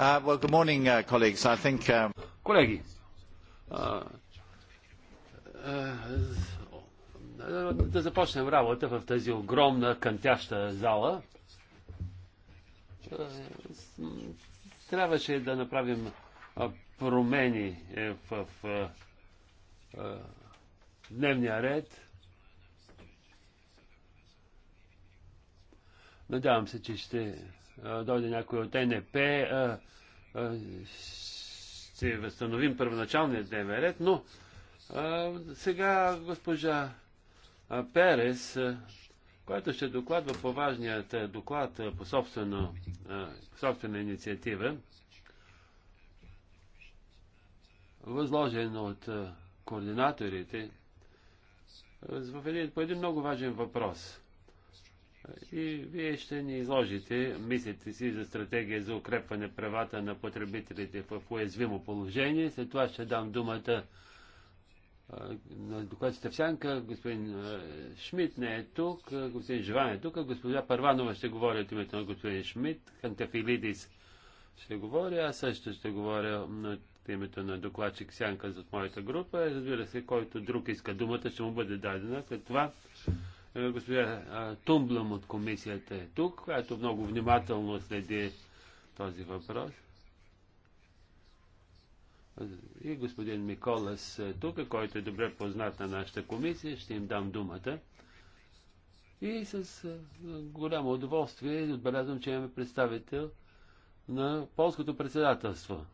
Uh, good morning, uh, colleagues. I think... Um, Колеги, да започнем работа в тази огромна кантяща зала. Трябваше да направим промени е, в дневния ред. Надявам се, че ще е, дойде някой от НП, е, е, ще възстановим първоначалния дневен ред, но сега госпожа Перес, която ще докладва по важният доклад по, собствено, по собствена инициатива, възложен от координаторите, по един много важен въпрос. И вие ще ни изложите мислите си за стратегия за укрепване правата на потребителите в уязвимо положение. След това ще дам думата на доклад в сянка. Господин Шмидт не е тук, господин Живан е тук, госпожа Парванова ще говори от името на господин Шмидт, Хантафилидис ще говори, аз също ще говоря от името на докладчик сянка за моята група. Разбира се, който друг иска думата, ще му бъде дадена. След това е, Госпожа Тумблъм от комисията е тук, която много внимателно следи този въпрос. И господин Миколас е тук, който е добре познат на нашата комисия, ще им дам думата. И с е, голямо удоволствие отбелязвам, че имаме представител на полското председателство.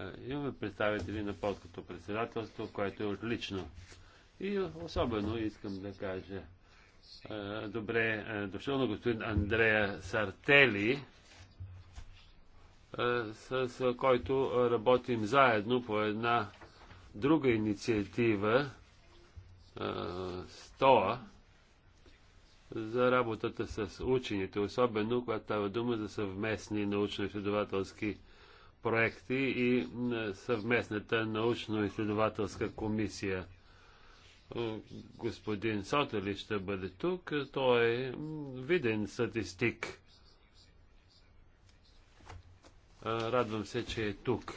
Е, имаме представители на полското председателство, което е отлично. И особено искам да кажа добре дошъл на господин Андрея Сартели, с който работим заедно по една друга инициатива, СТОА, за работата с учените, особено когато става дума за съвместни научно-изследователски проекти и съвместната научно-изследователска комисия господин Сотели ще бъде тук. Той е виден статистик. Радвам се, че е тук.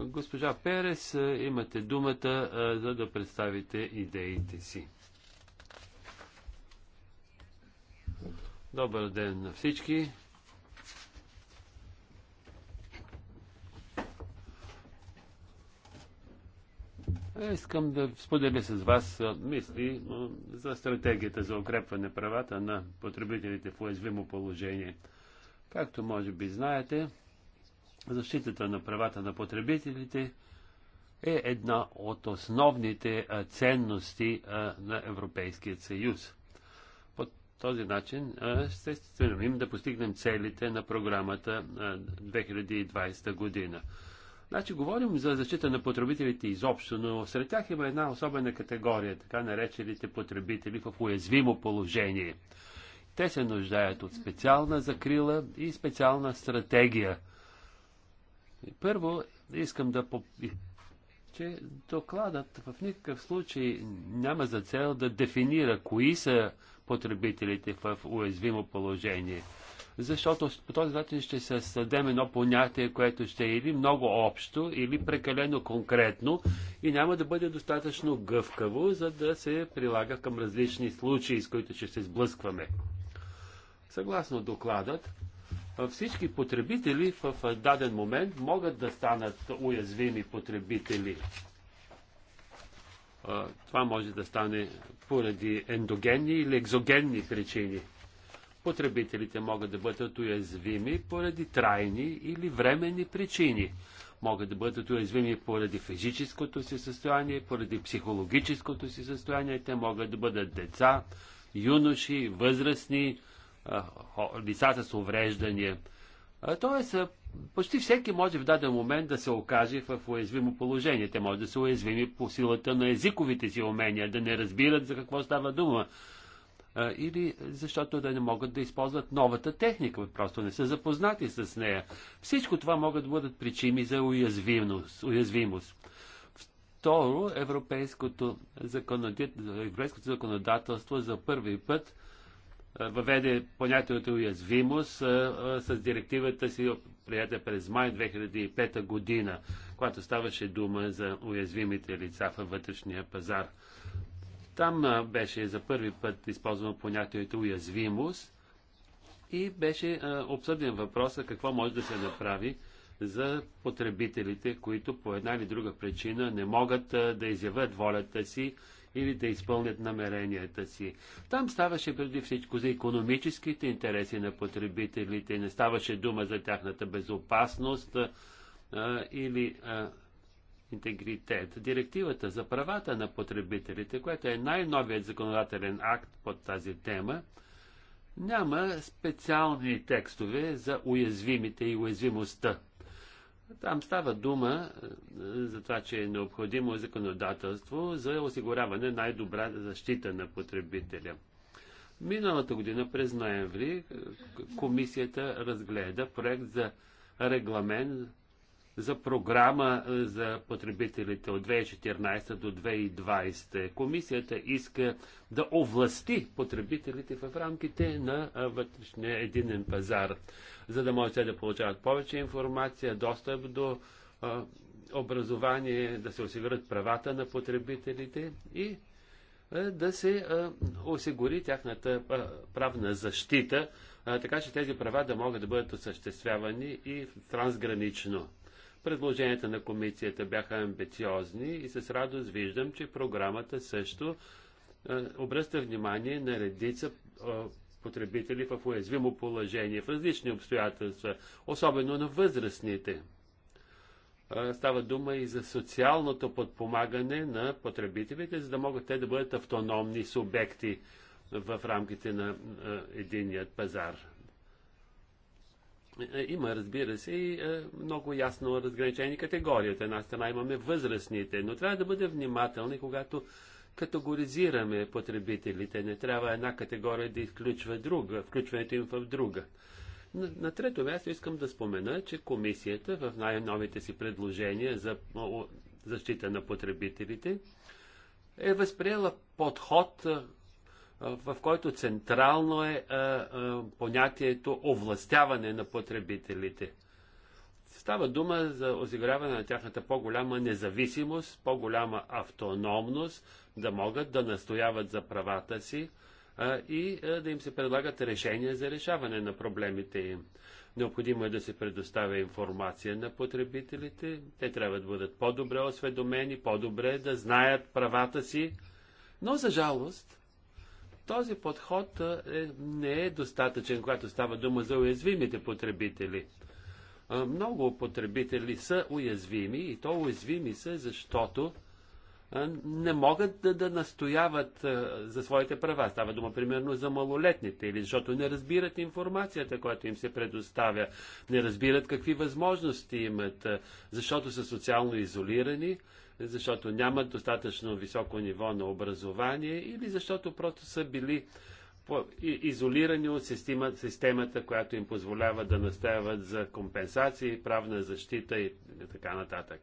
Госпожа Перес, имате думата, за да представите идеите си. Добър ден на всички. Е, искам да споделя с вас мисли за стратегията за укрепване правата на потребителите в уязвимо положение. Както може би знаете, защитата на правата на потребителите е една от основните ценности на Европейския съюз. По този начин ще стремим да постигнем целите на програмата 2020 година. Значи говорим за защита на потребителите изобщо, но сред тях има една особена категория, така наречените потребители в уязвимо положение. Те се нуждаят от специална закрила и специална стратегия. Първо искам да по... че докладът в никакъв случай няма за цел да дефинира кои са потребителите в уязвимо положение защото по този начин ще се създадем едно понятие, което ще е или много общо, или прекалено конкретно и няма да бъде достатъчно гъвкаво, за да се прилага към различни случаи, с които ще се сблъскваме. Съгласно докладът, всички потребители в даден момент могат да станат уязвими потребители. Това може да стане поради ендогенни или екзогенни причини – потребителите могат да бъдат уязвими поради трайни или временни причини. Могат да бъдат уязвими поради физическото си състояние, поради психологическото си състояние. Те могат да бъдат деца, юноши, възрастни, лицата с увреждания. Тоест, почти всеки може в даден момент да се окаже в уязвимо положение. Те може да са уязвими по силата на езиковите си умения, да не разбират за какво става дума, или защото да не могат да използват новата техника, просто не са запознати с нея. Всичко това могат да бъдат причини за уязвимост. уязвимост. Второ, европейското, европейското законодателство за първи път въведе понятието уязвимост а, с директивата си, приятел през май 2005 година, когато ставаше дума за уязвимите лица във вътрешния пазар. Там беше за първи път използвано понятието уязвимост и беше обсъден въпроса какво може да се направи за потребителите, които по една или друга причина не могат да изявят волята си или да изпълнят намеренията си. Там ставаше преди всичко за економическите интереси на потребителите, не ставаше дума за тяхната безопасност а, или а, интегритет. Директивата за правата на потребителите, която е най-новият законодателен акт под тази тема, няма специални текстове за уязвимите и уязвимостта. Там става дума е, за това, че е необходимо законодателство за осигуряване най-добра защита на потребителя. Миналата година през ноември е, комисията разгледа проект за регламент за програма е, за потребителите от 2014 до 2020. Комисията иска да овласти потребителите в рамките на е, вътрешния единен пазар, за да може да получават повече информация, достъп до е, образование, да се осигурят правата на потребителите и да се осигури тяхната правна защита, така че тези права да могат да бъдат осъществявани и трансгранично. Предложенията на комисията бяха амбициозни и с радост виждам, че програмата също обръща внимание на редица потребители в уязвимо положение, в различни обстоятелства, особено на възрастните. Става дума и за социалното подпомагане на потребителите, за да могат те да бъдат автономни субекти в рамките на единият пазар. Е, има, разбира се, и е, много ясно разграничени категории. От една страна имаме възрастните, но трябва да бъдем внимателни, когато категоризираме потребителите. Не трябва една категория да изключва друга, включването им в друга. На, на трето място искам да спомена, че комисията в най-новите си предложения за защита на потребителите е възприела подход, е, в който централно е понятието овластяване на потребителите. Става дума за осигуряване на тяхната по-голяма независимост, по-голяма автономност, да могат да настояват за правата си и да им се предлагат решения за решаване на проблемите им. Необходимо е да се предоставя информация на потребителите. Те трябва да бъдат по-добре осведомени, по-добре да знаят правата си. Но за жалост, този подход е, не е достатъчен, когато става дума за уязвимите потребители. Много потребители са уязвими и то уязвими са, защото не могат да, да настояват за своите права. Става дума примерно за малолетните или защото не разбират информацията, която им се предоставя, не разбират какви възможности имат, защото са социално изолирани защото нямат достатъчно високо ниво на образование или защото просто са били изолирани от системата, която им позволява да настояват за компенсации, правна защита и така нататък.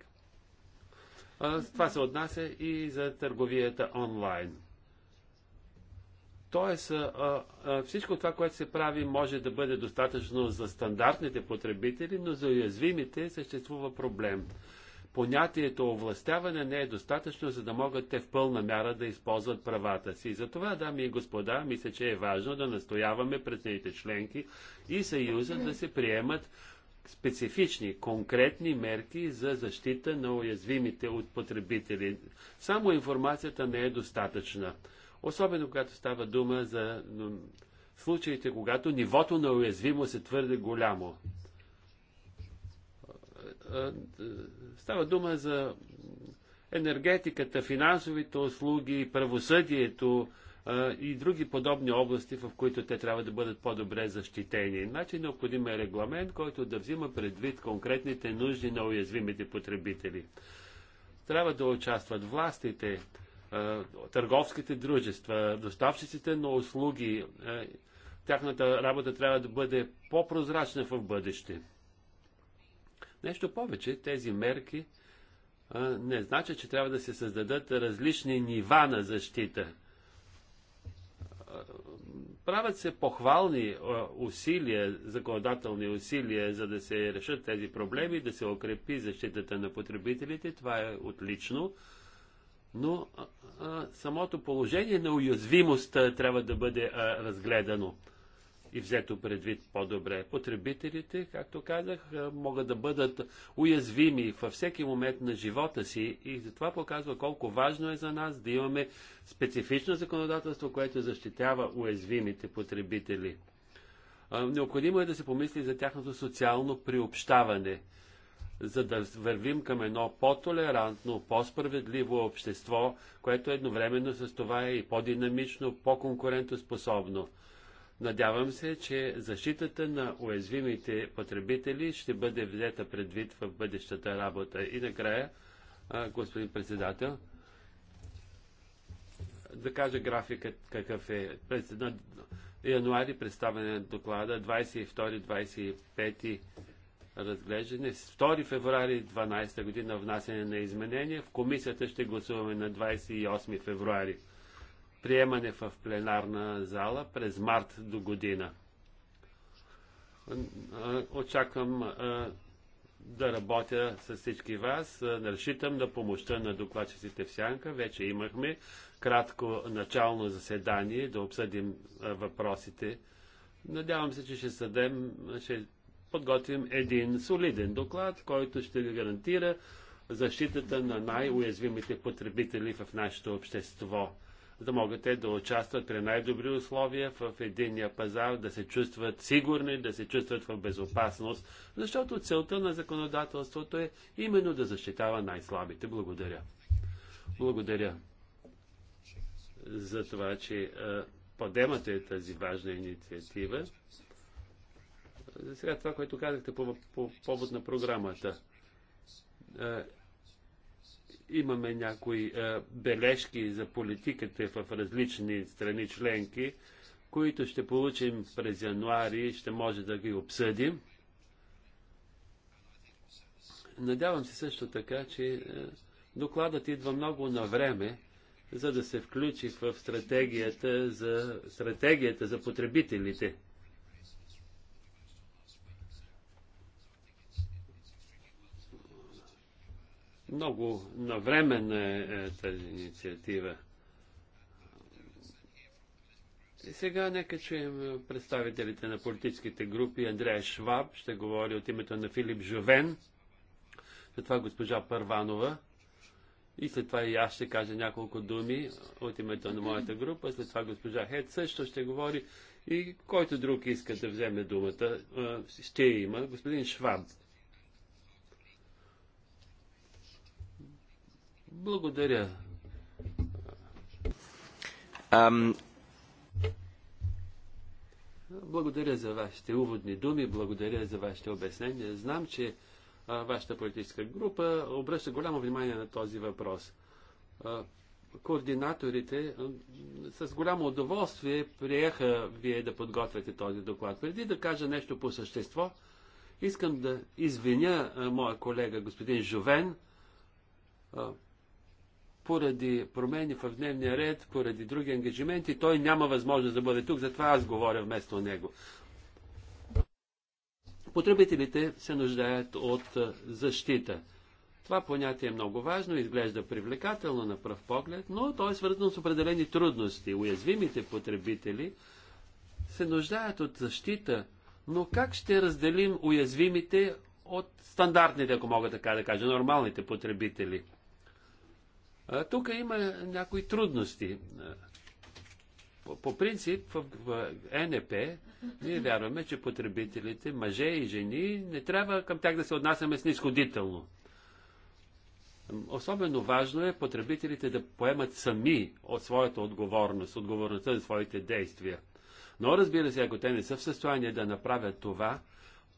Това се отнася и за търговията онлайн. Тоест, всичко това, което се прави, може да бъде достатъчно за стандартните потребители, но за уязвимите съществува проблем понятието овластяване не е достатъчно, за да могат те в пълна мяра да използват правата си. Затова, дами и господа, мисля, че е важно да настояваме пред страните членки и Съюза да се приемат специфични, конкретни мерки за защита на уязвимите от потребители. Само информацията не е достатъчна. Особено когато става дума за случаите, когато нивото на уязвимост е твърде голямо Става дума за енергетиката, финансовите услуги, правосъдието а, и други подобни области, в които те трябва да бъдат по-добре защитени. Значи необходим е регламент, който да взима предвид конкретните нужди на уязвимите потребители. Трябва да участват властите, а, търговските дружества, доставчиците на услуги. А, тяхната работа трябва да бъде по-прозрачна в бъдеще. Нещо повече, тези мерки а, не значат, че трябва да се създадат различни нива на защита. А, правят се похвални а, усилия, законодателни усилия, за да се решат тези проблеми, да се укрепи защитата на потребителите. Това е отлично. Но а, а, самото положение на уязвимост трябва да бъде а, разгледано и взето предвид по-добре. Потребителите, както казах, могат да бъдат уязвими във всеки момент на живота си и затова показва колко важно е за нас да имаме специфично законодателство, което защитява уязвимите потребители. Необходимо е да се помисли за тяхното социално приобщаване, за да вървим към едно по-толерантно, по-справедливо общество, което едновременно с това е и по-динамично, по-конкурентоспособно. Надявам се, че защитата на уязвимите потребители ще бъде взета предвид в бъдещата работа. И накрая, господин председател, да кажа графикът какъв е. През, на януари представяне на доклада, 22-25 разглеждане, 2 февруари 12 година внасяне на изменения. В комисията ще гласуваме на 28 февруари приемане в пленарна зала през март до година. Очаквам да работя с всички вас. Разчитам на помощта на докладчиците в Сянка. Вече имахме кратко начално заседание да обсъдим въпросите. Надявам се, че ще съдем, ще подготвим един солиден доклад, който ще гарантира защитата на най-уязвимите потребители в нашето общество за да могат те да участват при най-добри условия в единния пазар, да се чувстват сигурни, да се чувстват в безопасност, защото целта на законодателството е именно да защитава най-слабите. Благодаря. Благодаря за това, че подемате тази важна инициатива. За сега това, което казахте по, по повод на програмата имаме някои е, бележки за политиката в различни страни членки, които ще получим през януари, ще може да ги обсъдим. Надявам се също така, че е, докладът идва много на време, за да се включи в стратегията за, стратегията за потребителите – Много навременна е, е тази инициатива. И сега нека чуем представителите на политическите групи. Андрея Шваб ще говори от името на Филип Жовен, след това госпожа Първанова. И след това и аз ще кажа няколко думи от името на моята група. След това госпожа Хед също ще говори. И който друг иска да вземе думата, ще има. Господин Шваб. Благодаря. Ам... Благодаря за вашите уводни думи, благодаря за вашите обяснения. Знам, че а, вашата политическа група обръща голямо внимание на този въпрос. А, координаторите а, с голямо удоволствие приеха вие да подготвяте този доклад. Преди да кажа нещо по същество, искам да извиня моя колега господин Жовен поради промени в дневния ред, поради други ангажименти, той няма възможност да бъде тук, затова аз говоря вместо него. Потребителите се нуждаят от защита. Това понятие е много важно, изглежда привлекателно на пръв поглед, но то е свързано с определени трудности. Уязвимите потребители се нуждаят от защита, но как ще разделим уязвимите от стандартните, ако мога така да кажа, нормалните потребители – а, тук има някои трудности. По, по принцип в, в НП ние вярваме, че потребителите, мъже и жени, не трябва към тях да се отнасяме снисходително. Особено важно е потребителите да поемат сами от своята отговорност, отговорността за своите действия. Но разбира се, ако те не са в състояние да направят това,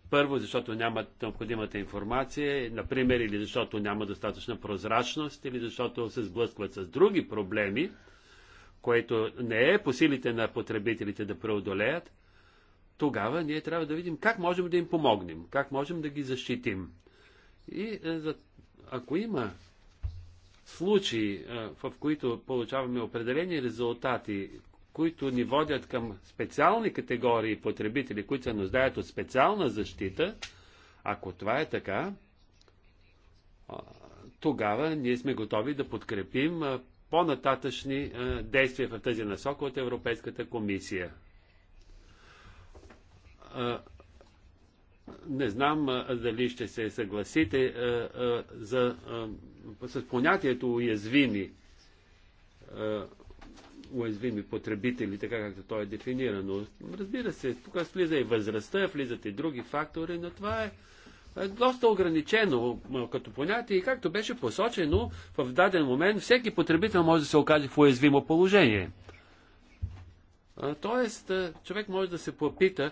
първо, защото нямат необходимата информация, например, или защото няма достатъчна прозрачност, или защото се сблъскват с други проблеми, което не е по силите на потребителите да преодолеят, тогава ние трябва да видим как можем да им помогнем, как можем да ги защитим. И е, ако има случаи, е, в които получаваме определени резултати, които ни водят към специални категории потребители, които се нуждаят от специална защита, ако това е така, тогава ние сме готови да подкрепим по-нататъчни действия в тази насока от Европейската комисия. Не знам дали ще се съгласите за, с понятието уязвими уязвими потребители, така както то е дефинирано. Разбира се, тук влиза и възрастта, влизат и други фактори, но това е, е доста ограничено като понятие и както беше посочено, в даден момент всеки потребител може да се окаже в уязвимо положение. Тоест, човек може да се попита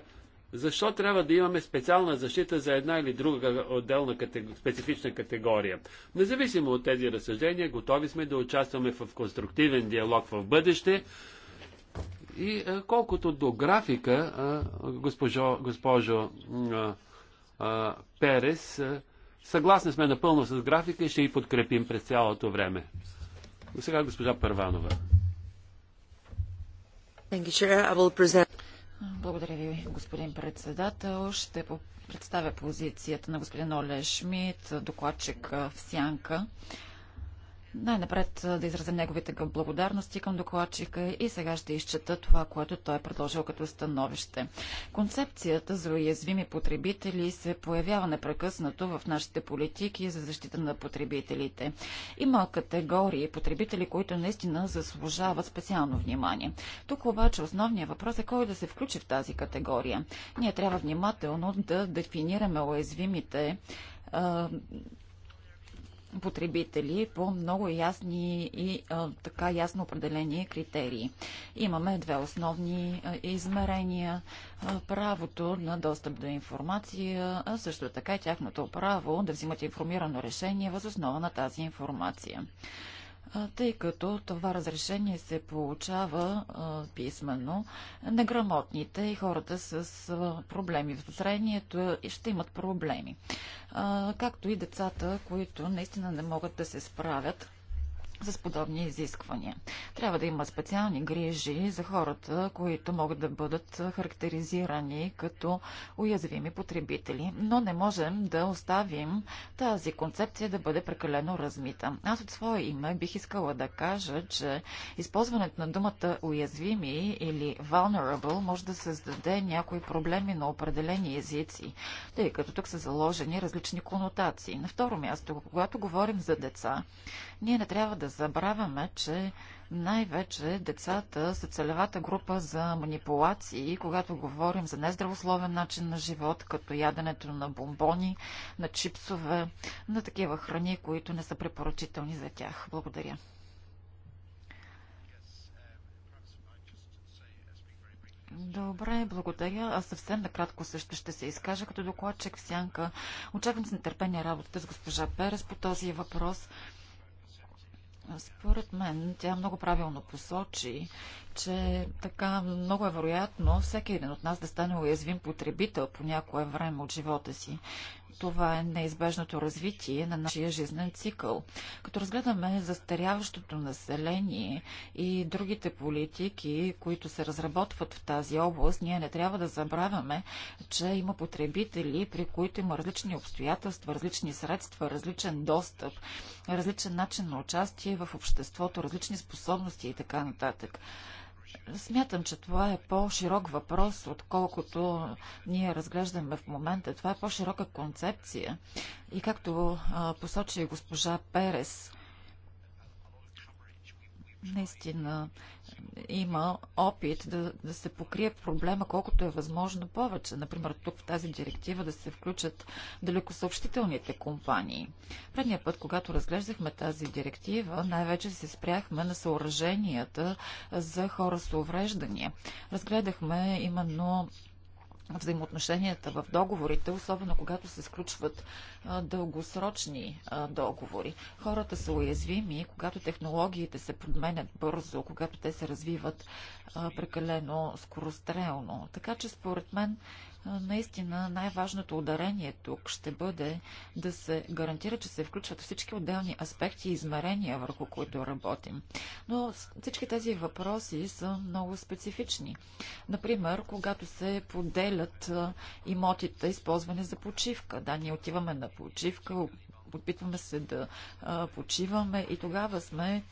защо трябва да имаме специална защита за една или друга отделна категория, специфична категория? Независимо от тези разсъждения, готови сме да участваме в конструктивен диалог в бъдеще. И колкото до графика, госпожо, госпожо а, Перес, съгласни сме напълно с графика и ще ви подкрепим през цялото време. Сега госпожа Първанова. Благодаря ви, господин председател. Ще представя позицията на господин Оле Шмидт, докладчик в Сянка. Най-напред да изразя неговите благодарности към докладчика и сега ще изчета това, което той е предложил като становище. Концепцията за уязвими потребители се появява непрекъснато в нашите политики за защита на потребителите. Има категории потребители, които наистина заслужават специално внимание. Тук обаче основният въпрос е кой да се включи в тази категория. Ние трябва внимателно да дефинираме уязвимите потребители по много ясни и а, така ясно определени критерии. Имаме две основни а, измерения. А, правото на достъп до информация, а също така и тяхното право да взимат информирано решение въз основа на тази информация тъй като това разрешение се получава а, писменно. Неграмотните и хората с а, проблеми в зрението ще имат проблеми. А, както и децата, които наистина не могат да се справят с подобни изисквания. Трябва да има специални грижи за хората, които могат да бъдат характеризирани като уязвими потребители. Но не можем да оставим тази концепция да бъде прекалено размита. Аз от свое име бих искала да кажа, че използването на думата уязвими или vulnerable може да създаде някои проблеми на определени езици, тъй като тук са заложени различни конотации. На второ място, когато говорим за деца, ние не трябва да забравяме, че най-вече децата са целевата група за манипулации, когато говорим за нездравословен начин на живот, като яденето на бомбони, на чипсове, на такива храни, които не са препоръчителни за тях. Благодаря. Добре, благодаря. Аз съвсем накратко също ще се изкажа като докладчик в сянка. Очаквам с нетърпение работата с госпожа Перес по този въпрос. Според мен тя много правилно посочи, че така много е вероятно всеки един от нас да стане уязвим потребител по някое време от живота си. Това е неизбежното развитие на нашия жизнен цикъл. Като разгледаме застаряващото население и другите политики, които се разработват в тази област, ние не трябва да забравяме, че има потребители, при които има различни обстоятелства, различни средства, различен достъп, различен начин на участие в обществото, различни способности и така нататък. Смятам, че това е по-широк въпрос, отколкото ние разглеждаме в момента. Това е по-широка концепция. И както а, посочи госпожа Перес, наистина има опит да, да се покрие проблема колкото е възможно повече. Например, тук в тази директива да се включат далекосъобщителните компании. Предния път, когато разглеждахме тази директива, най-вече се спряхме на съоръженията за хора с увреждания. Разгледахме именно взаимоотношенията в договорите, особено когато се сключват а, дългосрочни а, договори. Хората са уязвими, когато технологиите се подменят бързо, когато те се развиват а, прекалено скорострелно. Така че според мен Наистина най-важното ударение тук ще бъде да се гарантира, че се включват всички отделни аспекти и измерения, върху които работим. Но всички тези въпроси са много специфични. Например, когато се поделят имотите, използване за почивка. Да, ние отиваме на почивка, опитваме се да а, почиваме и тогава сме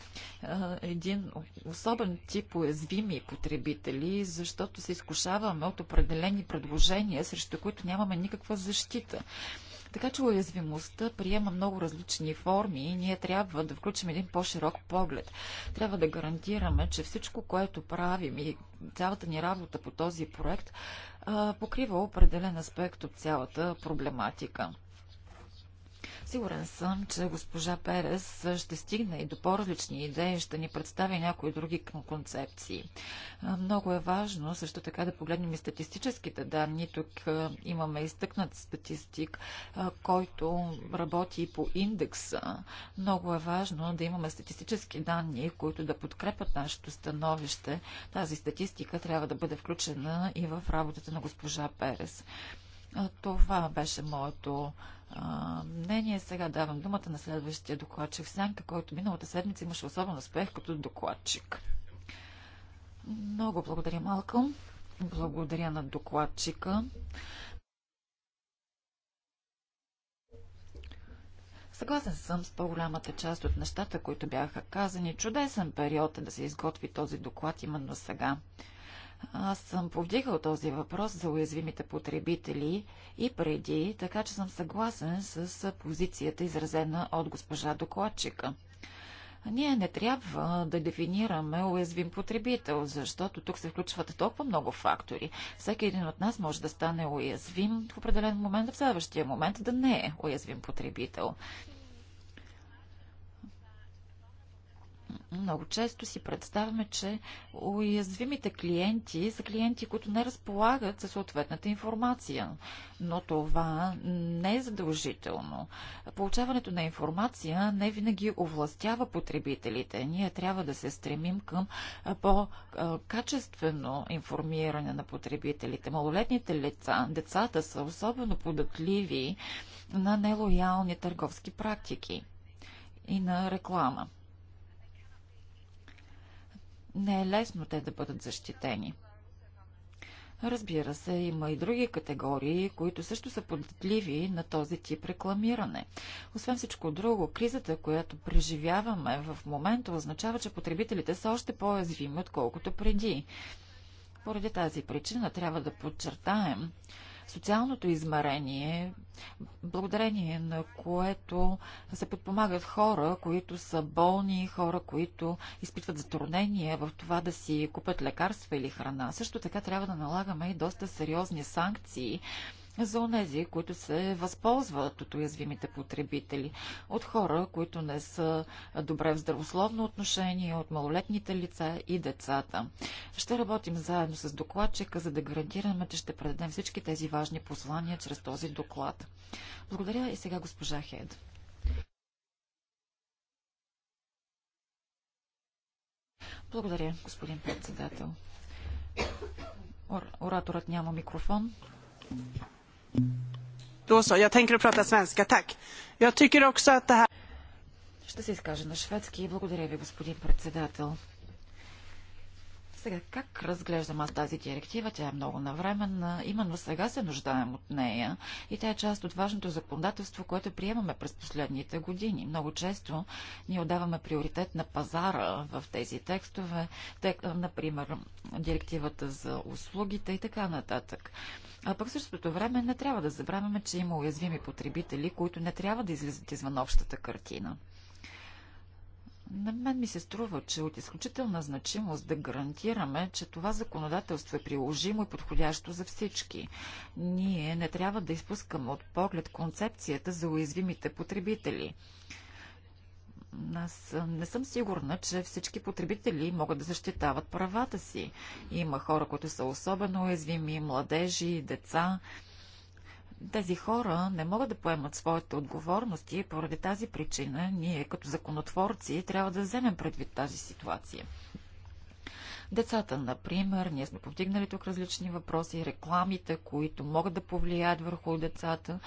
а, един особен тип уязвими потребители, защото се изкушаваме от определени предложения, срещу които нямаме никаква защита. Така че уязвимостта приема много различни форми и ние трябва да включим един по-широк поглед. Трябва да гарантираме, че всичко, което правим и цялата ни работа по този проект, покрива определен аспект от цялата проблематика. Сигурен съм, че госпожа Перес ще стигне и до по-различни идеи, ще ни представи някои други концепции. Много е важно също така да погледнем и статистическите данни. Тук имаме изтъкнат статистик, който работи по индекса. Много е важно да имаме статистически данни, които да подкрепят нашето становище. Тази статистика трябва да бъде включена и в работата на госпожа Перес. Това беше моето мнение. Сега давам думата на следващия докладчик Сянка, който миналата седмица имаше особен успех като докладчик. Много благодаря, Малкъм. Благодаря на докладчика. Съгласен съм с по-голямата част от нещата, които бяха казани. Чудесен период е да се изготви този доклад именно сега. Аз съм повдигал този въпрос за уязвимите потребители и преди, така че съм съгласен с позицията, изразена от госпожа докладчика. Ние не трябва да дефинираме уязвим потребител, защото тук се включват толкова много фактори. Всеки един от нас може да стане уязвим в определен момент, в следващия момент да не е уязвим потребител. Много често си представяме, че уязвимите клиенти са клиенти, които не разполагат със съответната информация. Но това не е задължително. Получаването на информация не винаги овластява потребителите. Ние трябва да се стремим към по-качествено информиране на потребителите. Малолетните лица, децата са особено податливи на нелоялни търговски практики и на реклама не е лесно те да бъдат защитени. Разбира се, има и други категории, които също са податливи на този тип рекламиране. Освен всичко друго, кризата, която преживяваме в момента, означава, че потребителите са още по-язвими, отколкото преди. Поради тази причина трябва да подчертаем, социалното измерение, благодарение на което се подпомагат хора, които са болни, хора, които изпитват затруднения в това да си купят лекарства или храна. Също така трябва да налагаме и доста сериозни санкции за онези, които се възползват от уязвимите потребители, от хора, които не са добре в здравословно отношение, от малолетните лица и децата. Ще работим заедно с докладчика, за да гарантираме, че ще предадем всички тези важни послания чрез този доклад. Благодаря и сега госпожа Хед. Благодаря, господин председател. Ораторът няма микрофон. Då så, jag tänker prata svenska, tack. Jag tycker också att det här... Ще се изкажа на шведски. Благодаря ви, господин председател. Сега, как разглеждам аз тази директива? Тя е много навременна. Именно сега се нуждаем от нея и тя е част от важното законодателство, което приемаме през последните години. Много често ние отдаваме приоритет на пазара в тези текстове, тек, например, директивата за услугите и така нататък. А пък в същото време не трябва да забравяме, че има уязвими потребители, които не трябва да излизат извън общата картина. На мен ми се струва, че от изключителна значимост да гарантираме, че това законодателство е приложимо и подходящо за всички. Ние не трябва да изпускаме от поглед концепцията за уязвимите потребители. Аз не съм сигурна, че всички потребители могат да защитават правата си. Има хора, които са особено уязвими, младежи, деца. Тези хора не могат да поемат своите отговорности и поради тази причина ние като законотворци трябва да вземем предвид тази ситуация. Децата, например, ние сме повдигнали тук различни въпроси, рекламите, които могат да повлияят върху децата.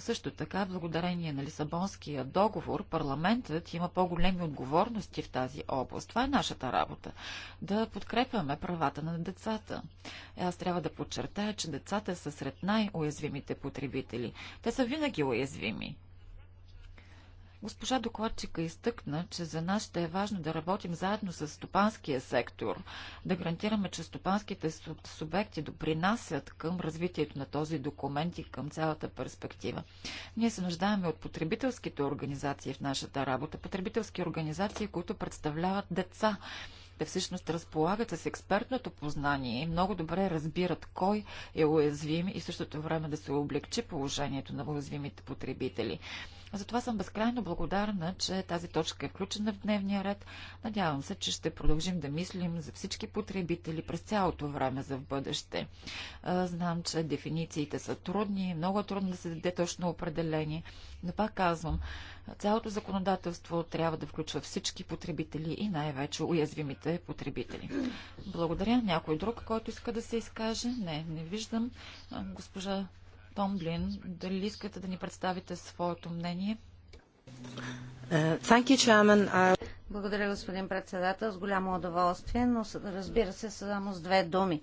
Също така, благодарение на Лисабонския договор, парламентът има по-големи отговорности в тази област. Това е нашата работа. Да подкрепяме правата на децата. Е, аз трябва да подчертая, че децата са сред най-уязвимите потребители. Те са винаги уязвими. Госпожа докладчика изтъкна, че за нас ще е важно да работим заедно с стопанския сектор, да гарантираме, че стопанските субекти допринасят към развитието на този документ и към цялата перспектива. Ние се нуждаем от потребителските организации в нашата работа, потребителски организации, които представляват деца. Те всъщност разполагат с експертното познание и много добре разбират кой е уязвим и в същото време да се облегчи положението на уязвимите потребители. Затова съм безкрайно благодарна, че тази точка е включена в дневния ред. Надявам се, че ще продължим да мислим за всички потребители през цялото време за в бъдеще. Знам, че дефинициите са трудни, много е трудно да се даде точно определение, но пак казвам, цялото законодателство трябва да включва всички потребители и най-вече уязвимите потребители. Благодаря. Някой друг, който иска да се изкаже? Не, не виждам. Госпожа Томблин. Дали искате да ни представите своето мнение? Е, Благодаря, господин председател. С голямо удоволствие, но разбира се, само с две думи.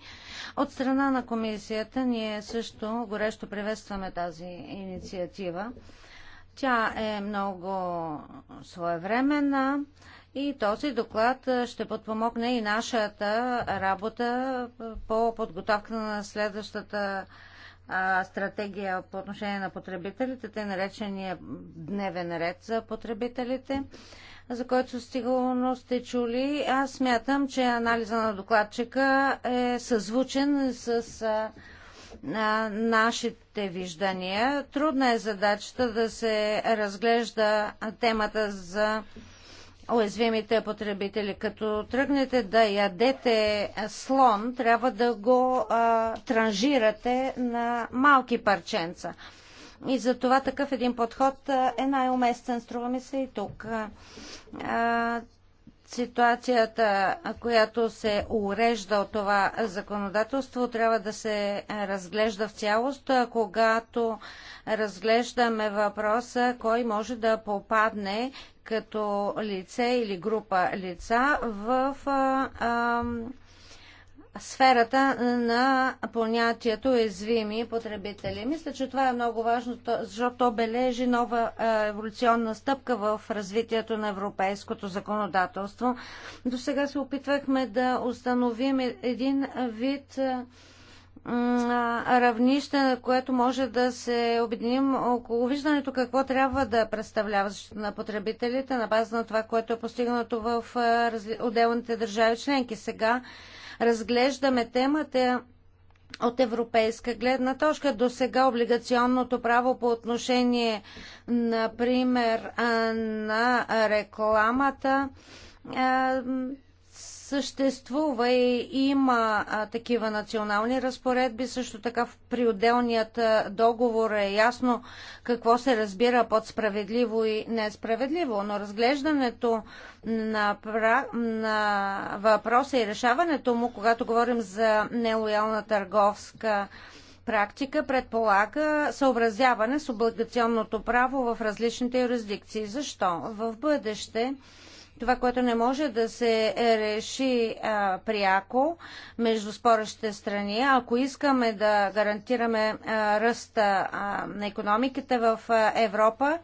От страна на комисията ние също горещо приветстваме тази инициатива. Тя е много своевременна и този доклад ще подпомогне и нашата работа по подготовка на следващата а, стратегия по отношение на потребителите, те наречения дневен ред за потребителите, за който сигурно сте чули. Аз смятам, че анализа на докладчика е съзвучен с а, на нашите виждания. Трудна е задачата да се разглежда темата за уязвимите потребители. Като тръгнете да ядете слон, трябва да го а, транжирате на малки парченца. И за това такъв един подход е най-уместен, струва ми се и тук. А, ситуацията, която се урежда от това законодателство, трябва да се разглежда в цялост, когато разглеждаме въпроса кой може да попадне като лице или група лица в а, а, сферата на понятието уязвими потребители. Мисля, че това е много важно, защото то бележи нова еволюционна стъпка в развитието на европейското законодателство. До сега се опитвахме да установим един вид равнище, на което може да се обединим около виждането какво трябва да представлява защита на потребителите на база на това, което е постигнато в отделните държави членки. Сега разглеждаме темата от европейска гледна точка. До сега облигационното право по отношение, например, на рекламата съществува и има а, такива национални разпоредби. Също така при отделният договор е ясно какво се разбира под справедливо и несправедливо, но разглеждането на, пра... на въпроса и решаването му, когато говорим за нелоялна търговска практика предполага съобразяване с облигационното право в различните юрисдикции. Защо? В бъдеще това, което не може да се е, реши а, пряко между спорещите страни, ако искаме да гарантираме а, ръста а, на економиката в а, Европа,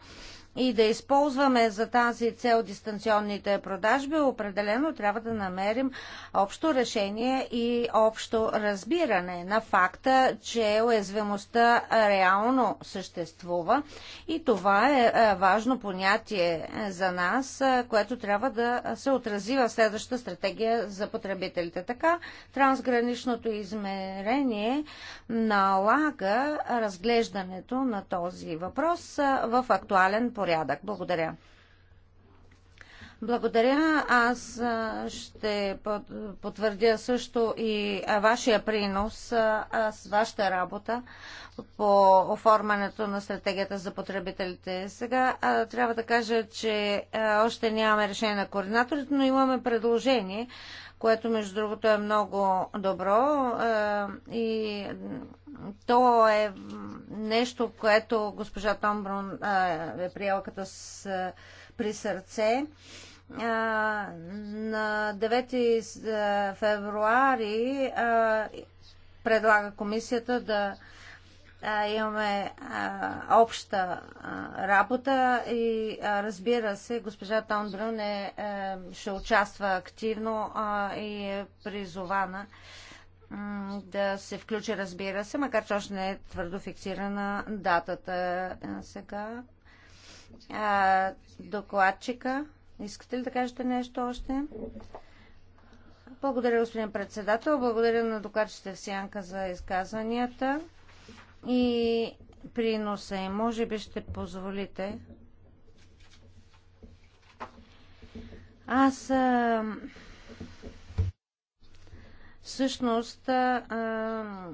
и да използваме за тази цел дистанционните продажби, определено трябва да намерим общо решение и общо разбиране на факта, че уязвимостта реално съществува и това е, е важно понятие за нас, е, което трябва да се отрази в следващата стратегия за потребителите. Така, трансграничното измерение налага разглеждането на този въпрос е, в актуален порядък. Благодаря. Благодаря. Аз ще потвърдя също и вашия принос с вашата работа по оформянето на стратегията за потребителите. Сега а, трябва да кажа, че а, още нямаме решение на координаторите, но имаме предложение, което между другото е много добро а, и то е нещо, което госпожа Томбрун е приела като с, при сърце на 9 февруари предлага комисията да а, имаме а, обща а, работа и а, разбира се, госпожа Тонбрюн е, а, е, ще участва активно а, и е призована да се включи, разбира се, макар че още не е твърдо фиксирана датата а, сега. А, докладчика, искате ли да кажете нещо още? Благодаря, господин председател. Благодаря на докладчите в Сянка за изказванията и приноса им. Е. Може би ще позволите. Аз а, всъщност а,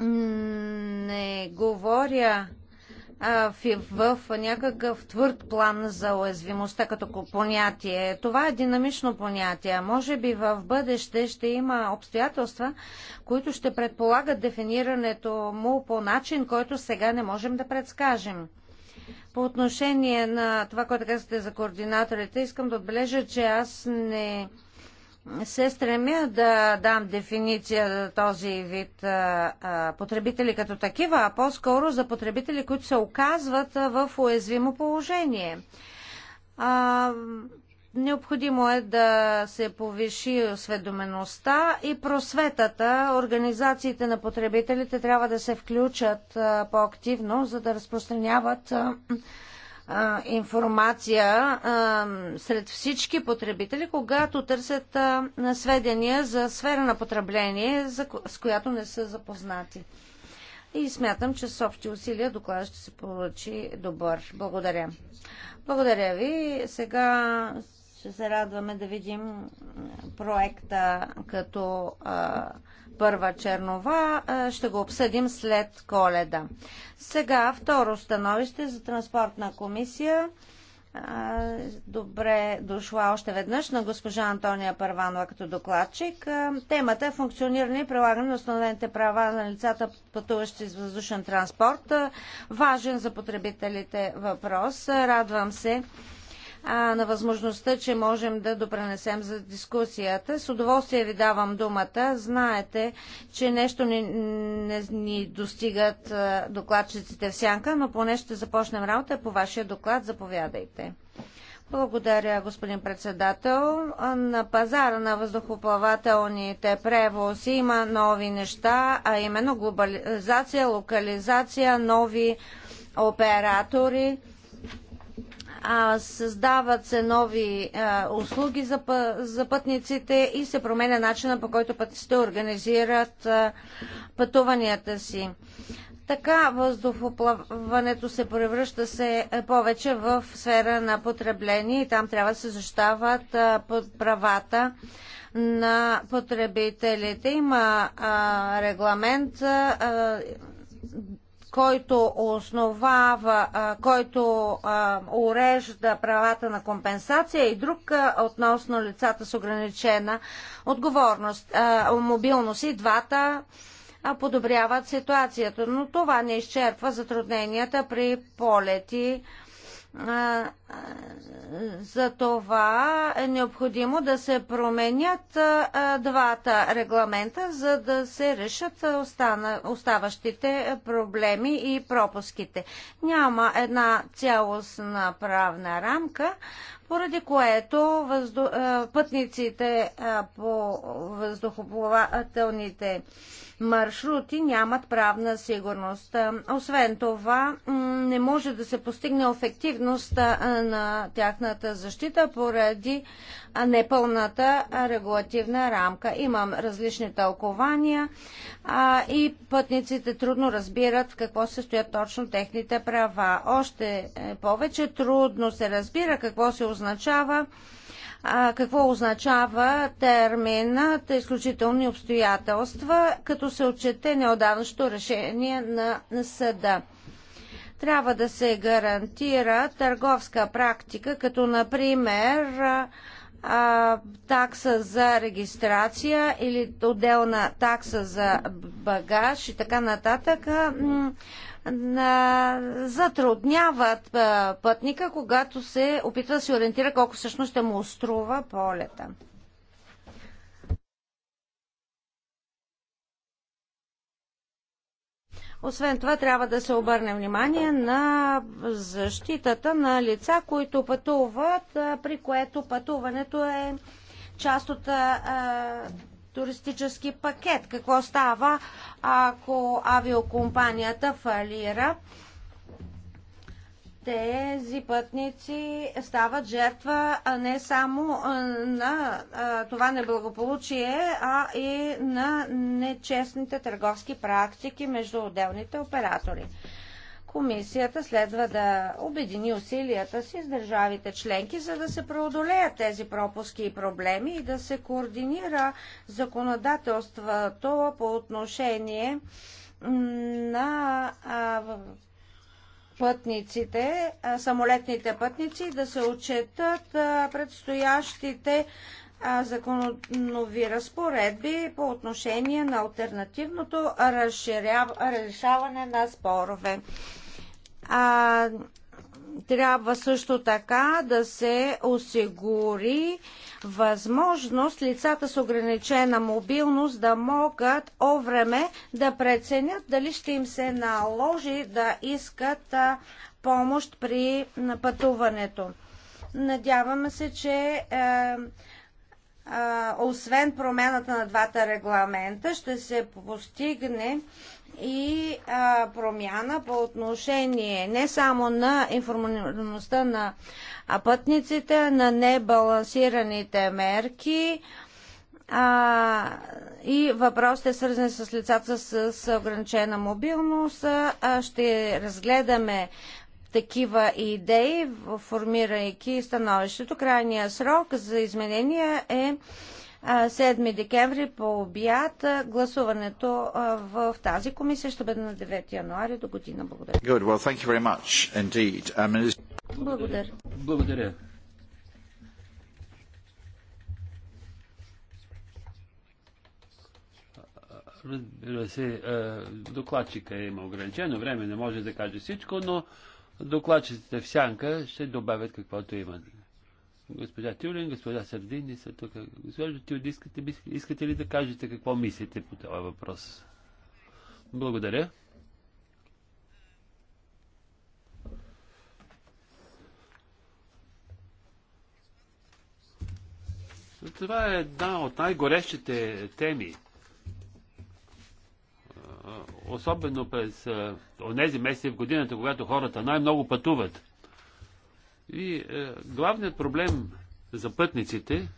не говоря в някакъв твърд план за уязвимостта като понятие. Това е динамично понятие. Може би в бъдеще ще има обстоятелства, които ще предполагат дефинирането му по начин, който сега не можем да предскажем. По отношение на това, което казахте за координаторите, искам да отбележа, че аз не се стремя да дам дефиниция за този вид потребители като такива, а по-скоро за потребители, които се оказват в уязвимо положение. необходимо е да се повиши осведомеността и просветата. Организациите на потребителите трябва да се включат по-активно, за да разпространяват информация сред всички потребители, когато търсят сведения за сфера на потребление, с която не са запознати. И смятам, че с общи усилия докладът ще се получи добър. Благодаря. Благодаря ви. Сега ще се радваме да видим проекта като а, Първа Чернова. Ще го обсъдим след коледа. Сега второ становище за транспортна комисия. Добре дошла още веднъж на госпожа Антония Първанова като докладчик. Темата е функциониране и прилагане на основните права на лицата, пътуващи с въздушен транспорт. Важен за потребителите въпрос. Радвам се, а, на възможността, че можем да допренесем за дискусията. С удоволствие ви давам думата. Знаете, че нещо не, не ни достигат а, докладчиците в сянка, но поне ще започнем работа по вашия доклад. Заповядайте. Благодаря, господин председател. На пазара на въздухоплавателните превози има нови неща, а именно глобализация, локализация, нови оператори а, създават се нови а, услуги за, за пътниците и се променя начина по който пътниците организират а, пътуванията си. Така въздухоплаването се превръща се е, повече в сфера на потребление и там трябва да се защитават правата на потребителите. Има а, регламент а, който основава, който урежда правата на компенсация и друг относно лицата с ограничена отговорност, мобилност и двата подобряват ситуацията, но това не изчерпва затрудненията при полети за това е необходимо да се променят двата регламента, за да се решат оставащите проблеми и пропуските. Няма една цялостна правна рамка, поради което въздух... пътниците по въздухоплавателните маршрути нямат правна сигурност. Освен това, не може да се постигне ефективност на тяхната защита поради непълната регулативна рамка. Имам различни тълкования а, и пътниците трудно разбират в какво се стоят точно техните права. Още е, повече трудно се разбира какво се означава какво означава терминът изключителни обстоятелства, като се отчете неодавнащо решение на съда. Трябва да се гарантира търговска практика, като например а, такса за регистрация или отделна такса за багаж и така нататък затрудняват пътника, когато се опитва да се ориентира колко всъщност ще му струва полета. Освен това, трябва да се обърне внимание на защитата на лица, които пътуват, при което пътуването е част от а, туристически пакет. Какво става, ако авиокомпанията фалира? тези пътници стават жертва не само на това неблагополучие, а и на нечестните търговски практики между отделните оператори. Комисията следва да обедини усилията си с държавите членки, за да се преодолеят тези пропуски и проблеми и да се координира законодателството по отношение на пътниците, самолетните пътници, да се отчетат предстоящите законови разпоредби по отношение на альтернативното решаване на спорове. А, трябва също така да се осигури възможност лицата с ограничена мобилност да могат о време да преценят дали ще им се наложи да искат помощ при пътуването. Надяваме се, че е, е, освен промената на двата регламента, ще се постигне и а, промяна по отношение не само на информираността на пътниците, на небалансираните мерки а, и въпросите свързани с лицата с, с ограничена мобилност. А, ще разгледаме такива идеи, формирайки становището. Крайният срок за изменения е 7 декември по обяд. Гласуването в тази комисия ще бъде на 9 януари до година. Благодаря. Well, um, Благодаря. Благодаря. Разбира се, докладчика има ограничено време, не може да каже всичко, но докладчиците в сянка ще добавят каквото имат. Госпожа Тюлин, госпожа Сардини са тук. Госпожа Тюлин, искате, искате ли да кажете какво мислите по този въпрос? Благодаря. Това е една от най-горещите теми. Особено през тези месеци в годината, когато хората най-много пътуват. И е, главният проблем за пътниците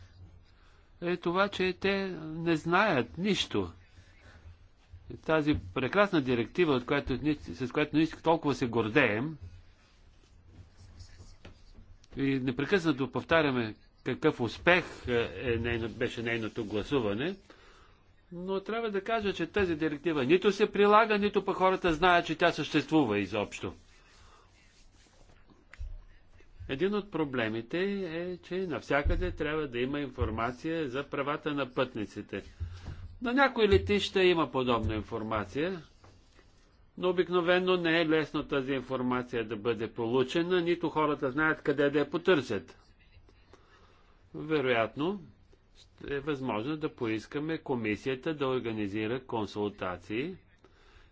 е това, че те не знаят нищо. Тази прекрасна директива, от която, с която ние толкова се гордеем, и непрекъснато повтаряме какъв успех е, е, нейно, беше нейното гласуване, но трябва да кажа, че тази директива нито се прилага, нито пък хората знаят, че тя съществува изобщо. Един от проблемите е, че навсякъде трябва да има информация за правата на пътниците. На някои летища има подобна информация, но обикновено не е лесно тази информация да бъде получена, нито хората знаят къде да я потърсят. Вероятно, е възможно да поискаме комисията да организира консултации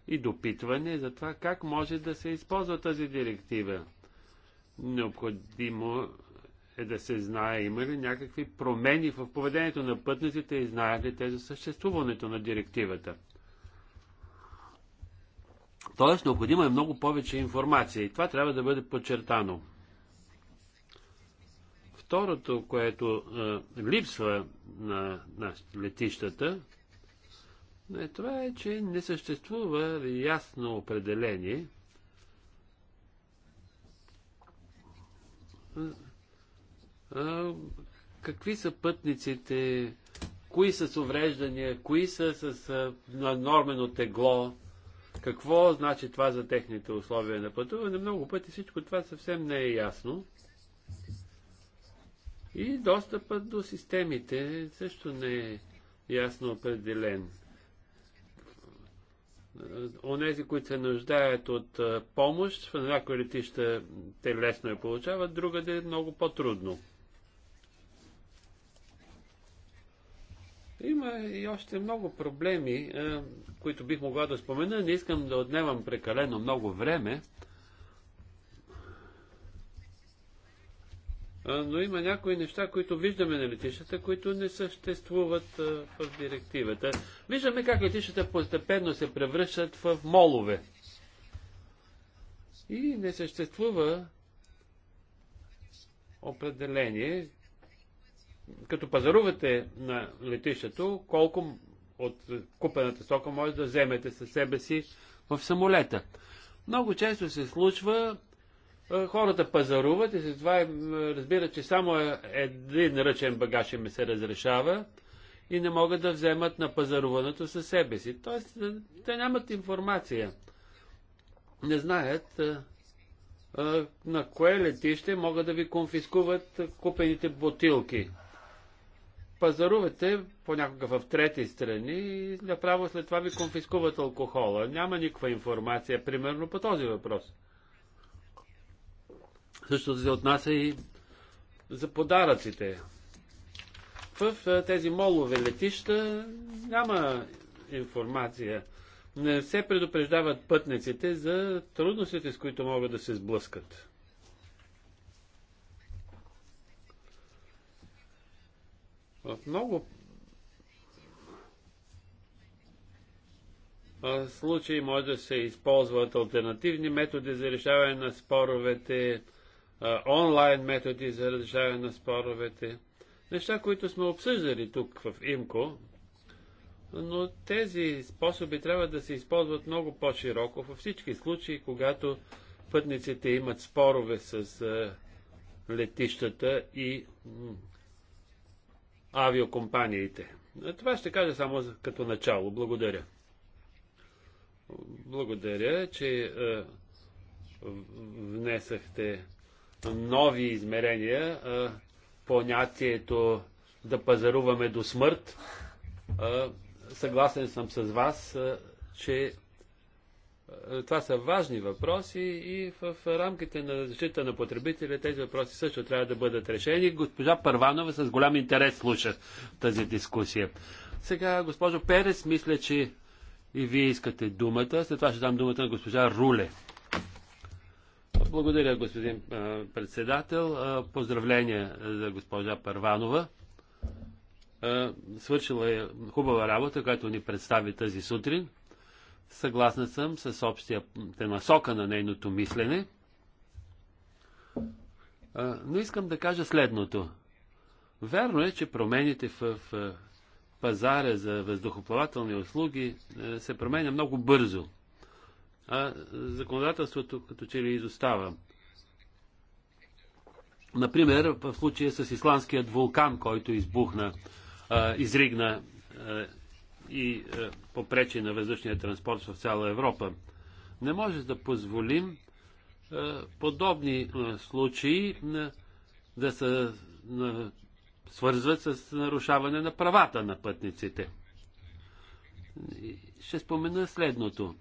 и допитване за това как може да се използва тази директива. Необходимо е да се знае има ли някакви промени в поведението на пътниците и знаят ли те за съществуването на директивата. Тоест, необходимо е много повече информация и това трябва да бъде подчертано. Второто, което е, липсва на, на летищата, е това е, че не съществува ясно определение какви са пътниците, кои са с увреждания, кои са с нормено тегло, какво значи това за техните условия на пътуване. Много пъти всичко това съвсем не е ясно. И достъпът до системите също не е ясно определен. Е, онези, които се нуждаят от е, помощ, в някои летища те лесно я получават, другаде е много по-трудно. Има и още много проблеми, е, които бих могла да спомена. Не искам да отнемам прекалено много време. но има някои неща, които виждаме на летищата, които не съществуват в директивата. Виждаме как летищата постепенно се превръщат в молове. И не съществува определение, като пазарувате на летището, колко от купената стока може да вземете със себе си в самолета. Много често се случва е, хората пазаруват и затова е, разбират, че само е един ръчен багаж им се разрешава и не могат да вземат на пазаруването със себе си. Тоест, те нямат информация. Не знаят на кое летище могат да ви конфискуват купените бутилки. Пазарувате понякога в трети страни и направо след това ви конфискуват алкохола. Няма никаква информация, примерно, по този въпрос също се отнася и за подаръците. В е, тези молове летища няма информация. Не се предупреждават пътниците за трудностите, с които могат да се сблъскат. В много случаи може да се използват альтернативни методи за решаване на споровете, онлайн методи за разрешаване на споровете. Неща, които сме обсъждали тук в ИМКО, но тези способи трябва да се използват много по-широко във всички случаи, когато пътниците имат спорове с летищата и авиокомпаниите. Това ще кажа само като начало. Благодаря. Благодаря, че внесахте нови измерения. Понятието да пазаруваме до смърт. Съгласен съм с вас, че това са важни въпроси и в рамките на защита на потребителя тези въпроси също трябва да бъдат решени. Госпожа Първанова с голям интерес слуша тази дискусия. Сега, госпожо Перес, мисля, че и вие искате думата. След това ще дам думата на госпожа Руле. Благодаря, господин председател. Поздравления за госпожа Първанова. Свършила е хубава работа, която ни представи тази сутрин. Съгласна съм с общия насока на нейното мислене. Но искам да кажа следното. Верно е, че промените в пазара за въздухоплавателни услуги се променя много бързо а законодателството като че ли изостава. Например, в случая с исландският вулкан, който избухна, а, изригна а, и а, попречи на въздушния транспорт в цяла Европа. Не може да позволим подобни случаи да се свързват с нарушаване на правата на пътниците. Ще спомена следното.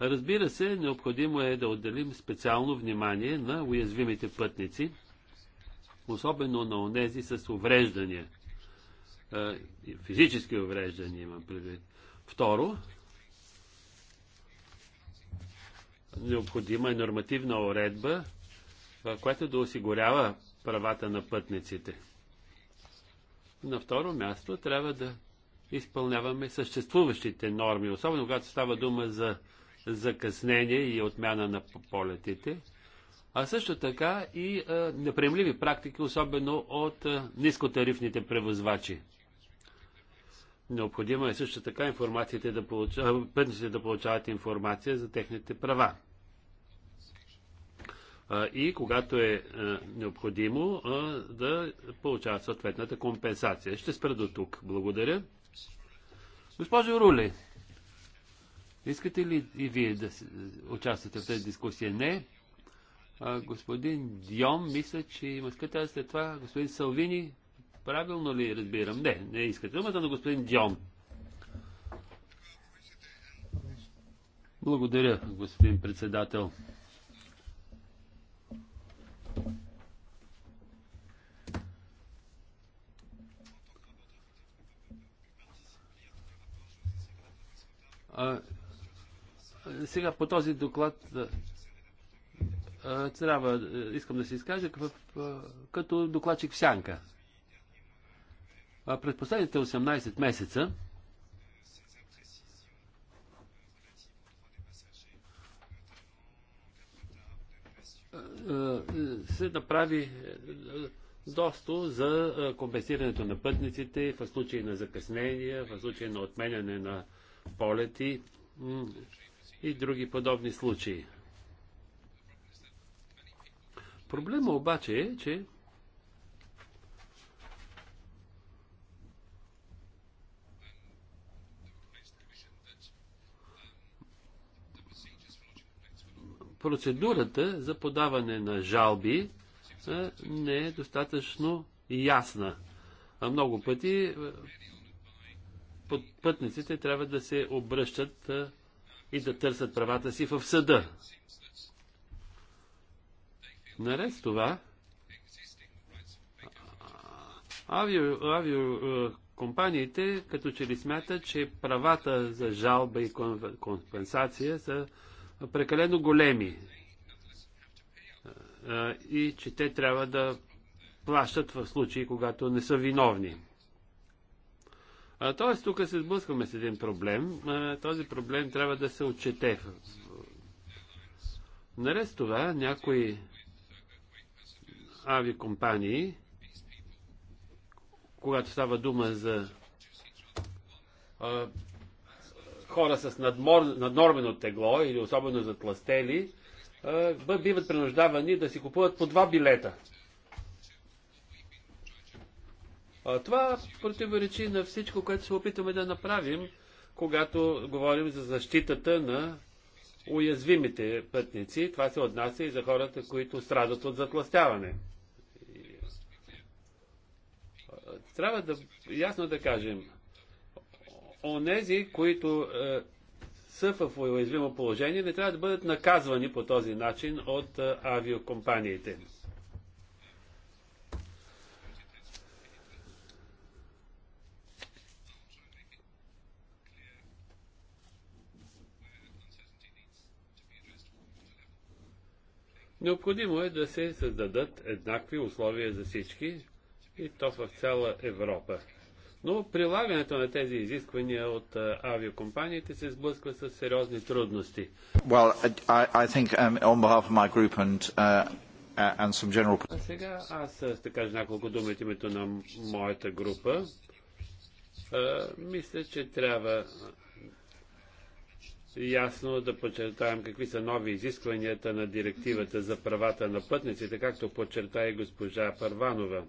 Разбира се, необходимо е да отделим специално внимание на уязвимите пътници, особено на онези с увреждания. Е, физически увреждания имам предвид. Второ, необходима е нормативна уредба, е, която да осигурява правата на пътниците. На второ място трябва да изпълняваме съществуващите норми, особено когато става дума за закъснение и отмяна на полетите, а също така и неприемливи практики, особено от нискотарифните превозвачи. Необходимо е също така информациите да получават, пътниците да получават информация за техните права. И когато е необходимо да получават съответната компенсация. Ще спра до тук. Благодаря. Госпожо Рули, Искате ли и вие да участвате в тази дискусия? Не. А, господин Дьом, мисля, че искате, а след това господин Салвини, правилно ли разбирам? Не, не искате думата на господин Дьом. Благодаря, господин председател. А, сега по този доклад трябва, искам да се изкажа, като докладчик в сянка. През последните 18 месеца се направи доста за компенсирането на пътниците в случай на закъснения, в случай на отменяне на полети и други подобни случаи. Проблема обаче е, че процедурата за подаване на жалби не е достатъчно ясна. А много пъти пътниците трябва да се обръщат и да търсят правата си в съда. Наред с това, авиокомпаниите авио, е, като че ли смятат, че правата за жалба и компенсация са прекалено големи е, и че те трябва да плащат в случаи, когато не са виновни. Тоест, тук се сблъскваме с един проблем. Този проблем трябва да се отчете. Наред с това, някои авиакомпании, когато става дума за хора с надмор, наднормено тегло или особено за тластели, биват принуждавани да си купуват по два билета – Това противоречи на всичко, което се опитваме да направим, когато говорим за защитата на уязвимите пътници. Това се отнася и за хората, които страдат от затластяване. Трябва да ясно да кажем, онези, които е, са в уязвимо положение, не трябва да бъдат наказвани по този начин от е, авиокомпаниите. Необходимо е да се създадат еднакви условия за всички и то в цяла Европа. Но прилагането на тези изисквания от авиокомпаниите се сблъсква с сериозни трудности. Well, I, I think, um, group and, uh, uh, and some general... А сега аз ще кажа няколко думи от името на моята група. Uh, мисля, че трябва ясно да подчертаем какви са нови изискванията на директивата за правата на пътниците, както подчерта и госпожа Парванова.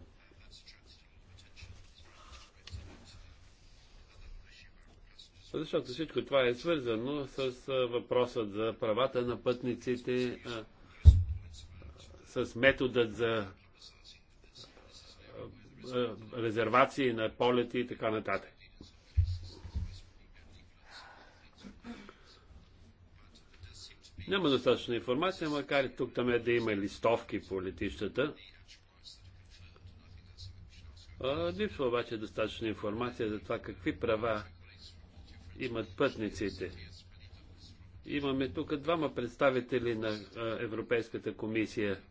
Защото всичко това е свързано с въпросът за правата на пътниците, с методът за резервации на полети и така нататък. Няма достатъчно информация, макар и тук там е да има листовки по летищата. Липсва обаче достатъчно информация за това какви права имат пътниците. Имаме тук двама представители на Европейската комисия.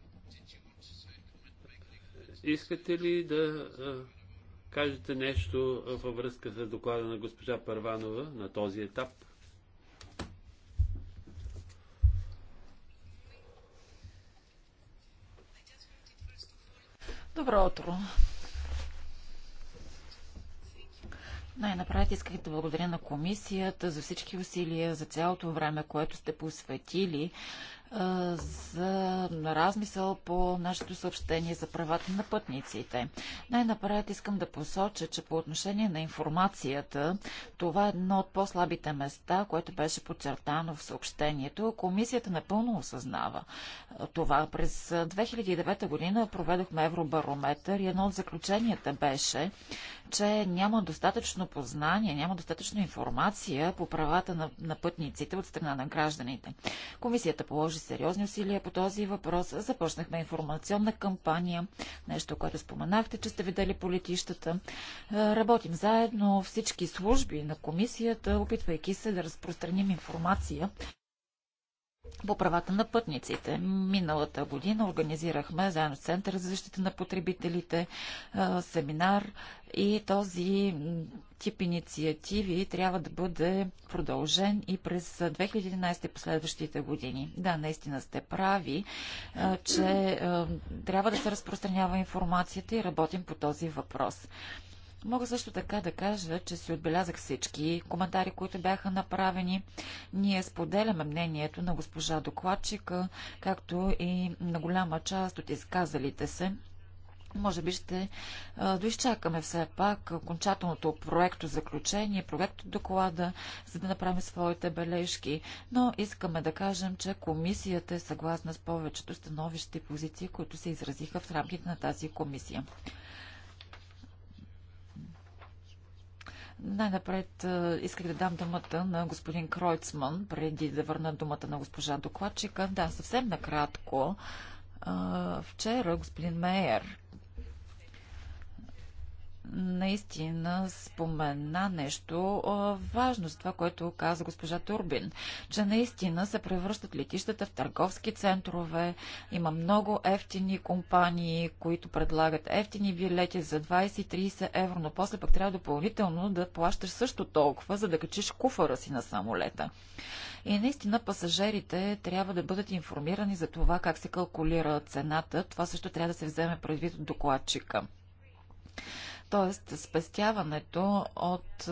Искате ли да кажете нещо във връзка с доклада на госпожа Първанова на този етап? Добро утро. Най-напред исках да благодаря на комисията за всички усилия, за цялото време, което сте посветили за размисъл по нашето съобщение за правата на пътниците. Най-напред искам да посоча, че по отношение на информацията, това е едно от по-слабите места, което беше подчертано в съобщението. Комисията напълно осъзнава това. През 2009 година проведохме Евробарометър и едно от заключенията беше, че няма достатъчно познание, няма достатъчно информация по правата на, на пътниците от страна на гражданите. Комисията положи положи сериозни усилия по този въпрос. Започнахме информационна кампания, нещо, което споменахте, че сте видели по летищата. Е, работим заедно всички служби на комисията, опитвайки се да разпространим информация по правата на пътниците. Миналата година организирахме заедно с Център за защита на потребителите семинар и този тип инициативи трябва да бъде продължен и през 2011 и последващите години. Да, наистина сте прави, че трябва да се разпространява информацията и работим по този въпрос. Мога също така да кажа, че си отбелязах всички коментари, които бяха направени. Ние споделяме мнението на госпожа докладчика, както и на голяма част от изказалите се. Може би ще доизчакаме все пак окончателното проекто заключение, проекто доклада, за да направим своите бележки. Но искаме да кажем, че комисията е съгласна с повечето становища и позиции, които се изразиха в рамките на тази комисия. Най-напред исках да дам думата на господин Кройцман, преди да върна думата на госпожа докладчика. Да, съвсем накратко. Вчера господин Мейер наистина спомена нещо важно с това, което каза госпожа Турбин, че наистина се превръщат летищата в търговски центрове. Има много ефтини компании, които предлагат ефтини билети за 20-30 евро, но после пък трябва допълнително да плащаш също толкова, за да качиш куфара си на самолета. И наистина пасажирите трябва да бъдат информирани за това как се калкулира цената. Това също трябва да се вземе предвид от докладчика. Т.е. спестяването от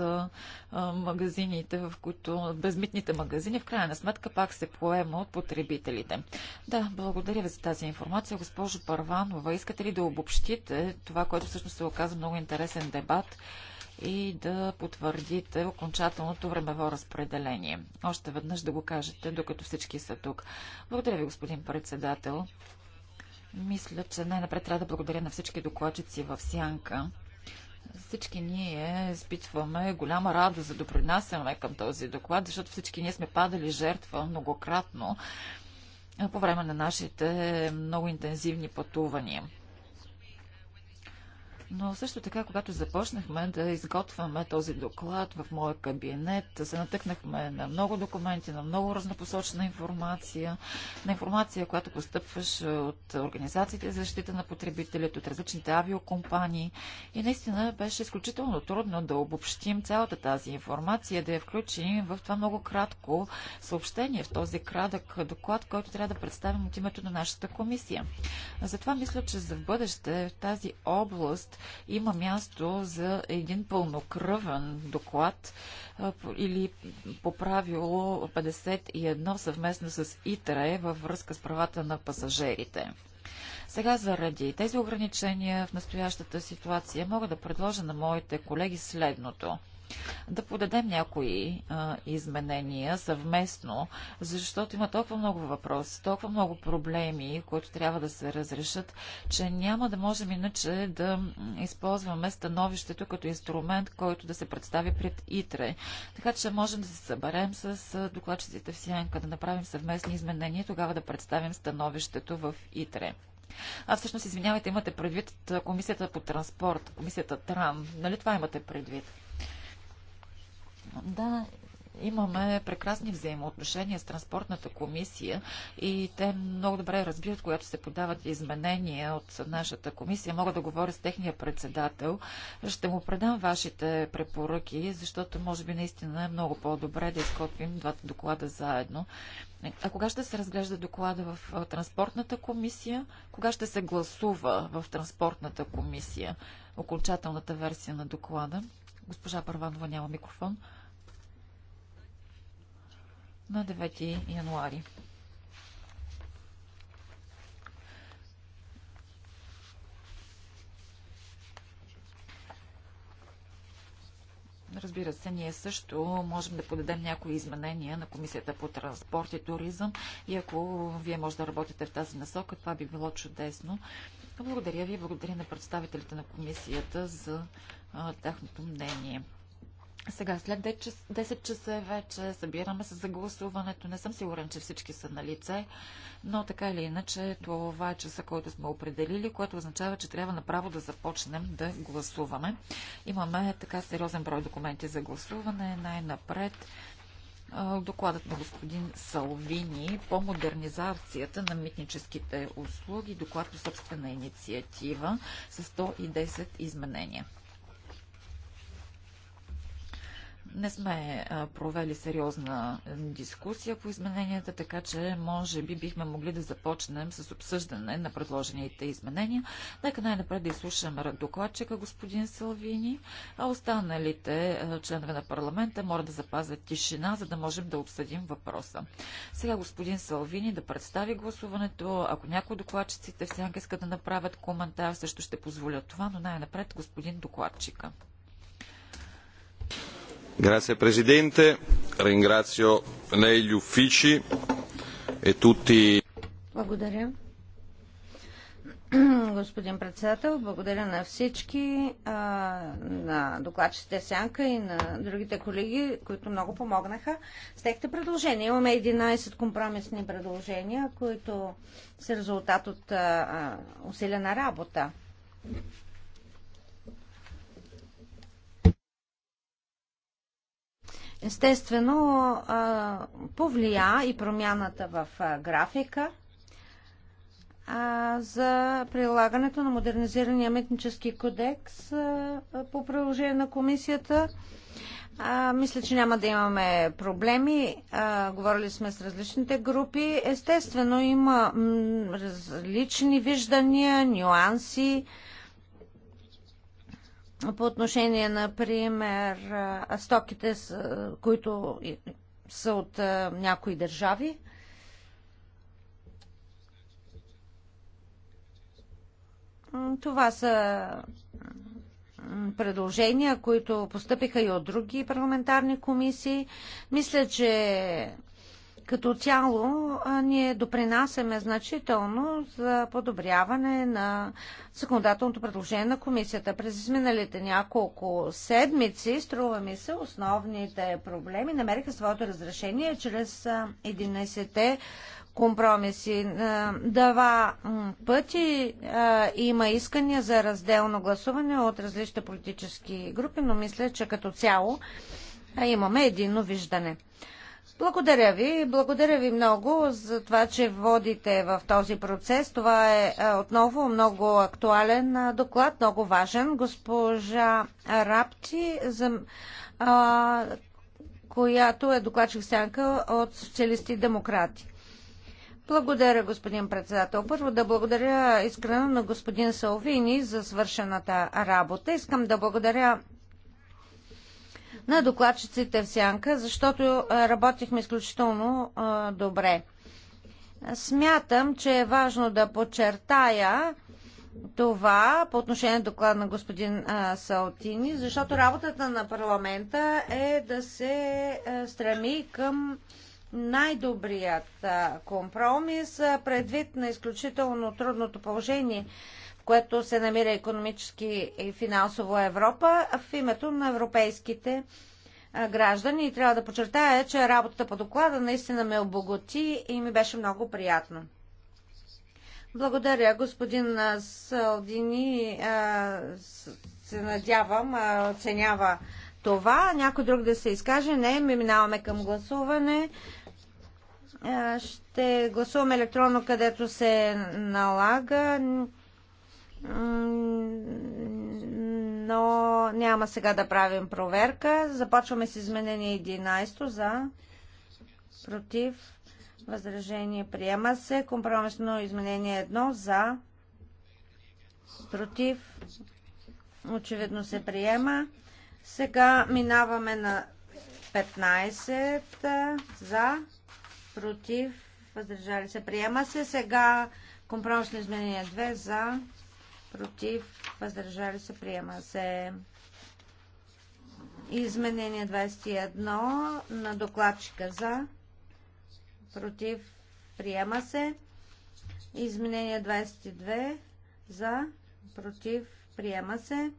магазините, в които безмитните магазини, в крайна сметка пак се поема от потребителите. Да, благодаря ви за тази информация. Госпожо Парванова, искате ли да обобщите това, което всъщност се оказа много интересен дебат? и да потвърдите окончателното времево разпределение. Още веднъж да го кажете, докато всички са тук. Благодаря ви, господин председател. Мисля, че най-напред трябва да благодаря на всички докладчици в Сянка всички ние изпитваме голяма радост да допринасяме към този доклад, защото всички ние сме падали жертва многократно по време на нашите много интензивни пътувания. Но също така, когато започнахме да изготвяме този доклад в моя кабинет, се натъкнахме на много документи, на много разнопосочна информация, на информация, която постъпваше от организациите за защита на потребителите, от различните авиокомпании. И наистина беше изключително трудно да обобщим цялата тази информация, да я включим в това много кратко съобщение, в този кратък доклад, който трябва да представим от името на нашата комисия. Затова мисля, че за в бъдеще в тази област има място за един пълнокръвен доклад или по правило 51 съвместно с ИТРЕ във връзка с правата на пасажирите. Сега заради тези ограничения в настоящата ситуация мога да предложа на моите колеги следното – да подадем някои а, изменения съвместно, защото има толкова много въпроси, толкова много проблеми, които трябва да се разрешат, че няма да можем иначе да използваме становището като инструмент, който да се представи пред ИТРЕ. Така че можем да се съберем с докладчиците в Сянка, да направим съвместни изменения и тогава да представим становището в ИТРЕ. А всъщност, извинявайте, имате предвид комисията по транспорт, комисията ТРАН. Нали това имате предвид? Да, имаме прекрасни взаимоотношения с Транспортната комисия и те много добре разбират, когато се подават изменения от нашата комисия. Мога да говоря с техния председател. Ще му предам вашите препоръки, защото може би наистина е много по-добре да изкопим двата доклада заедно. А кога ще се разглежда доклада в Транспортната комисия? Кога ще се гласува в Транспортната комисия окончателната версия на доклада? Госпожа Първанова няма микрофон на 9 януари. Разбира се, ние също можем да подадем някои изменения на Комисията по транспорт и туризъм и ако вие може да работите в тази насока, това би било чудесно. Благодаря ви, благодаря на представителите на Комисията за а, тяхното мнение. Сега, след 10 часа вече събираме се за гласуването. Не съм сигурен, че всички са на лице, но така или иначе това е часа, който сме определили, което означава, че трябва направо да започнем да гласуваме. Имаме така сериозен брой документи за гласуване. Най-напред докладът на господин Салвини по модернизацията на митническите услуги, доклад по собствена инициатива с 110 изменения. Не сме провели сериозна дискусия по измененията, така че може би бихме могли да започнем с обсъждане на предложените изменения. Нека най-напред да изслушаме докладчика господин Салвини, а останалите членове на парламента могат да запазят тишина, за да можем да обсъдим въпроса. Сега господин Салвини да представи гласуването. Ако някои докладчиците в сянка искат да направят коментар, също ще позволя това, но най-напред господин докладчика. Grazie Presidente, ringrazio lei, gli uffici e tutti. Благодаря. Господин председател, благодаря на всички, на докладчите Сянка и на другите колеги, които много помогнаха с техните предложения. Имаме 11 компромисни предложения, които са резултат от усилена работа. Естествено, повлия и промяната в графика за прилагането на модернизирания митнически кодекс по приложение на комисията. мисля, че няма да имаме проблеми. говорили сме с различните групи. Естествено, има различни виждания, нюанси по отношение, на например, стоките, които са от някои държави. Това са предложения, които постъпиха и от други парламентарни комисии. Мисля, че като цяло ние допринасяме значително за подобряване на законодателното предложение на комисията. През изминалите няколко седмици, струва ми се, основните проблеми намериха своето разрешение чрез 11-те компромиси. Дава пъти има искания за разделно гласуване от различните политически групи, но мисля, че като цяло имаме едино виждане. Благодаря ви. Благодаря ви много за това, че водите в този процес. Това е, е отново много актуален е, доклад, много важен. Госпожа Рапти, за, а, която е докладчик сянка от социалисти и демократи. Благодаря, господин председател. Първо да благодаря искрено на господин Салвини за свършената работа. Искам да благодаря на докладчиците в Сянка, защото работихме изключително добре. Смятам, че е важно да подчертая това по отношение на доклад на господин Салтини, защото работата на парламента е да се стреми към най-добрият компромис, предвид на изключително трудното положение което се намира економически и финансово Европа в името на европейските граждани. И трябва да подчертая, че работата по доклада наистина ме обогати и ми беше много приятно. Благодаря, господин Салдини. Се надявам, оценява това. Някой друг да се изкаже? Не, Ми минаваме към гласуване. Ще гласуваме електронно, където се налага но няма сега да правим проверка. Започваме с изменение 11 за против възражение приема се. Компромисно изменение 1 за против очевидно се приема. Сега минаваме на 15 за против въздържали се приема се. Сега компромисно изменение 2 за против, въздържали се, приема се. Изменение 21 на докладчика за, против, приема се. Изменение 22 за, против, приема се.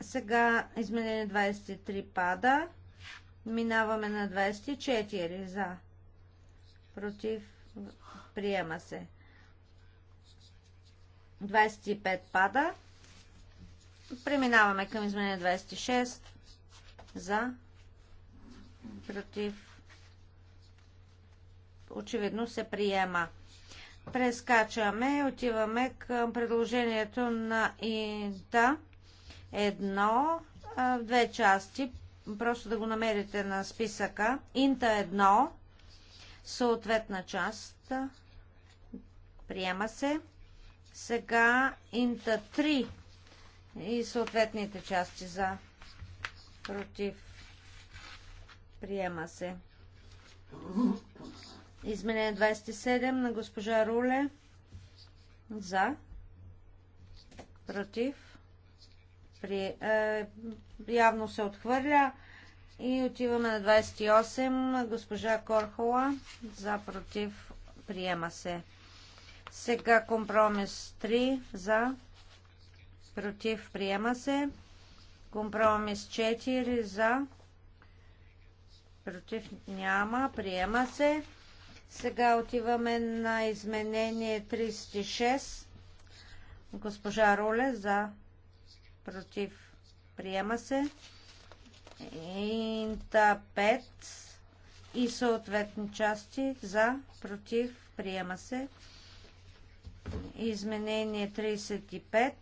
Сега изменение 23 пада. Минаваме на 24 за, против, приема се. 25 пада. Преминаваме към изменение 26 за против очевидно се приема. Прескачаме и отиваме към предложението на ИНТА. Едно в две части. Просто да го намерите на списъка. Инта едно, съответна част. Приема се. Сега инта 3 и съответните части за против. Приема се. Изменение 27 на госпожа Руле. За. Против. При, е, явно се отхвърля. И отиваме на 28. Госпожа Корхола. За. Против. Приема се. Сега компромис 3 за, против, приема се. Компромис 4 за, против, няма, приема се. Сега отиваме на изменение 36. Госпожа Руле за, против, приема се. Инта 5 и съответни части за, против, приема се. Изменение 35.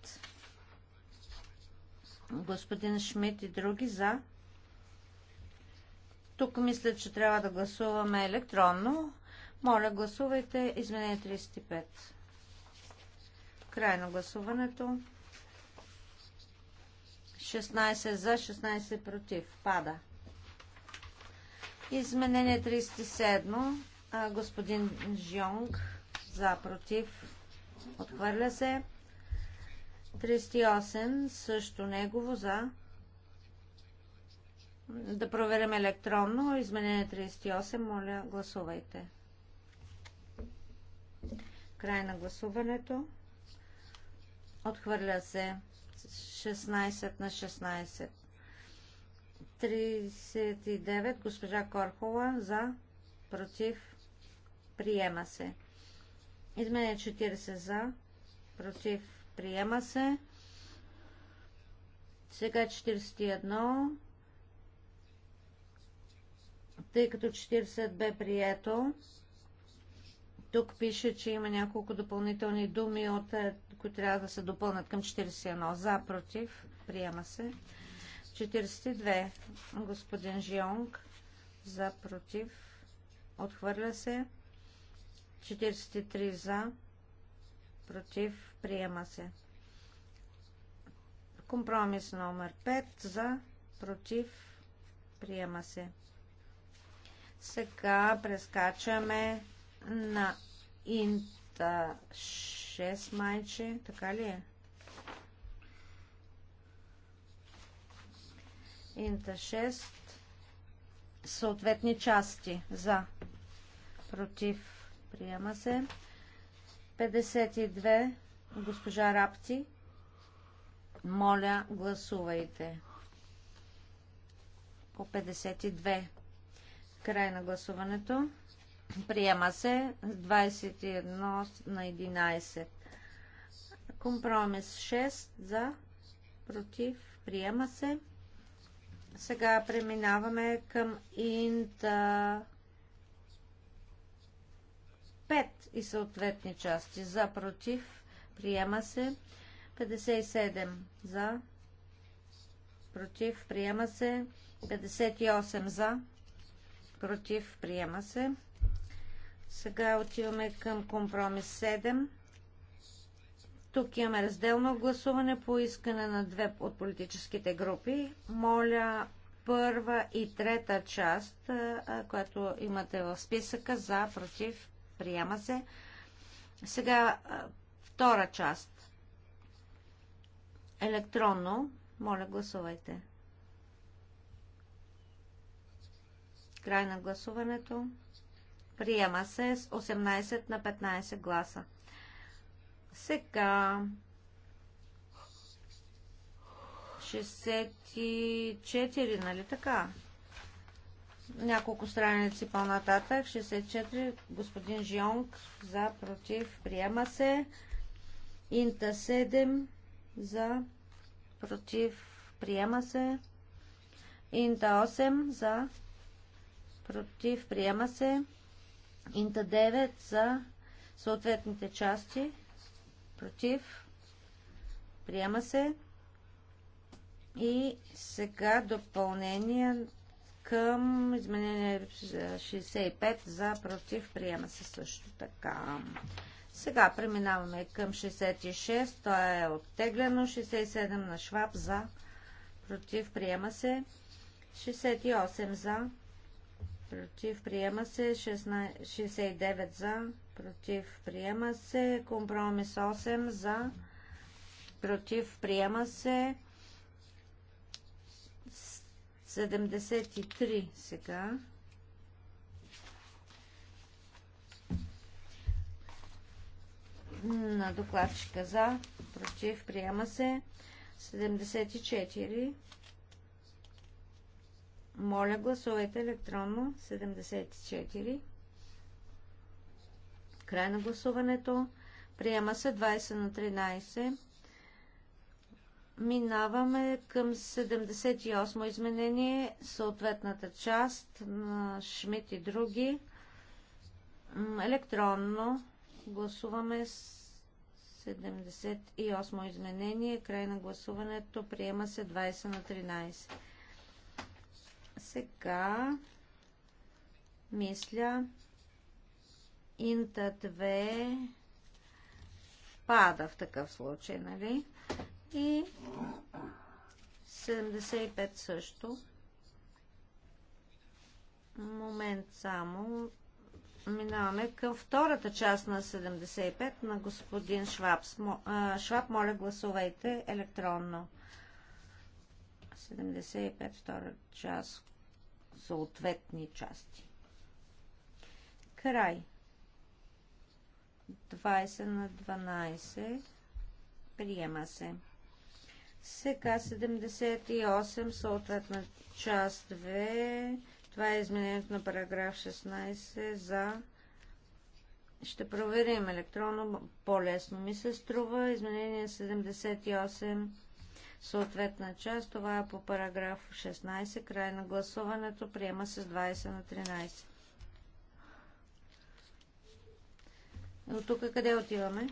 Господин Шмидт и други за. Тук мисля, че трябва да гласуваме електронно. Моля, гласувайте изменение 35. Край на гласуването. 16 за, 16 против. Пада. Изменение 37. Господин Жонг за, против. Отхвърля се. 38, също негово за. Да проверим електронно. Изменение 38. Моля, гласувайте. Край на гласуването. Отхвърля се 16 на 16. 39. Госпожа Корхова за. Против. Приема се. Изменя 40 за, против, приема се. Сега 41. Тъй като 40 бе прието, тук пише, че има няколко допълнителни думи, от, е, които трябва да се допълнат към 41. За, против, приема се. 42. Господин Жионг. За, против, отхвърля се. 43 за, против, приема се. Компромис номер 5 за, против, приема се. Сега прескачаме на инта 6 майче, така ли е? Инта 6 съответни части за, против, Приема се. 52. Госпожа Рапти. Моля, гласувайте. По 52. Край на гласуването. Приема се 21 на 11. Компромис 6 за, против, приема се. Сега преминаваме към Инта 5 и съответни части. За, против, приема се. 57 за, против, приема се. 58 за, против, приема се. Сега отиваме към компромис 7. Тук имаме разделно гласуване по искане на две от политическите групи. Моля първа и трета част, която имате в списъка, за, против, приема се. Сега втора част. Електронно. Моля, гласувайте. Край на гласуването. Приема се с 18 на 15 гласа. Сега 64, нали така? Няколко страници по-нататък. 64. Господин Жионг за против. Приема се. Инта 7 за против. Приема се. Инта 8 за против. Приема се. Инта 9 за съответните части. Против. Приема се. И сега допълнение към изменение 65 за против приема се също така. Сега преминаваме към 66, то е оттеглено, 67 на Шваб за против приема се, 68 за против приема се, 16, 69 за против приема се, компромис 8 за против приема се, 73 сега. На докладчика за, против, приема се. 74. Моля, гласувайте електронно. 74. Край на гласуването. Приема се 20 на 13. Минаваме към 78 изменение, съответната част на Шмидт и други. Електронно гласуваме 78 изменение, край на гласуването, приема се 20 на 13. Сега мисля Инта 2 пада в такъв случай, нали? И 75 също. Момент само. Минаваме към втората част на 75 на господин Шваб. Шваб, моля, гласувайте електронно. 75 втора част съответни части. Край. 20 на 12. Приема се. Сега 78, съответна част 2. Това е изменението на параграф 16 за... Ще проверим електронно, по-лесно ми се струва. Изменение 78, съответна част. Това е по параграф 16. Край на гласуването. Приема се с 20 на 13. От тук къде отиваме?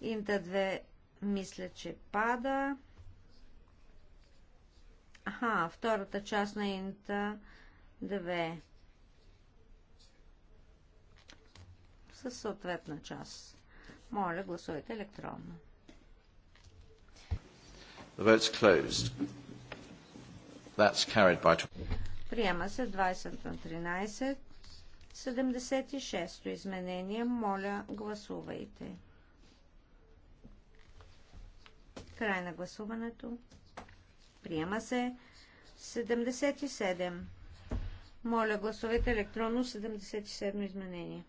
Инта 2 мисля, че пада. Аха, втората част на Инта 2 със съответна част. Моля, гласувайте електронно. The vote's closed. That's carried by... Приема се 20 на 13. 76-то изменение. Моля, гласувайте. Край на гласуването. Приема се 77. Моля, гласовете електронно 77 изменение.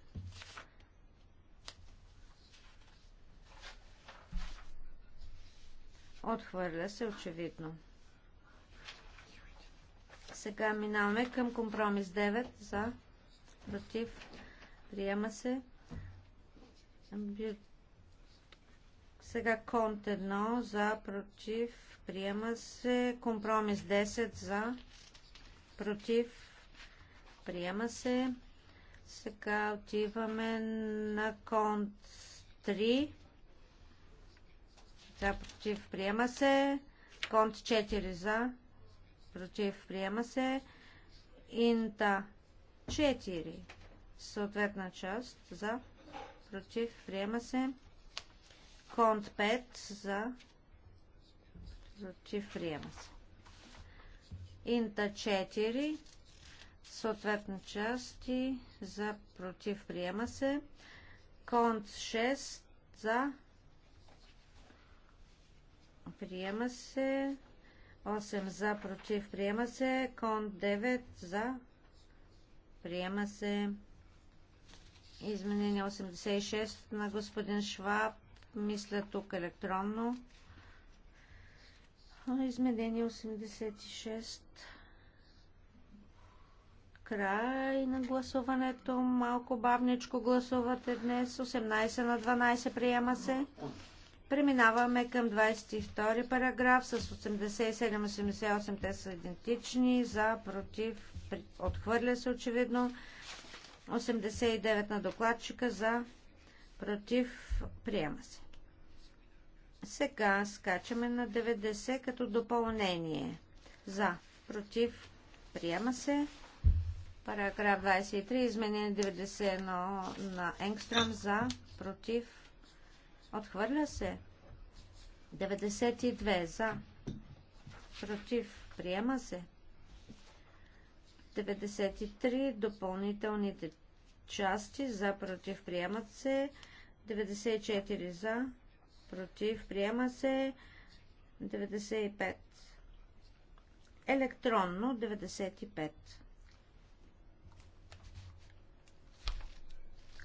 Отхвърля се очевидно. Сега минаваме към компромис 9 за против. Приема се. Сега конт 1 за, против, приема се. Компромис 10 за, против, приема се. Сега отиваме на конт 3. За, против, приема се. Конт 4 за, против, приема се. Инта 4. Съответна част за, против, приема се. Конт 5 за против приема се. Инта 4 съответно части за против приема се. Конт 6 за приема се. 8 за против приема се. Конт 9 за приема се. Изменение 86 на господин Шваб мисля тук електронно. Изменение 86. Край на гласуването. Малко бавничко гласувате днес. 18 на 12 приема се. Преминаваме към 22 параграф с 87-88. Те са идентични. За, против, отхвърля се очевидно. 89 на докладчика за, против, приема се. Сега скачаме на 90 като допълнение. За, против, приема се. Параграф 23, изменение 91 на Енгстрам. За, против, отхвърля се. 92 за, против, приема се. 93 допълнителните части за, против, приемат се. 94 за, против, приема се 95. Електронно 95.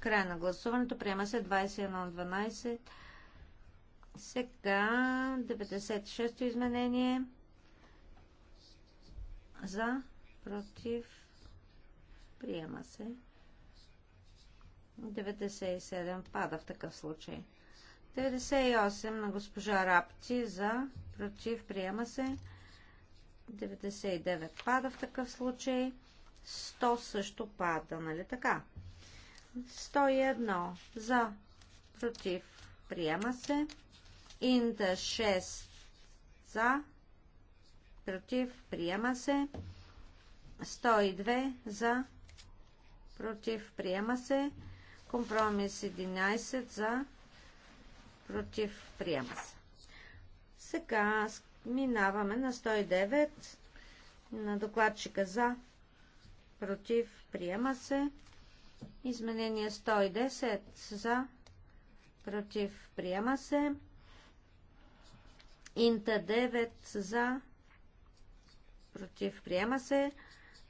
Край на гласуването. Приема се 21 Сега 96-то изменение. За, против, приема се. 97 пада в такъв случай. 98 на госпожа Рапти за, против, приема се. 99 пада в такъв случай. 100 също пада, нали така? 101 за, против, приема се. Инта 6 за, против, приема се. 102 за, против, приема се. Компромис 11 за, против, приема се. Сега минаваме на 109 на докладчика за, против, приема се. Изменение 110 за, против, приема се. Инта 9 за, против, приема се.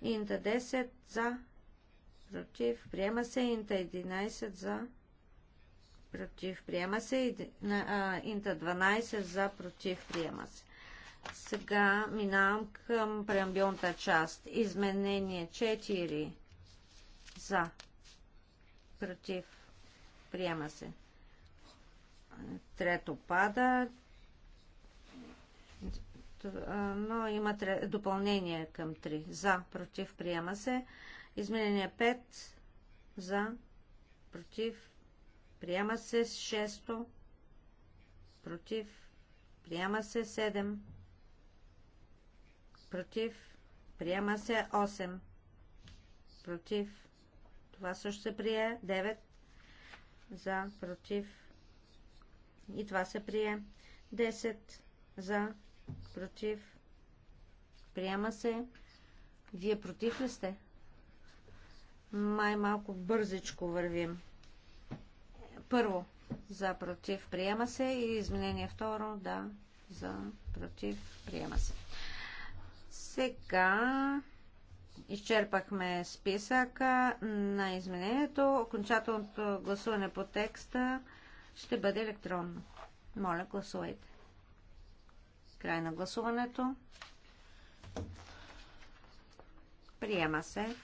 Инта 10 за, против, приема се. Инта 11 за, против против, приема се. Инта 12 за, против, приема се. Сега минавам към преамбионната част. Изменение 4 за, против, приема се. Трето пада, но има допълнение към 3. За, против, приема се. Изменение 5 за, против, Приема се 6. Против. Приема се 7. Против. Приема се 8. Против. Това също се прие. 9. За. Против. И това се прие. 10. За. Против. Приема се. Вие против ли сте? Май малко бързичко вървим. Първо, за против приема се и изменение второ, да, за против приема се. Сега изчерпахме списъка на изменението. Окончателното гласуване по текста ще бъде електронно. Моля, гласувайте. Край на гласуването. Приема се.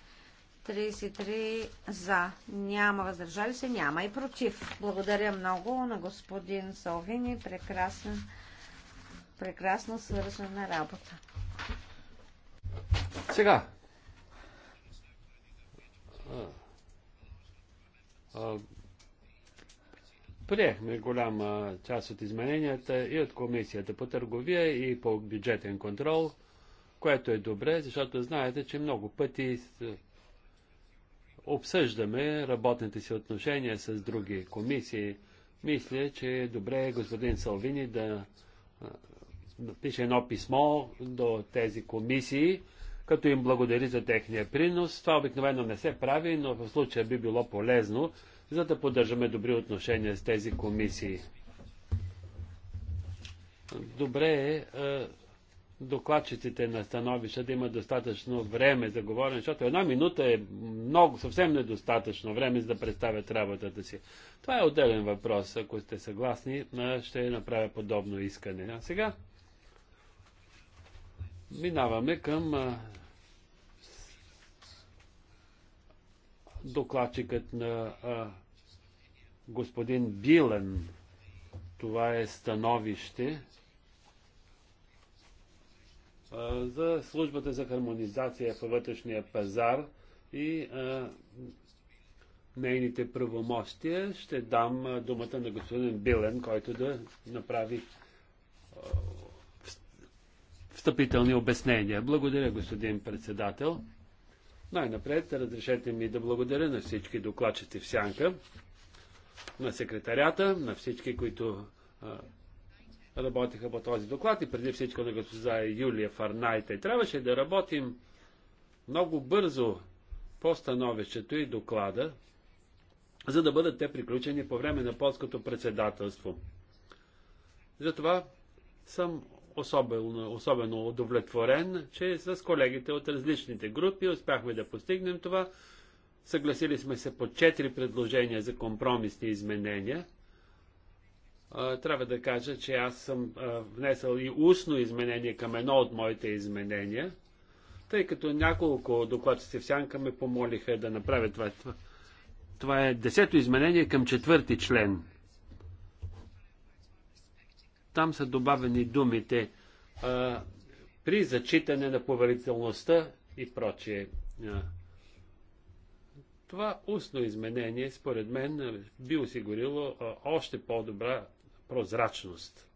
33 за. Няма въздържали се, няма и против. Благодаря много на господин Совин и прекрасна, прекрасно работа. Сега. Приехме голяма част от измененията и от комисията по търговия и по бюджетен контрол, което е добре, защото знаете, че много пъти обсъждаме работните си отношения с други комисии. Мисля, че е добре господин Салвини да напише едно писмо до тези комисии, като им благодари за техния принос. Това обикновено не се прави, но в случая би било полезно, за да поддържаме добри отношения с тези комисии. Добре е докладчиците на становища да имат достатъчно време за говорене, защото една минута е много, съвсем недостатъчно време за да представят работата си. Това е отделен въпрос. Ако сте съгласни, ще направя подобно искане. А сега минаваме към докладчикът на господин Билен. Това е становище за службата за хармонизация по вътрешния пазар и а, нейните правомощия. Ще дам думата на господин Билен, който да направи а, встъпителни обяснения. Благодаря, господин председател. Най-напред разрешете ми да благодаря на всички докладчици в Сянка, на секретарята, на всички, които а, работиха по този доклад и преди всичко на госпожа Юлия Фарнайте. Трябваше да работим много бързо по становището и доклада, за да бъдат те приключени по време на полското председателство. Затова съм особено, особено удовлетворен, че с колегите от различните групи успяхме да постигнем това. Съгласили сме се по четири предложения за компромисни изменения – трябва да кажа, че аз съм внесъл и устно изменение към едно от моите изменения, тъй като няколко докладчици в сянка ме помолиха да направя това. Това е десето изменение към четвърти член. Там са добавени думите а, при зачитане на поверителността и прочие. Това устно изменение, според мен, би осигурило още по-добра прозрачност.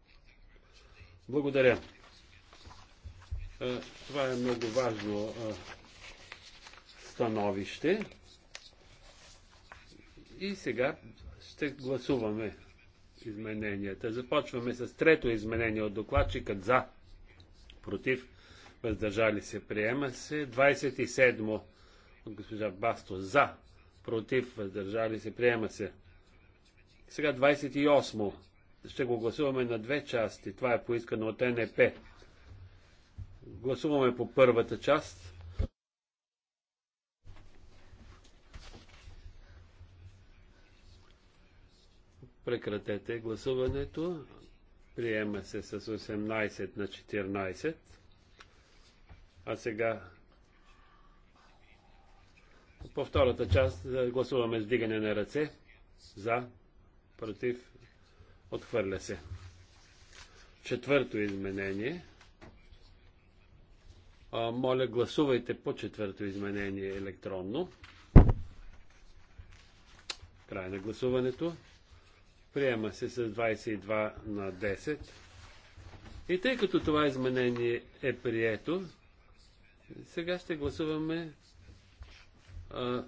Благодаря. Е, това е много важно е, становище. И сега ще гласуваме измененията. Започваме с трето изменение от докладчикът за, против, въздържали се, приема се. 27 от госпожа Басто за, против, въздържали се, приема се. Сега 28 ще го гласуваме на две части. Това е поискано от НП. Гласуваме по първата част. Прекратете гласуването. Приема се с 18 на 14. А сега по втората част е, гласуваме с дигане на ръце. За, против, Отхвърля се. Четвърто изменение. А, моля, гласувайте по четвърто изменение електронно. Край на гласуването. Приема се с 22 на 10. И тъй като това изменение е прието, сега ще гласуваме а,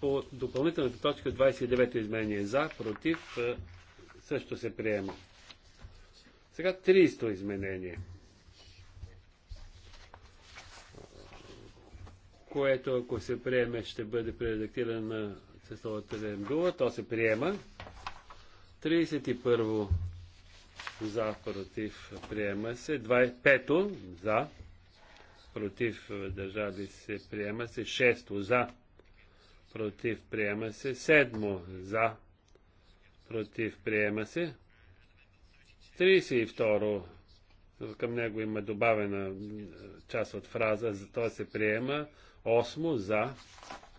по допълнителната точка 29 изменение за, против, също се приема. Сега 30-то изменение, което ако се приеме, ще бъде прередактирано на числото Ленгула. То се приема. 31-во за, против, приема се. 25 то за, против, държави се, приема се. 6-то за, против, приема се. 7-то за, против, приема се. 32 към него има добавена част от фраза, това се приема. 8 за,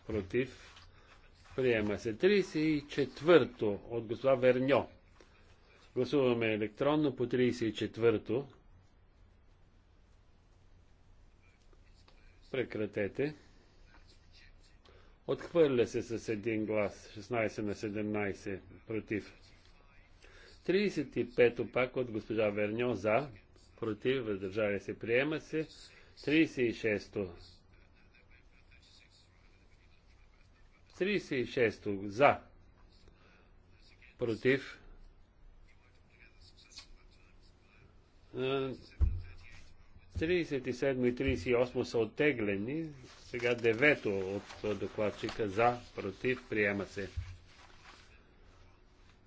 против, приема се. 34 от госла Верньо. Гласуваме електронно по 34-то. Прекратете. Отхвърля се с един глас, 16 на 17 против. 35 пак от госпожа Верньо за, против, въздържали се, приема се. 36-то. 36 за, против. Uh, 37 и 38 са оттеглени, сега девето от докладчика за, против, приема се.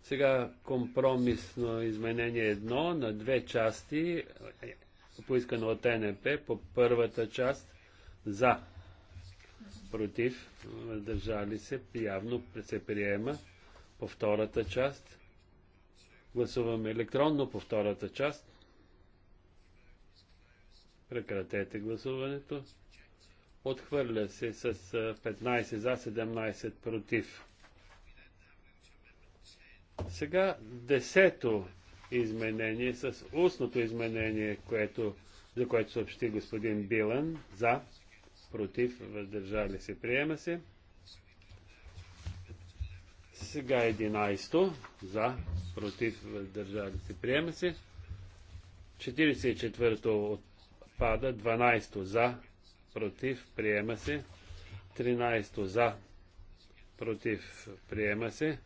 Сега компромисно изменение едно на две части, поискано от НП по първата част за, против, държали се, явно се приема по втората част. Гласуваме електронно по втората част. Прекратете гласуването. Отхвърля се с 15 за 17 против. Сега десето изменение с устното изменение, което, за което съобщи господин Билан. За, против, въздържали се, приема се. Сега 11 за, против, въздържали се, приема се. 44-то отпада, 12 за, против, приема се. 13 за, против, приема се.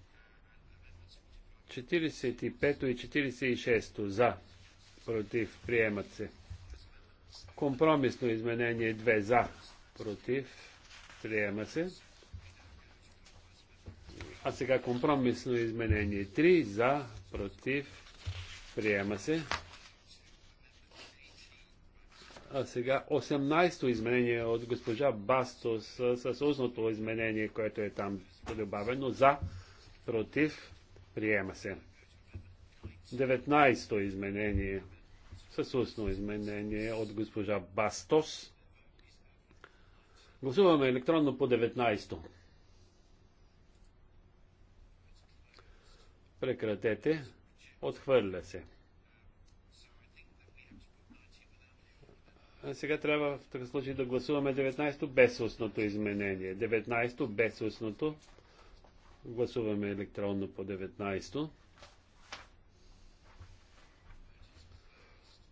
45 и 46 за, против, приемат се. Компромисно изменение 2 за, против, приема се. А сега компромисно изменение 3 за, против, приема се. А сега 18-то изменение от госпожа Бастос с, с устното изменение, което е там добавено. За, против, приема се. 19-то изменение с устно изменение от госпожа Бастос. Гласуваме електронно по 19-то. Прекратете. Отхвърля се. Сега трябва в такъв случай да гласуваме 19-то без устното изменение. 19-то без устното. Гласуваме електронно по 19-то.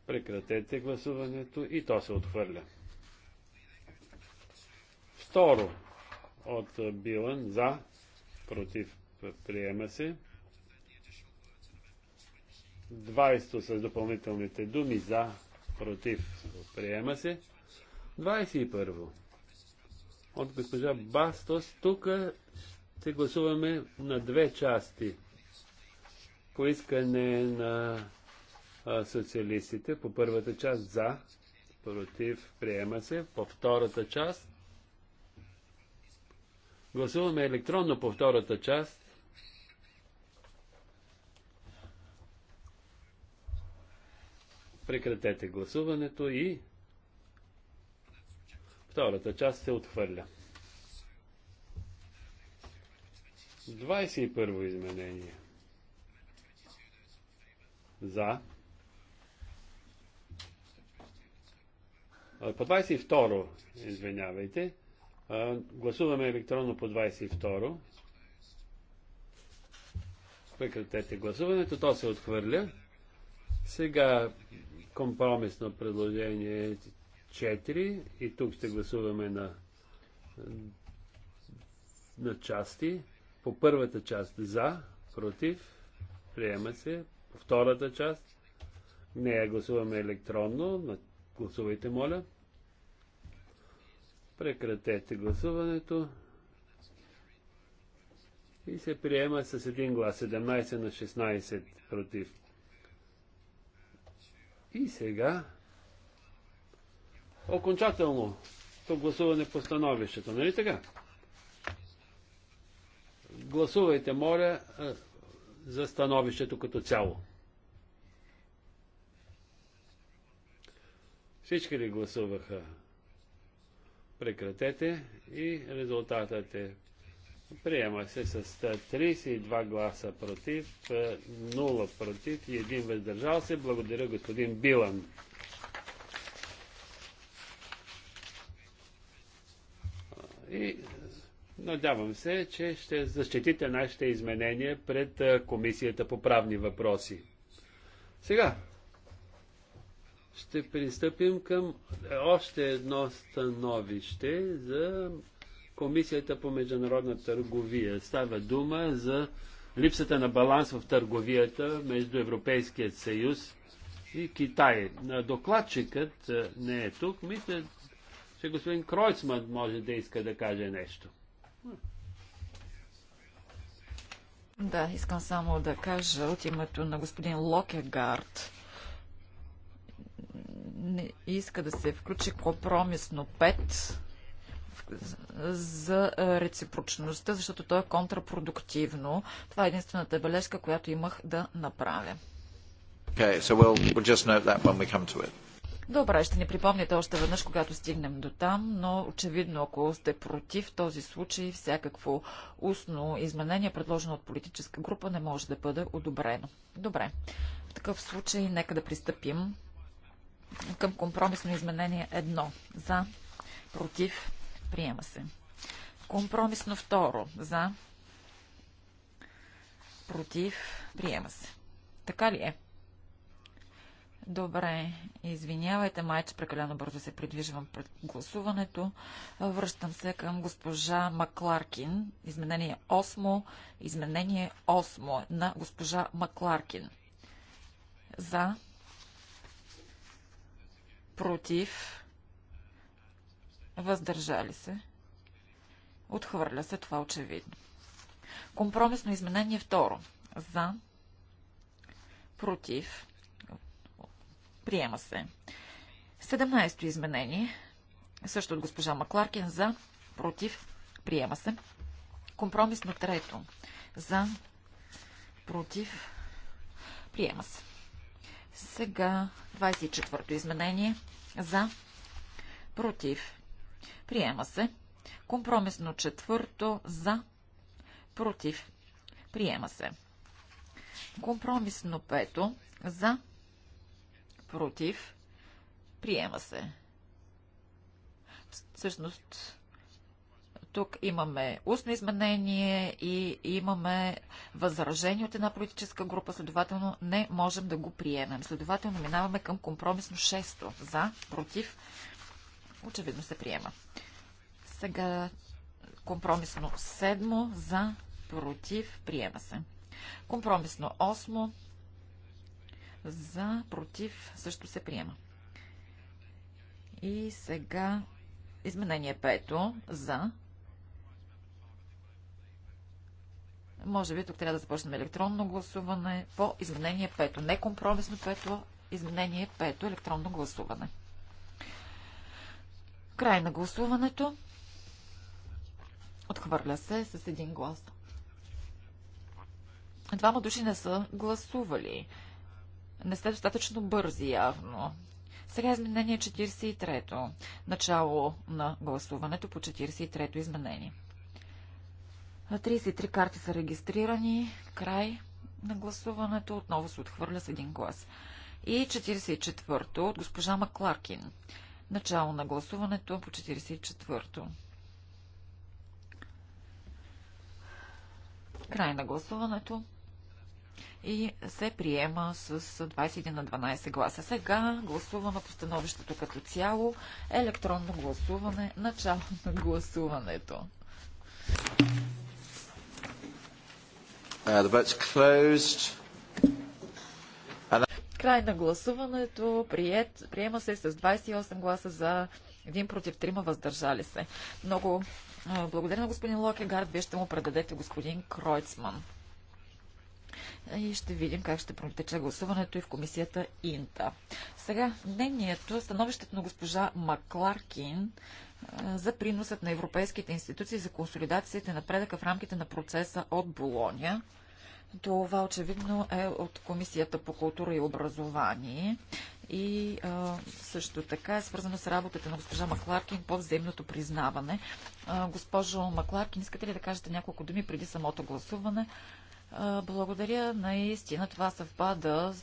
Прекратете гласуването и то се отхвърля. Второ от Билан за, против, приема се. 20 с допълнителните думи за, против, приема се. 21. От госпожа Бастос, тук се гласуваме на две части. Поискане на социалистите по първата част за, против, приема се. По втората част Гласуваме електронно по втората част. Прекратете гласуването и втората част се отхвърля. 21 изменение. За. По 22, извинявайте. Гласуваме електронно по 22. Прекратете гласуването, то се отхвърля. Сега Компромисно предложение 4 и тук ще гласуваме на, на части. По първата част за, против, приема се. По втората част не я гласуваме електронно. Гласувайте, моля. Прекратете гласуването. И се приема с един глас 17 на 16 против. И сега окончателно то гласуване по становището, нали така? Гласувайте, моля, за становището като цяло. Всички ли гласуваха? Прекратете и резултатът е Приема се с 32 гласа против, 0 против и един въздържал се. Благодаря господин Билан. И надявам се, че ще защитите нашите изменения пред Комисията по правни въпроси. Сега ще пристъпим към още едно становище за Комисията по международна търговия. Става дума за липсата на баланс в търговията между Европейският съюз и Китай. Докладчикът не е тук. Мисля, че господин Кройцман може да иска да каже нещо. Да, искам само да кажа от името на господин Локегард. Не иска да се включи компромисно 5 за е, реципрочността, защото то е контрапродуктивно. Това е единствената бележка, която имах да направя. Okay, so we'll, we'll just note that when we come to it. Добре, ще ни припомните още веднъж, когато стигнем до там, но очевидно, ако сте против този случай, всякакво устно изменение, предложено от политическа група, не може да бъде одобрено. Добре, в такъв случай нека да пристъпим към компромисно изменение едно За, против, Приема се. Компромисно второ. За. Против. Приема се. Така ли е? Добре, извинявайте, май, че прекалено бързо се придвижвам пред гласуването. Връщам се към госпожа Макларкин. Изменение 8. Изменение 8 на госпожа Макларкин. За. Против въздържали се, отхвърля се, това е очевидно. Компромисно изменение второ. За, против, приема се. 17-то изменение, също от госпожа Макларкин, за, против, приема се. Компромисно трето. За, против, приема се. Сега 24-то изменение. За, против, Приема се. Компромисно четвърто за. Против. Приема се. Компромисно пето за. Против. Приема се. Всъщност, тук имаме устно изменение и имаме възражение от една политическа група, следователно не можем да го приемем. Следователно минаваме към компромисно 6 за, против, Очевидно се приема. Сега компромисно седмо за против приема се. Компромисно осмо за против също се приема. И сега изменение пето за Може би тук трябва да започнем електронно гласуване по изменение 5. Не компромисно 5, изменение 5, електронно гласуване. Край на гласуването. Отхвърля се с един глас. Двама души не са гласували. Не сте достатъчно бързи, явно. Сега е изменение 43-то. Начало на гласуването по 43-то изменение. 33 карти са регистрирани. Край на гласуването. Отново се отхвърля с един глас. И 44-то от госпожа Макларкин. Начало на гласуването по 44-то. Край на гласуването. И се приема с 21 на 12 гласа. Сега гласуваме по становището като цяло. Електронно гласуване. Начало на гласуването. Uh, the vote's closed. Край на гласуването. прият, приема се с 28 гласа за един против трима въздържали се. Много благодаря на господин Локегард. Вие ще му предадете господин Кройцман. И ще видим как ще протече гласуването и в комисията Инта. Сега мнението, становището на госпожа Макларкин за приносът на европейските институции за консолидацията и напредъка в рамките на процеса от Болония. Това очевидно е от Комисията по култура и образование и а, също така е свързано с работата на госпожа Макларкин по взаимното признаване. А, госпожо Макларкин, искате ли да кажете няколко думи преди самото гласуване? Благодаря. Наистина това съвпада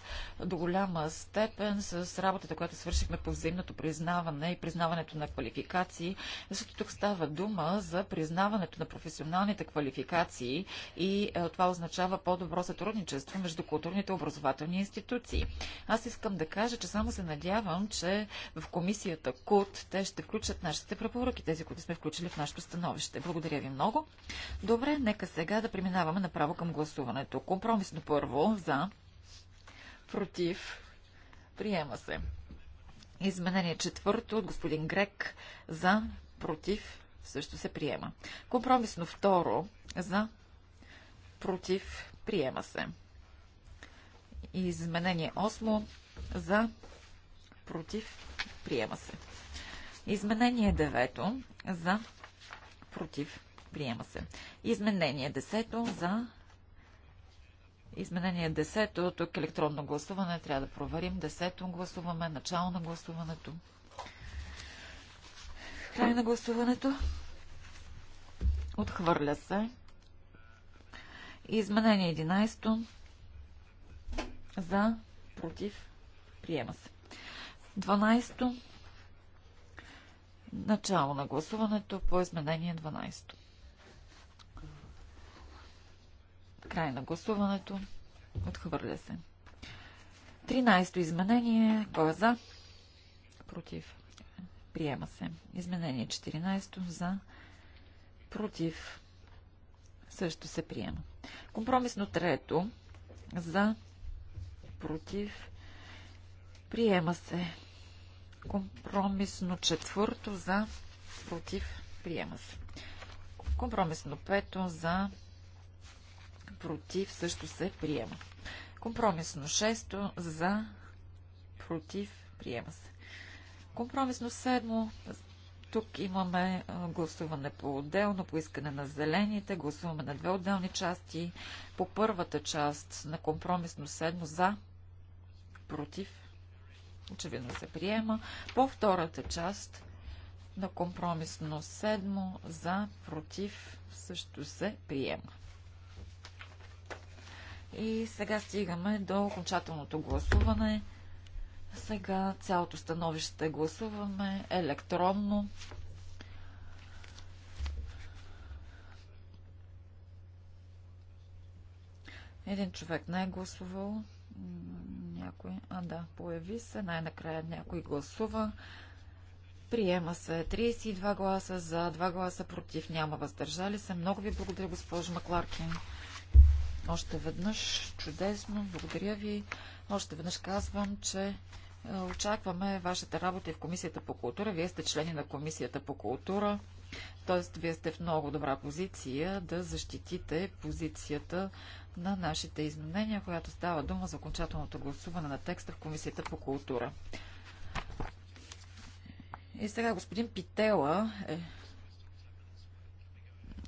до голяма степен с работата, която свършихме по взаимното признаване и признаването на квалификации, защото тук става дума за признаването на професионалните квалификации и е, това означава по-добро сътрудничество между културните образователни институции. Аз искам да кажа, че само се надявам, че в комисията КУТ те ще включат нашите препоръки, тези, които сме включили в нашето становище. Благодаря ви много. Добре, нека сега да преминаваме направо към гласуване гласуването. Компромисно първо за, против, приема се. Изменение четвърто от господин Грек за, против, също се приема. Компромисно второ за, против, приема се. Изменение 8 за, против, приема се. Изменение 9 за, против, приема се. Изменение 10 за, Изменение 10. Тук електронно гласуване. Трябва да проверим. 10 гласуваме. Начало на гласуването. Край на гласуването. Отхвърля се. Изменение 11. За. Против. Приема се. 12. Начало на гласуването по изменение 12. то Край на гласуването. Отхвърля се. 13-то изменение. Кой е за? Против. Приема се. Изменение 14-то за. Против. Също се приема. Компромисно трето. За. Против. Приема се. Компромисно четвърто за. Против. Приема се. Компромисно пето за против, също се приема. Компромисно 6 за, против, приема се. Компромисно 7 тук имаме гласуване по-отделно, по искане на зелените. Гласуваме на две отделни части. По първата част на компромисно седмо за, против, очевидно се приема. По втората част на компромисно седмо за, против, също се приема. И сега стигаме до окончателното гласуване. Сега цялото становище гласуваме електронно. Един човек не е гласувал. Някой. А, да, появи се. Най-накрая някой гласува. Приема се 32 гласа за, 2 гласа против, няма въздържали се. Много ви благодаря, госпожо Макларкин. Още веднъж чудесно, благодаря ви. Още веднъж казвам, че е, очакваме вашата работа и в Комисията по култура. Вие сте члени на Комисията по култура, т.е. вие сте в много добра позиция да защитите позицията на нашите изменения, която става дума за окончателното гласуване на текста в Комисията по култура. И сега господин Питела е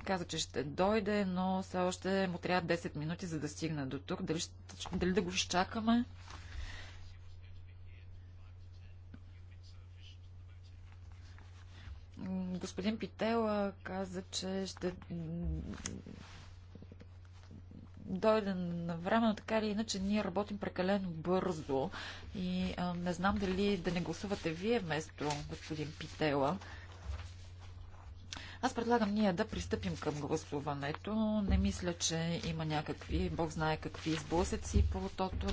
каза, че ще дойде, но все още му трябва 10 минути, за да стигна до тук. Дали, дали да го изчакаме? Господин Питела каза, че ще дойде на време, но така или иначе ние работим прекалено бързо и а, не знам дали да не гласувате вие вместо господин Питела. Аз предлагам ние да пристъпим към гласуването. Не мисля, че има някакви, Бог знае какви изблъсъци по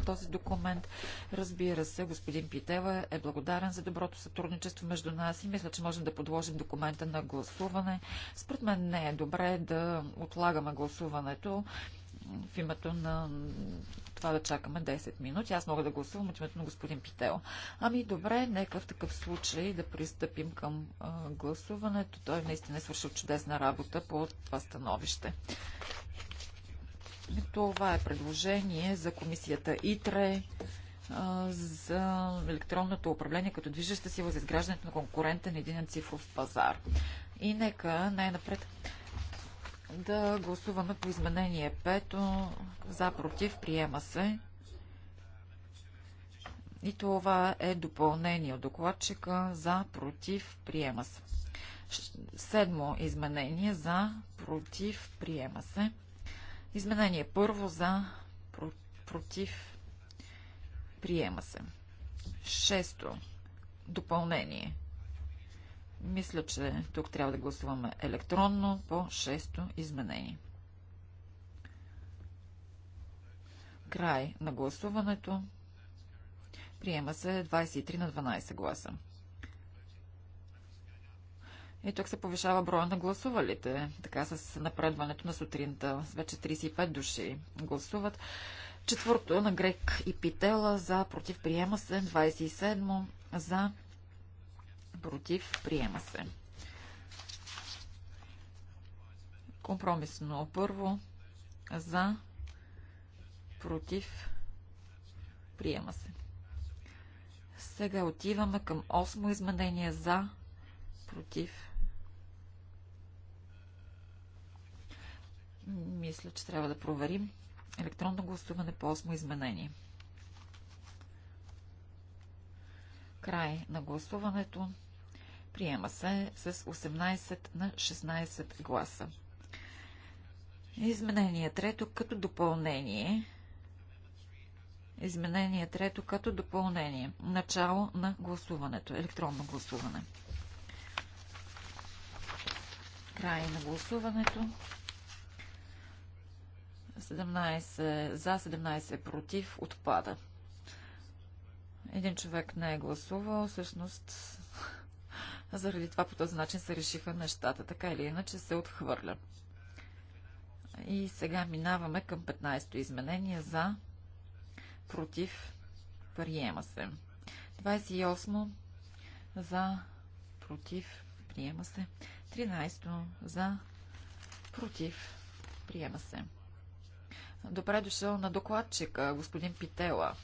този документ. Разбира се, господин Питева е благодарен за доброто сътрудничество между нас и мисля, че можем да подложим документа на гласуване. Според мен не е добре да отлагаме гласуването в името на това да чакаме 10 минути. Аз мога да гласувам от името на господин Пител. Ами добре, нека в такъв случай да пристъпим към а, гласуването. Той наистина е свършил чудесна работа по това становище. Това е предложение за комисията ИТРЕ за електронното управление като движеща сила за изграждането на конкурентен един цифров пазар. И нека най-напред да гласуваме по изменение 5. За, против, приема се. И това е допълнение от докладчика. За, против, приема се. Седмо изменение. За, против, приема се. Изменение първо. За, против, приема се. Шесто допълнение. Мисля, че тук трябва да гласуваме електронно по 6 изменение. Край на гласуването. Приема се 23 на 12 гласа. И тук се повишава броя на гласувалите. Така с напредването на сутринта. Вече 35 души гласуват. Четвърто на Грек и Питела за против приема се. 27 за против, приема се. Компромисно първо, за, против, приема се. Сега отиваме към 8 изменение за, против. Мисля, че трябва да проверим електронно гласуване по 8 изменение. Край на гласуването. Приема се с 18 на 16 гласа. Изменение трето като допълнение. Изменение трето като допълнение. Начало на гласуването. Електронно гласуване. Край на гласуването. 17 за, 17 против. Отпада. Един човек не е гласувал. Всъщност заради това по този начин се решиха нещата. Така или иначе се отхвърля. И сега минаваме към 15-то изменение за против приема се. 28 за против приема се. 13 за против приема се. Добре дошъл на докладчика, господин Питела.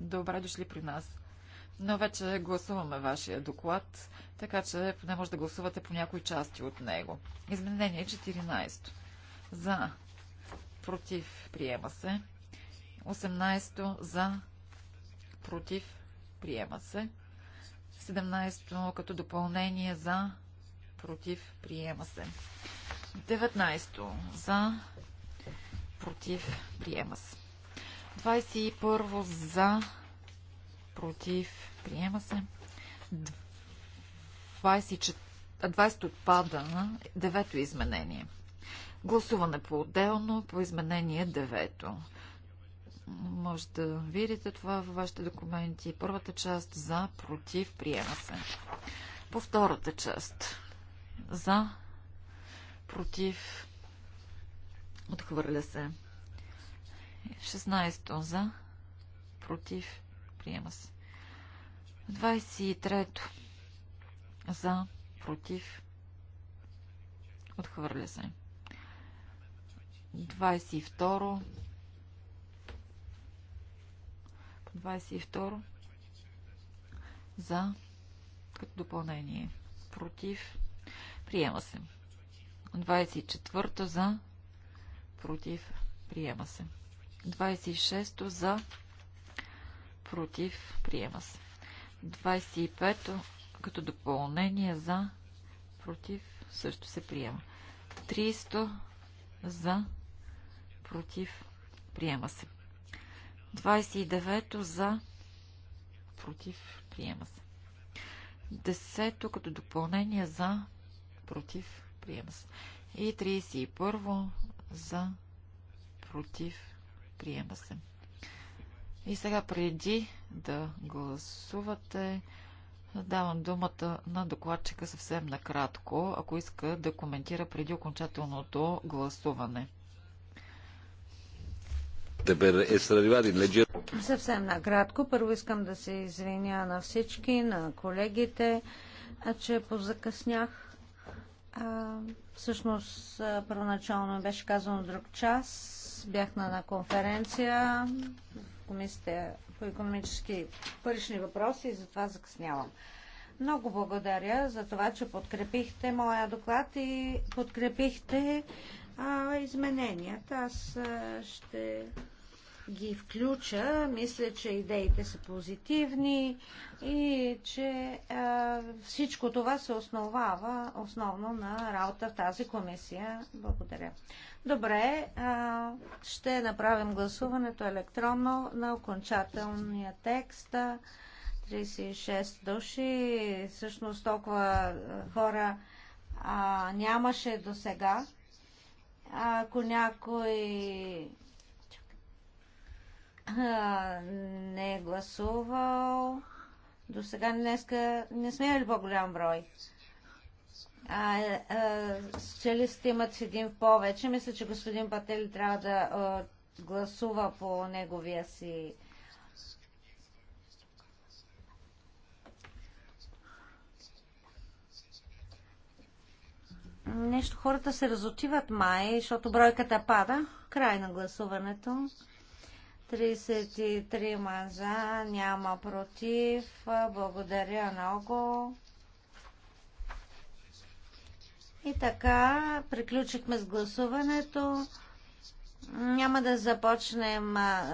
Добре дошли при нас но вече гласуваме вашия доклад, така че поне може да гласувате по някои части от него. Изменение 14. За. Против. Приема се. 18. За. Против. Приема се. 17. Като допълнение за. Против. Приема се. 19. За. Против. Приема се. 21. За против, приема се. 20 отпада на 9 изменение. Гласуване по-отделно по изменение 9. Може да видите това във вашите документи. Първата част за, против, приема се. По втората част за, против, отхвърля се. 16 за, против, Приема се. 23-то. За. Против. Отхвърля се. 22 22 За. Като допълнение. Против. Приема се. 24-то за. Против. Приема се. 26-то за. Против против, приема се. 25 като допълнение за, против, също се приема. 300 за, против, приема се. 29 за, против, приема се. 10 като допълнение за, против, приема се. И 31 за, против, приема се. И сега преди да гласувате, давам думата на докладчика съвсем накратко, ако иска да коментира преди окончателното гласуване. Съвсем накратко. Първо искам да се извиня на всички, на колегите, че позакъснях. А, всъщност, първоначално беше казано друг час. Бях на, на конференция комисията по економически парични въпроси и затова закъснявам. Много благодаря за това, че подкрепихте моя доклад и подкрепихте а, измененията. Аз ще ги включа. Мисля, че идеите са позитивни и че а, всичко това се основава основно на работа в тази комисия. Благодаря. Добре, а, ще направим гласуването електронно на окончателния текст. 36 души, всъщност толкова хора а, нямаше до сега. Ако някой а, не е гласувал. До сега днеска не сме имали по-голям брой. А, а, социалистите имат един в повече. Мисля, че господин Пател трябва да а, гласува по неговия си Нещо хората се разотиват май, защото бройката пада. Край на гласуването. 33 за, няма против. Благодаря много. И така, приключихме с гласуването. Няма да започнем а,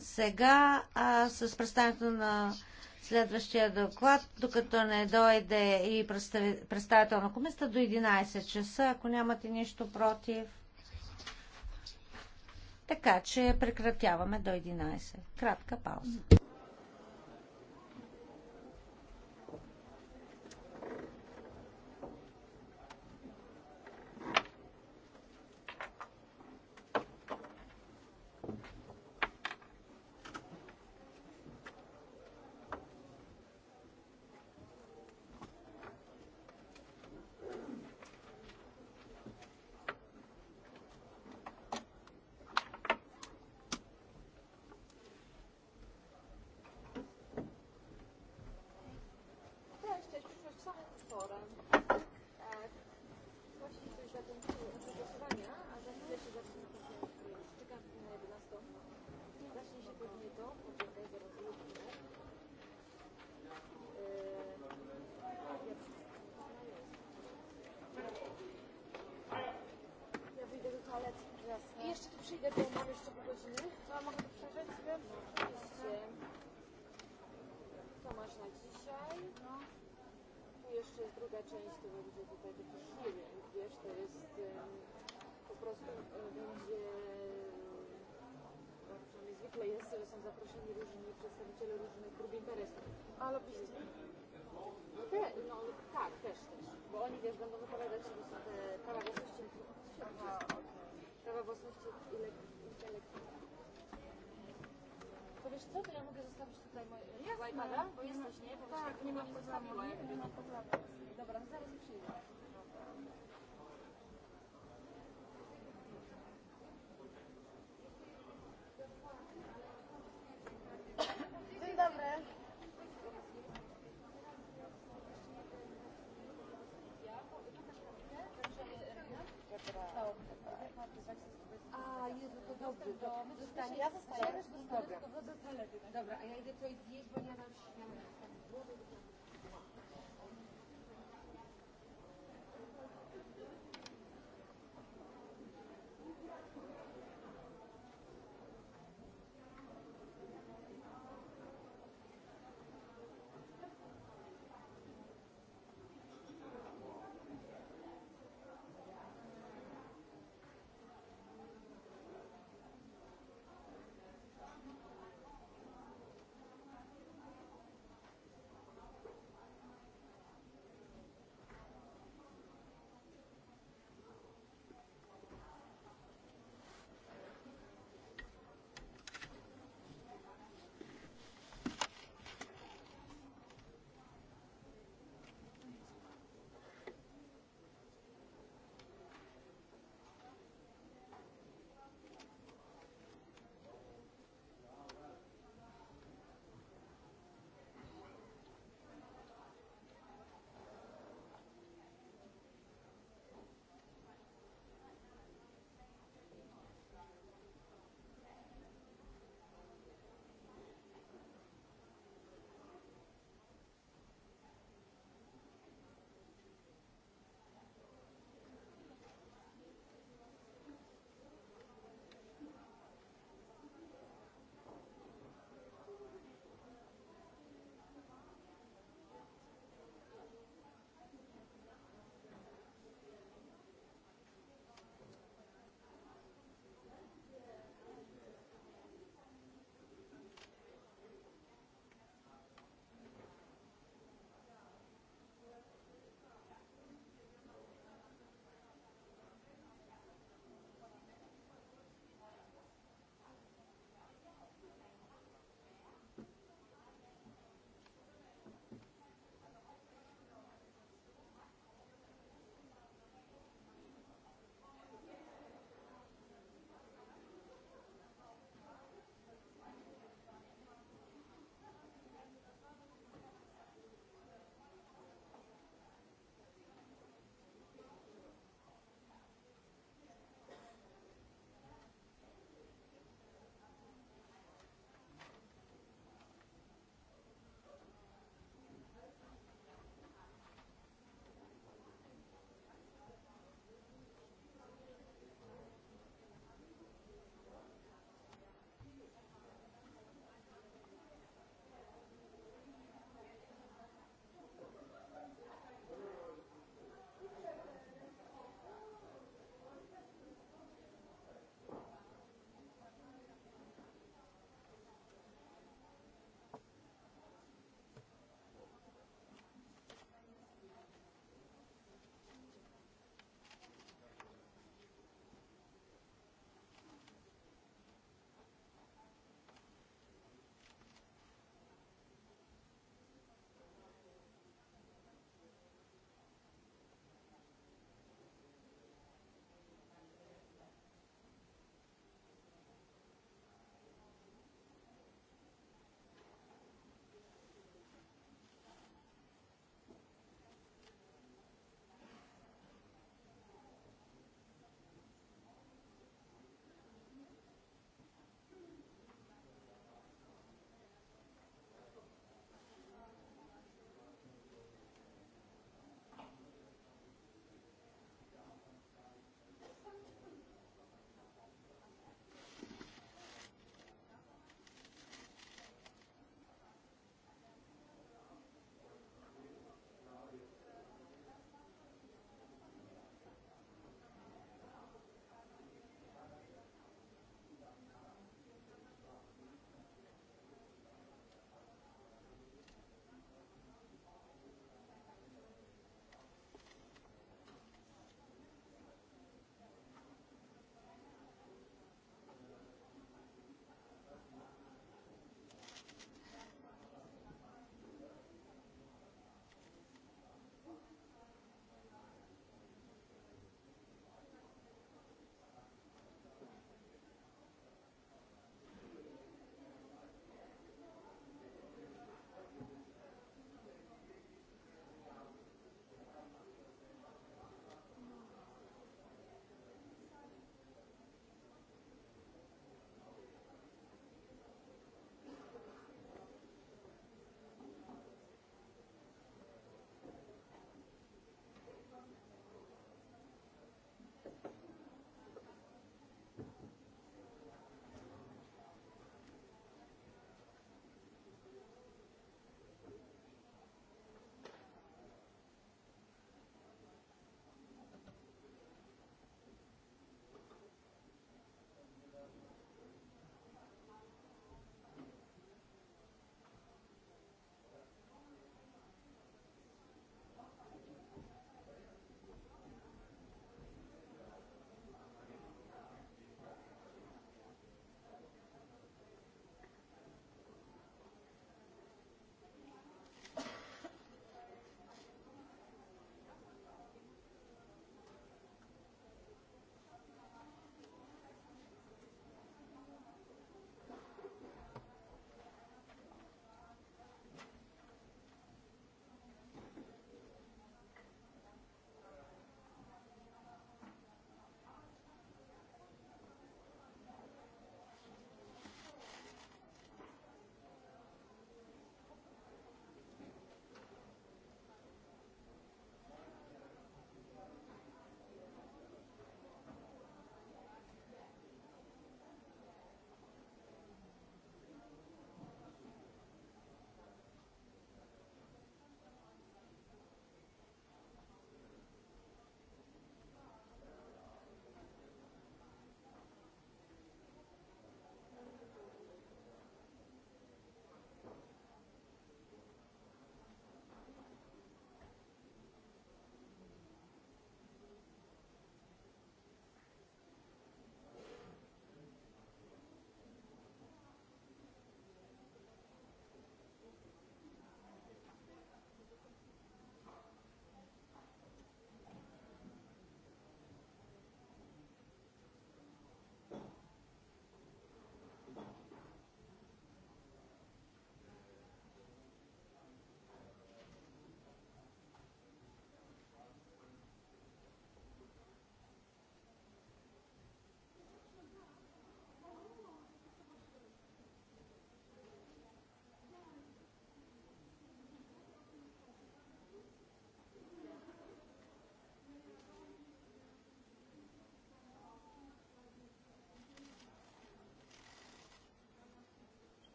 сега а, с представянето на следващия доклад, докато не дойде и представител на комисията до 11 часа. Ако нямате нищо против. Така че прекратяваме до 11. Кратка пауза. jeszcze tu przyjdę, bo mam jeszcze pół godziny. Co ja mogę tu przejrzeć sobie? Oczywiście. co masz na dzisiaj. No. Tu jeszcze jest druga część, to będzie tutaj taki hearing, wiesz, to jest um, po prostu um, będzie przynajmniej zwykle jest, są zaproszeni różni przedstawiciele różnych grup interesów. Ale biznes. Te, no, tak, też, też. Bo oni, wiesz, będą wypowiadać te prawa własności intelektualnej ciekawa To wiesz co, to ja mogę zostawić tutaj moje iPada, bo jesteś, nie? Bo tak, nie mam problemu. Dobra, zaraz przyjdę. znowu do, dostanie, ja zostaję, Dobra, a ja idę coś zjeść, bo ja mam, ja mam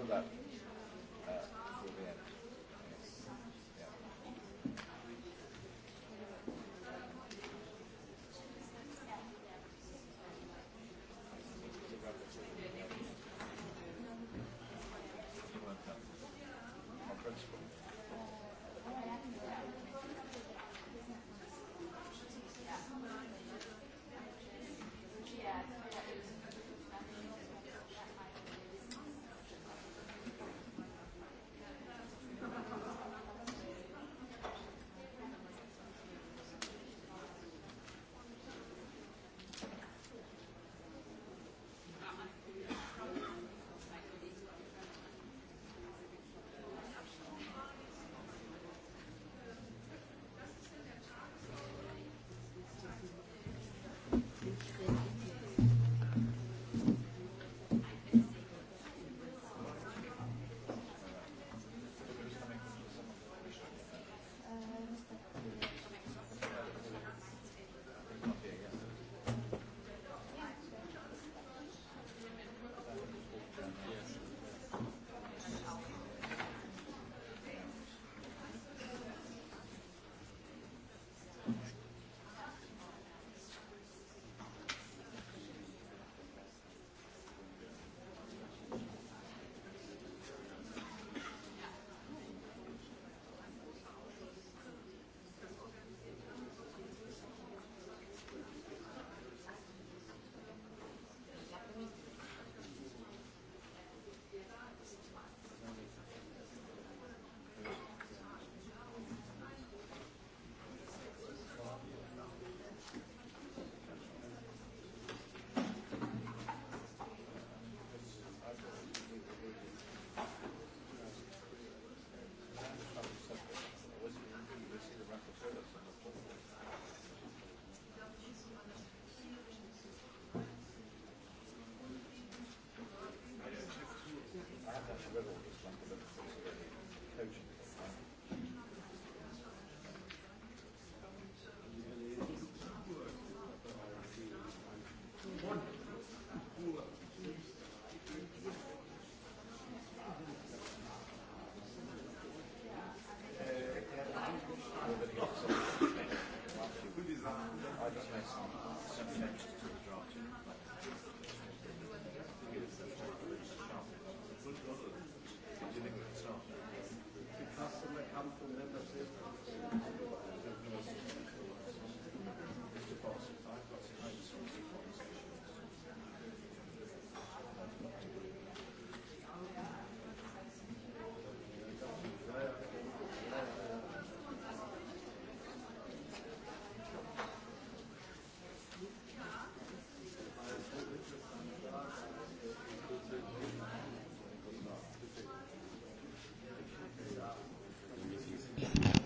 стандарти.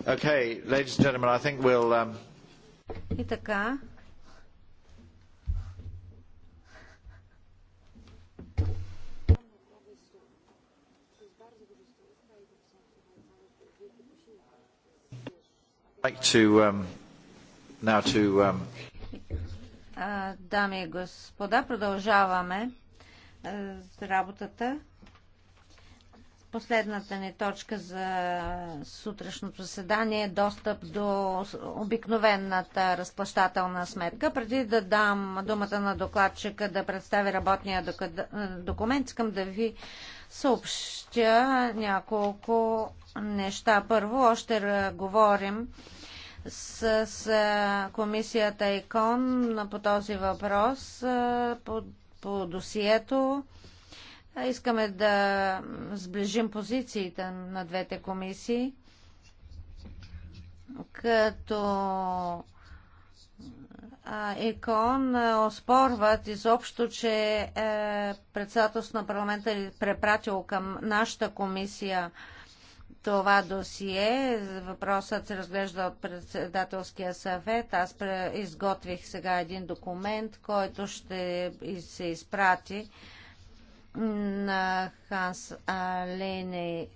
Okay, ladies and gentlemen, I think we'll... Um... И така, like to um, now to um... Дами и господа, продължаваме с работата. Последната ни точка за сутрешното заседание е достъп до обикновената разплащателна сметка. Преди да дам думата на докладчика да представи работния документ, искам да ви съобщя няколко неща. Първо, още говорим с, с комисията ИКОН по този въпрос, по, по досието. Искаме да сближим позициите на двете комисии, като ЕКОН оспорват изобщо, че е, председателството на парламента е препратило към нашата комисия това досие. Въпросът се разглежда от председателския съвет. Аз изготвих сега един документ, който ще се изпрати на Ханс Лене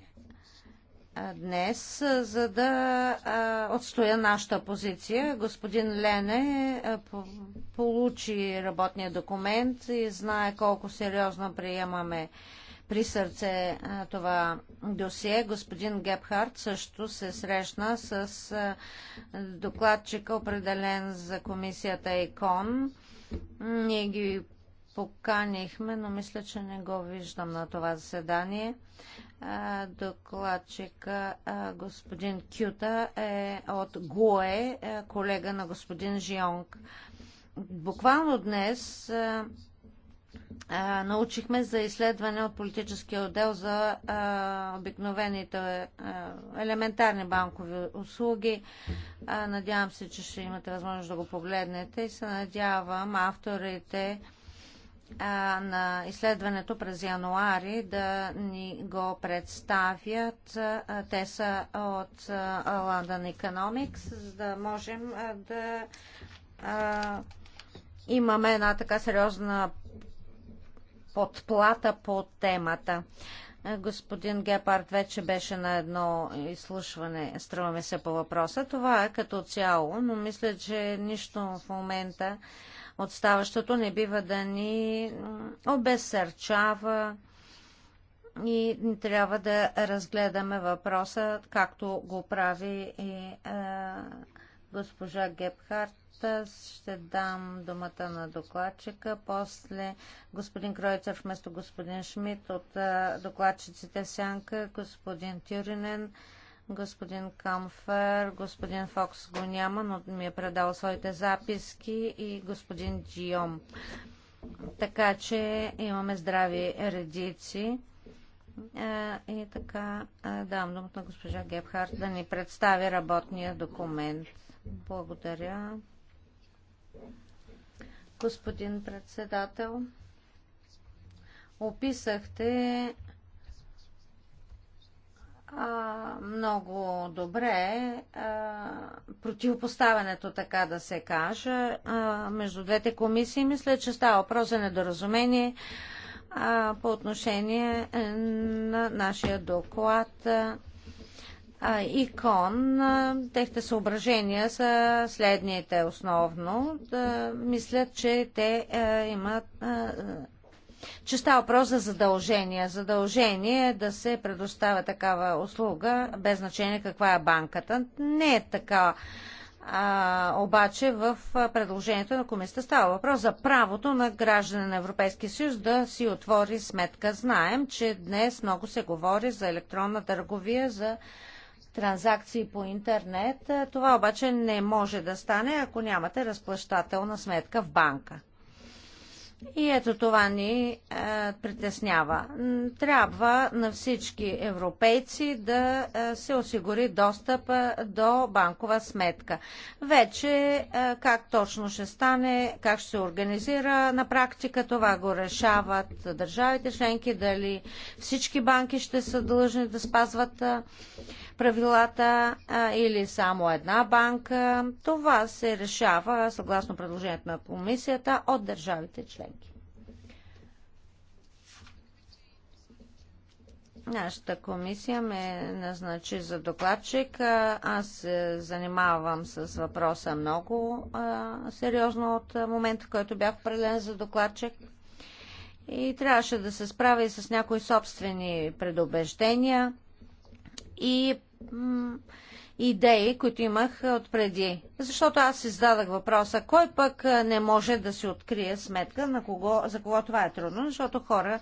днес, за да отстоя нашата позиция. Господин Лене получи работния документ и знае колко сериозно приемаме при сърце това досие. Господин Гепхарт също се срещна с докладчика, определен за комисията ЕКОН. Ние ги поканихме, но мисля, че не го виждам на това заседание. Докладчика господин Кюта е от ГУЕ, колега на господин Жионг. Буквално днес научихме за изследване от политическия отдел за обикновените елементарни банкови услуги. надявам се, че ще имате възможност да го погледнете и се надявам авторите а, на изследването през януари да ни го представят. А, те са от а, London Economics, за да можем а, да а, имаме една така сериозна подплата по темата. Господин Гепард вече беше на едно изслушване, струваме се по въпроса. Това е като цяло, но мисля, че нищо в момента отставащото не бива да ни обесърчава и трябва да разгледаме въпроса, както го прави и е, госпожа Гепхарт. Ще дам думата на докладчика, после господин Кройцер вместо господин Шмидт от е, докладчиците Сянка, господин Тюринен Господин Камфер, господин Фокс го няма, но ми е предал своите записки и господин Джиом. Така че имаме здрави редици. Е, и така е, давам думата на госпожа Гебхарт да ни представи работния документ. Благодаря. Господин председател, описахте а, много добре а, противопоставянето, така да се каже, а, между двете комисии. Мисля, че става въпрос за недоразумение а, по отношение е, на нашия доклад. А, икон, а, техните съображения са следните основно. Да, мислят, че те а, е, имат а, е, че става въпрос за задължение. Задължение е да се предоставя такава услуга, без значение каква е банката. Не е така. А, обаче в предложението на комисията става въпрос за правото на граждане на Европейския съюз да си отвори сметка. Знаем, че днес много се говори за електронна търговия, за транзакции по интернет. Това обаче не може да стане, ако нямате разплащателна сметка в банка. И ето това ни а, е, притеснява. Трябва на всички европейци да а, е, се осигури достъп а, е, до банкова сметка. Вече а, как точно ще стане, как ще се организира на практика, това го решават държавите членки, дали всички банки ще са длъжни да спазват а, правилата а, или само една банка. Това се решава, съгласно предложението на комисията, от държавите членки. Нашата комисия ме назначи за докладчик. Аз се занимавам с въпроса много а, сериозно от момента, в който бях определен за докладчик. И трябваше да се справя и с някои собствени предубеждения и идеи, които имах е, отпреди. Защото аз издадах въпроса, кой пък е, не може да си открие сметка, на кого, за кого това е трудно, защото хора,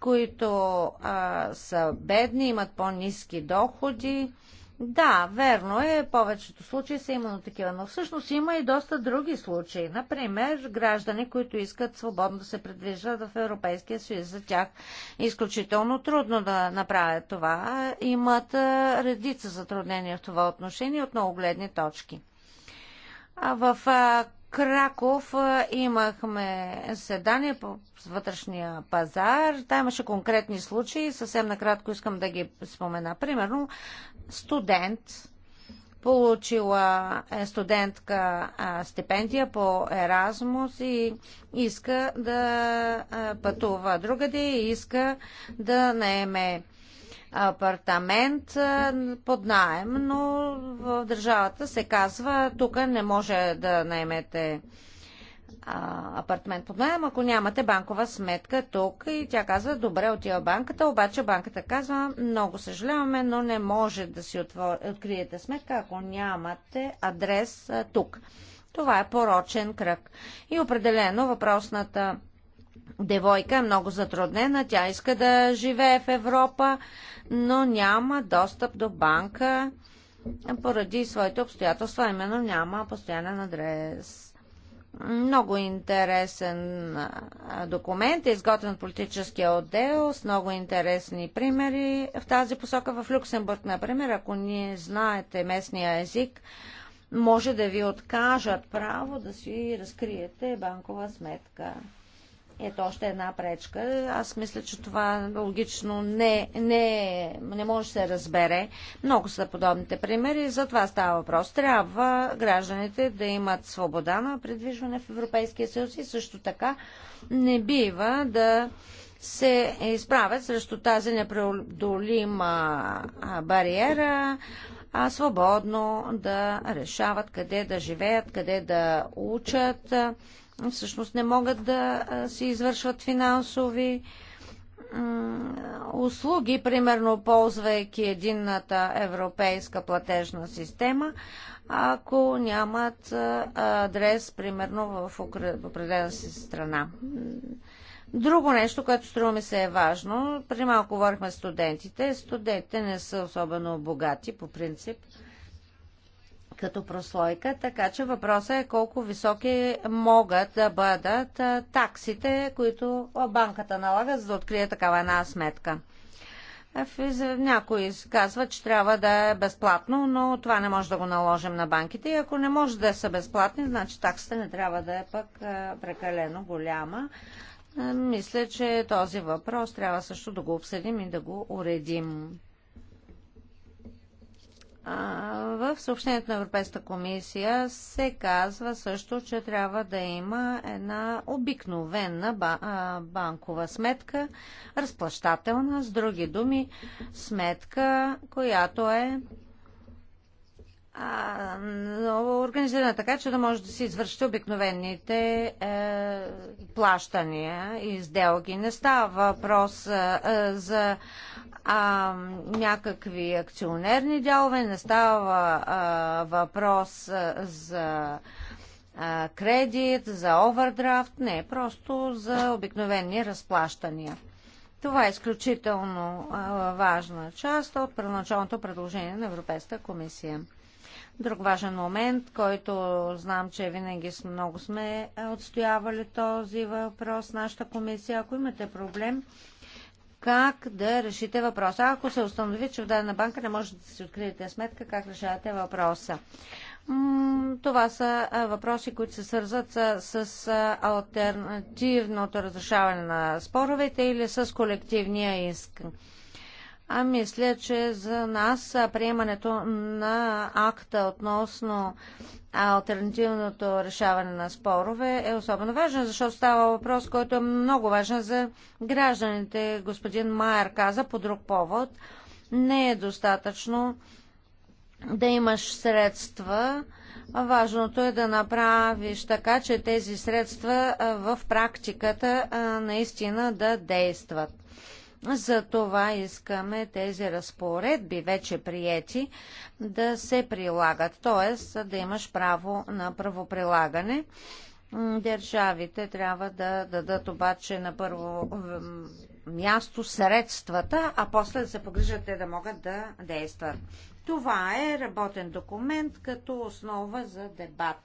които а, са бедни, имат по-низки доходи, да, верно е, повечето случаи са именно такива, но всъщност има и доста други случаи. Например, граждани, които искат свободно да се предвижат в Европейския съюз. За тях е изключително трудно да направят това. Имат редица затруднения в това отношение от много гледни точки. А в Краков имахме седание по вътрешния пазар. Там имаше конкретни случаи. Съвсем накратко искам да ги спомена. Примерно, студент, получила е студентка стипендия по Еразмус и иска да пътува другаде и иска да наеме апартамент под найем, но в държавата се казва, тук не може да наемете а, апартмент под найем, ако нямате банкова сметка тук. И тя казва, добре, отива банката, обаче банката казва, много съжаляваме, но не може да си отвор... откриете сметка, ако нямате адрес а, тук. Това е порочен кръг. И определено въпросната девойка е много затруднена. Тя иска да живее в Европа, но няма достъп до банка поради своите обстоятелства, именно няма постоянен адрес. Много интересен документ, изготвен от политическия отдел, с много интересни примери в тази посока. В Люксембург, например, ако не знаете местния език, може да ви откажат право да си разкриете банкова сметка. Ето още една пречка. Аз мисля, че това логично не, не, не може да се разбере. Много са подобните примери. За това става въпрос. Трябва гражданите да имат свобода на предвижване в Европейския съюз и също така не бива да се изправят срещу тази непреодолима бариера, а свободно да решават къде да живеят, къде да учат всъщност не могат да си извършват финансови услуги, примерно ползвайки единната европейска платежна система, ако нямат адрес, примерно в определена си страна. Друго нещо, което струва ми се е важно, при малко говорихме студентите. Студентите не са особено богати по принцип като прослойка, така че въпросът е колко високи могат да бъдат таксите, които банката налага, за да открие такава една сметка. Някои казват, че трябва да е безплатно, но това не може да го наложим на банките. И ако не може да са безплатни, значи таксата не трябва да е пък прекалено голяма. Мисля, че този въпрос трябва също да го обсъдим и да го уредим. В съобщението на Европейската комисия се казва също, че трябва да има една обикновена банкова сметка, разплащателна, с други думи, сметка, която е организирана така, че да може да се извършите обикновените е, плащания и сделки. Не става въпрос е, е, за а, някакви акционерни дялове, не става а, въпрос а, за а, кредит, за овердрафт, не, просто за обикновени разплащания. Това е изключително а, важна част от първоначалното предложение на Европейската комисия. Друг важен момент, който знам, че винаги много сме отстоявали този въпрос, нашата комисия. Ако имате проблем, как да решите въпроса. Ако се установи, че в дадена банка не можете да си откриете сметка, как решавате въпроса. Това са въпроси, които се свързват с альтернативното разрешаване на споровете или с колективния иск. А мисля, че за нас приемането на акта относно альтернативното решаване на спорове е особено важен, защото става въпрос, който е много важен за гражданите. Господин Майер каза по друг повод, не е достатъчно да имаш средства. Важното е да направиш така, че тези средства в практиката наистина да действат. За това искаме тези разпоредби, вече приети, да се прилагат, т.е. да имаш право на правоприлагане. Държавите трябва да дадат обаче на първо място средствата, а после да се погрижат те да могат да действат. Това е работен документ като основа за дебат.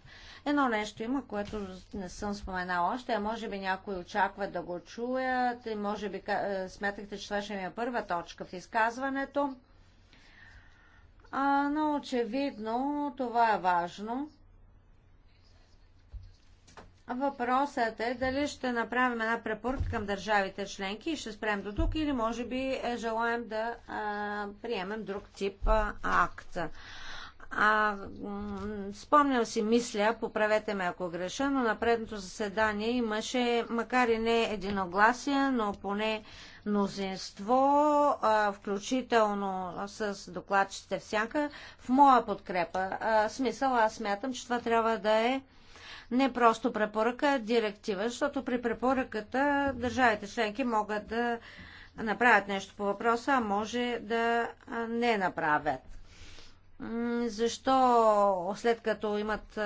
Едно нещо има, което не съм споменала още, а може би някой очаква да го чуят и може би е, смятахте, че това ще ми е първа точка в изказването. А, но очевидно това е важно. Въпросът е дали ще направим една препоръка към държавите членки и ще спрем до тук или може би е, желаем да а, приемем друг тип акта. акт. А, спомням си, мисля, поправете ме ако греша, но на предното заседание имаше, макар и не единогласие, но поне мнозинство, а, включително с докладчите всяка, в моя подкрепа. А, смисъл, аз смятам, че това трябва да е не просто препоръка, а директива, защото при препоръката държавите членки могат да направят нещо по въпроса, а може да не направят защо след като имат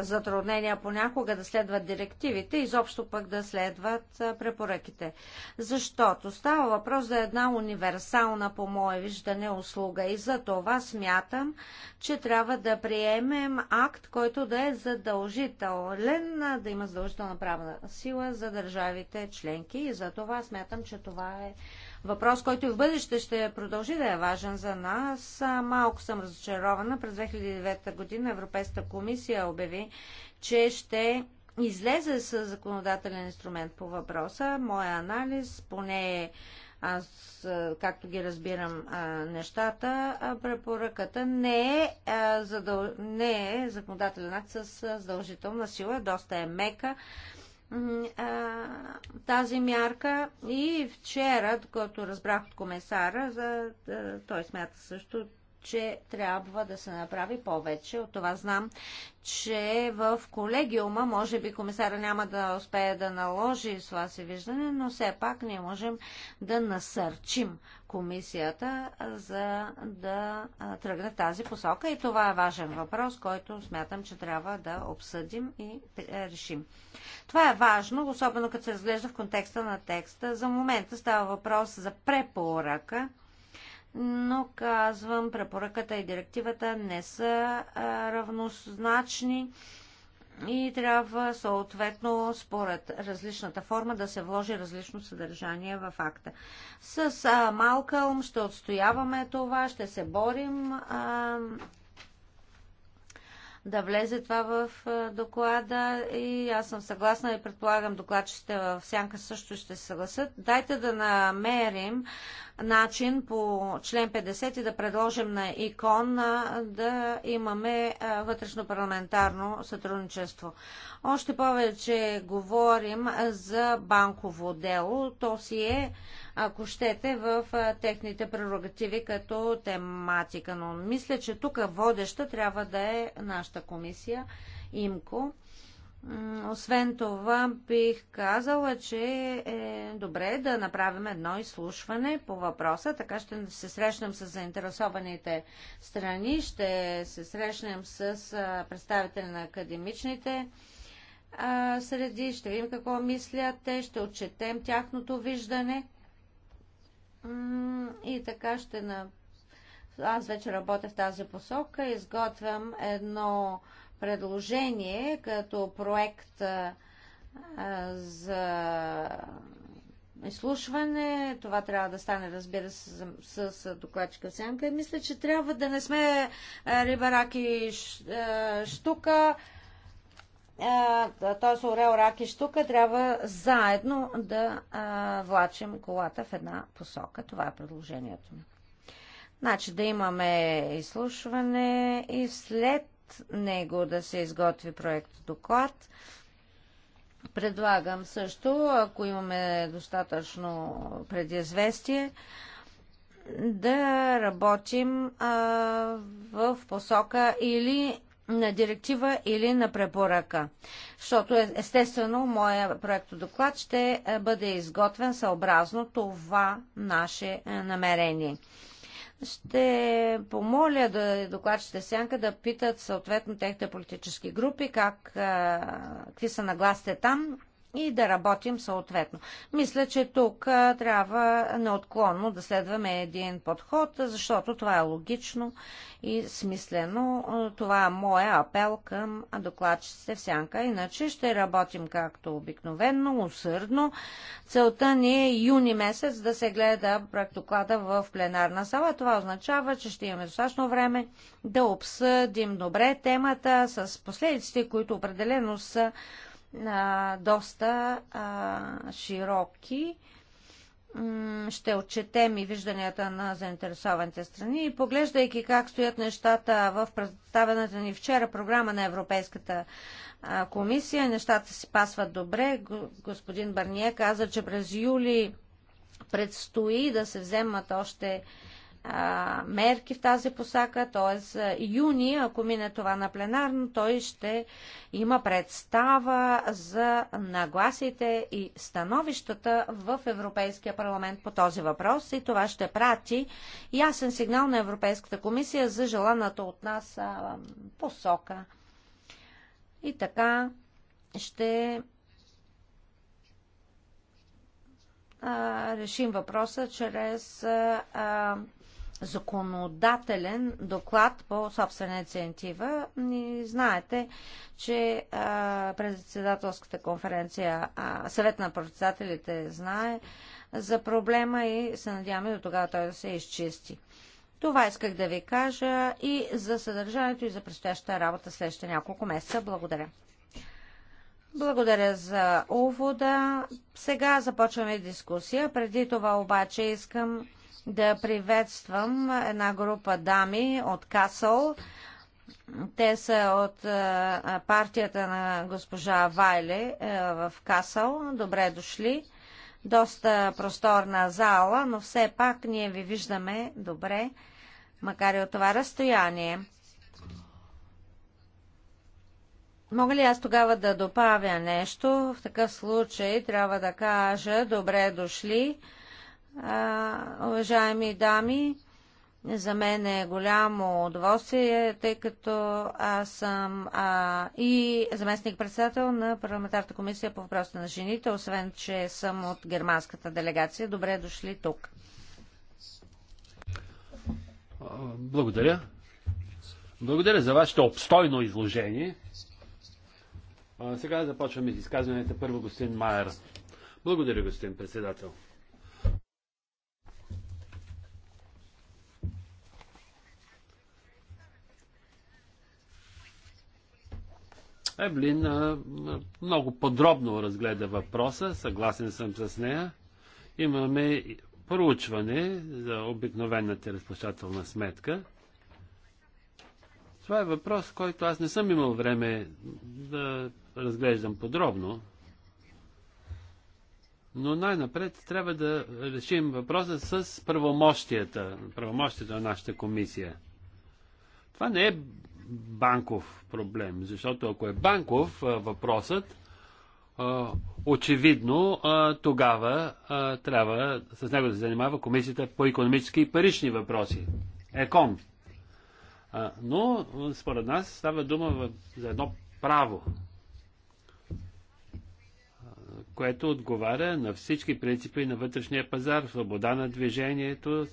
затруднения понякога да следват директивите, изобщо пък да следват препоръките. Защото става въпрос за една универсална, по мое виждане, услуга и за това смятам, че трябва да приемем акт, който да е задължителен, да има задължителна правна сила за държавите членки и за това смятам, че това е Въпрос, който и в бъдеще ще продължи да е важен за нас. Малко съм разочарована. През 2009 година Европейската комисия обяви, че ще излезе с законодателен инструмент по въпроса. Моя анализ, поне аз, както ги разбирам нещата, препоръката не е, задъл... не е законодателен акт с задължителна сила, доста е мека тази мярка и вчера, докато разбрах от комисара, за, той смята също, че трябва да се направи повече. От това знам, че в колегиума, може би комисара няма да успее да наложи това си виждане, но все пак ние можем да насърчим комисията, за да тръгне тази посока. И това е важен въпрос, който смятам, че трябва да обсъдим и е, решим. Това е важно, особено като се разглежда в контекста на текста. За момента става въпрос за препоръка, но казвам, препоръката и директивата не са равнозначни и трябва съответно според различната форма да се вложи различно съдържание в акта. С а, Малкълм ще отстояваме това, ще се борим а, да влезе това в а, доклада и аз съм съгласна и предполагам докладчите в Сянка също ще се съгласят. Дайте да намерим начин по член 50 и да предложим на ИКОН да имаме вътрешно парламентарно сътрудничество. Още повече говорим за банково дело. То си е, ако щете, в техните прерогативи като тематика. Но мисля, че тук водеща трябва да е нашата комисия ИМКО освен това, бих казала, че е добре да направим едно изслушване по въпроса, така ще се срещнем с заинтересованите страни, ще се срещнем с представители на академичните среди, ще видим какво мислят те, ще отчетем тяхното виждане и така ще на... Аз вече работя в тази посока, изготвям едно предложение като проект за изслушване. Това трябва да стане, разбира се, с, с докладчика сянка. И мисля, че трябва да не сме рибараки штука, т.е. орел, рак и штука, трябва заедно да влачим колата в една посока. Това е предложението ми. Значи да имаме изслушване и след него да се изготви проект доклад. Предлагам също, ако имаме достатъчно предизвестие, да работим а, в посока или на директива или на препоръка. Защото е, естествено моя проектодоклад ще е, бъде изготвен съобразно това наше е, намерение. Ще помоля да докладчите сянка да питат съответно техните политически групи как, какви са нагласите там и да работим съответно. Мисля, че тук трябва неотклонно да следваме един подход, защото това е логично и смислено. Това е моя апел към докладчиците в сянка. Иначе ще работим както обикновенно, усърдно. Целта ни е юни месец да се гледа доклада в пленарна сала. Това означава, че ще имаме достатъчно време да обсъдим добре темата с последиците, които определено са а, доста а, широки. Ще отчетем и вижданията на заинтересованите страни. И поглеждайки как стоят нещата в представената ни вчера програма на Европейската комисия, нещата си пасват добре. Господин Барния каза, че през юли предстои да се вземат още мерки в тази посака, т.е. юни, ако мине това на пленарно, той ще има представа за нагласите и становищата в Европейския парламент по този въпрос и това ще прати ясен сигнал на Европейската комисия за желаната от нас посока. И така ще решим въпроса чрез законодателен доклад по собствена инициатива. И знаете, че а, председателската конференция, а, съвет на председателите знае за проблема и се надяваме до тогава той да се изчисти. Това исках да ви кажа и за съдържанието и за предстоящата работа следващите няколко месеца. Благодаря. Благодаря за увода. Сега започваме дискусия. Преди това обаче искам да приветствам една група дами от Касъл. Те са от е, партията на госпожа Вайле в Касъл. Добре дошли. Доста просторна зала, но все пак ние ви виждаме добре, макар и от това разстояние. Мога ли аз тогава да допавя нещо? В такъв случай трябва да кажа добре дошли уважаеми дами. За мен е голямо удоволствие, тъй като аз съм а, и заместник-председател на парламентарната комисия по въпросите на жените, освен че съм от германската делегация. Добре дошли тук. Благодаря. Благодаря за вашето обстойно изложение. А, сега започваме с изказването. Първо господин Майер. Благодаря, господин председател. Еблин много подробно разгледа въпроса, съгласен съм с нея. Имаме проучване за обикновената разплащателна сметка. Това е въпрос, който аз не съм имал време да разглеждам подробно. Но най-напред трябва да решим въпроса с правомощията, правомощията на нашата комисия. Това не е банков проблем. Защото ако е банков въпросът, очевидно тогава трябва с него да се занимава Комисията по економически и парични въпроси. ЕКОН. Но според нас става дума за едно право, което отговаря на всички принципи на вътрешния пазар, свобода на движението,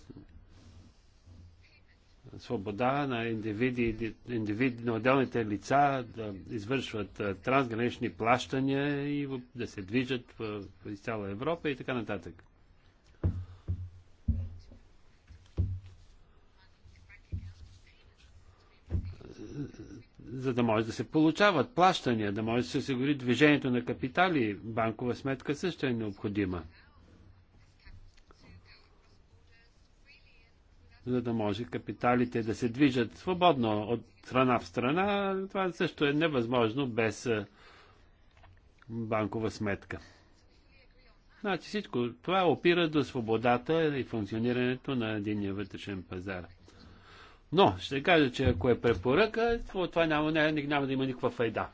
свобода на индивиди, индивиди на отделните лица да извършват трансгранични плащания и да се движат в, в цяла Европа и така нататък. За да може да се получават плащания, да може да се осигури движението на капитали, банкова сметка също е необходима. за да може капиталите да се движат свободно от страна в страна. Това също е невъзможно без е, банкова сметка. Значи всичко това опира до свободата и функционирането на единния вътрешен пазар. Но ще кажа, че ако е препоръка, това няма, няма, да има никаква файда.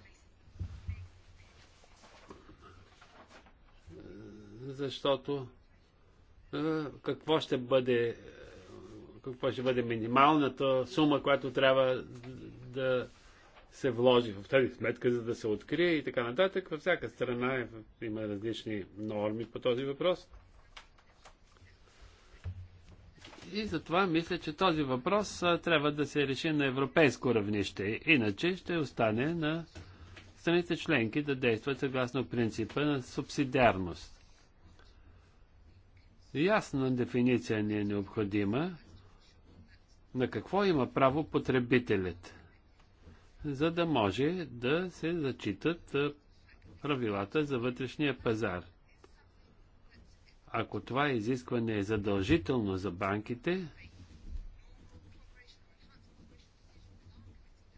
Защото е, какво ще бъде какво ще бъде минималната сума, която трябва да се вложи в тази сметка, за да се открие и така нататък. Във всяка страна е- има различни норми по този въпрос. И затова мисля, че този въпрос трябва да се реши на европейско равнище. Иначе ще остане на страните членки да действат съгласно принципа на субсидиарност. Ясна дефиниция ни е необходима на какво има право потребителят, за да може да се зачитат правилата за вътрешния пазар. Ако това изискване е задължително за банките,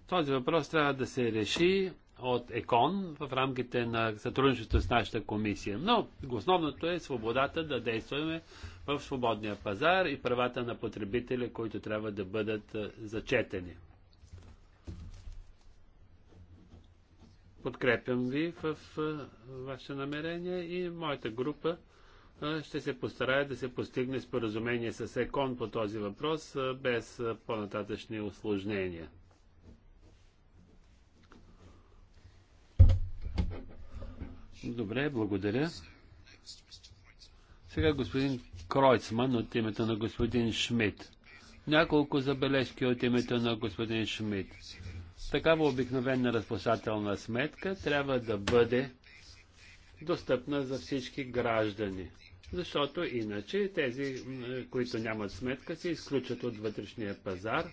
този въпрос трябва да се реши от ЕКОН в рамките на сътрудничеството с нашата комисия. Но основното е свободата да действаме в свободния пазар и правата на потребителя, които трябва да бъдат е, зачетени. Подкрепям ви в е, ваше намерение и моята група е, ще се постарае да се постигне споразумение с ЕКОН по този въпрос без по-нататъчни осложнения. Добре, благодаря. Сега господин Кройцман от името на господин Шмидт. Няколко забележки от името на господин Шмидт. Такава обикновена разплащателна сметка трябва да бъде достъпна за всички граждани. Защото иначе тези, които нямат сметка, се изключат от вътрешния пазар.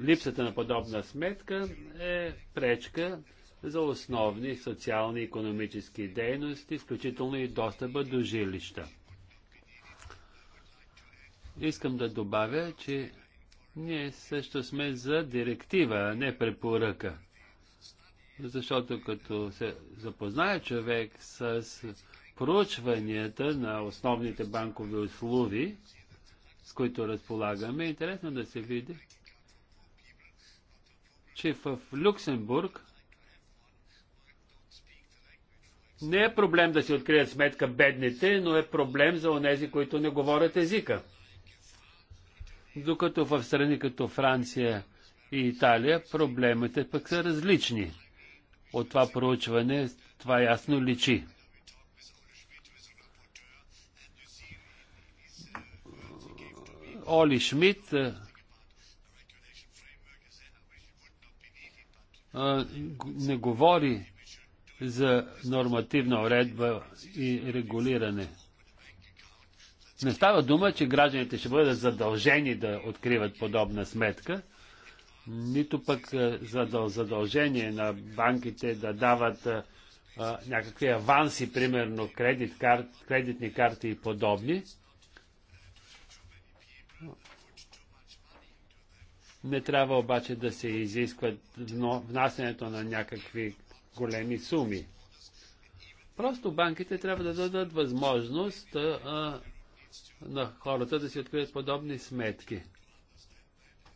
Липсата на подобна сметка е пречка за основни социални и економически дейности, включително и достъпа до жилища искам да добавя, че ние също сме за директива, а не препоръка. Защото като се запознае човек с проучванията на основните банкови услуги, с които разполагаме, е интересно да се види, че в Люксембург не е проблем да си открият сметка бедните, но е проблем за онези, които не говорят езика докато в страни като Франция и Италия проблемите пък са различни. От това проучване това ясно личи. Оли Шмидт не говори за нормативна уредба и регулиране. Не става дума, че гражданите ще бъдат задължени да откриват подобна сметка, нито пък е, задължение на банките да дават е, някакви аванси, примерно кредит, кар... кредитни карти и подобни. Не трябва обаче да се изискват внасянето на някакви големи суми. Просто банките трябва да дадат възможност е, на хората да си открият подобни сметки.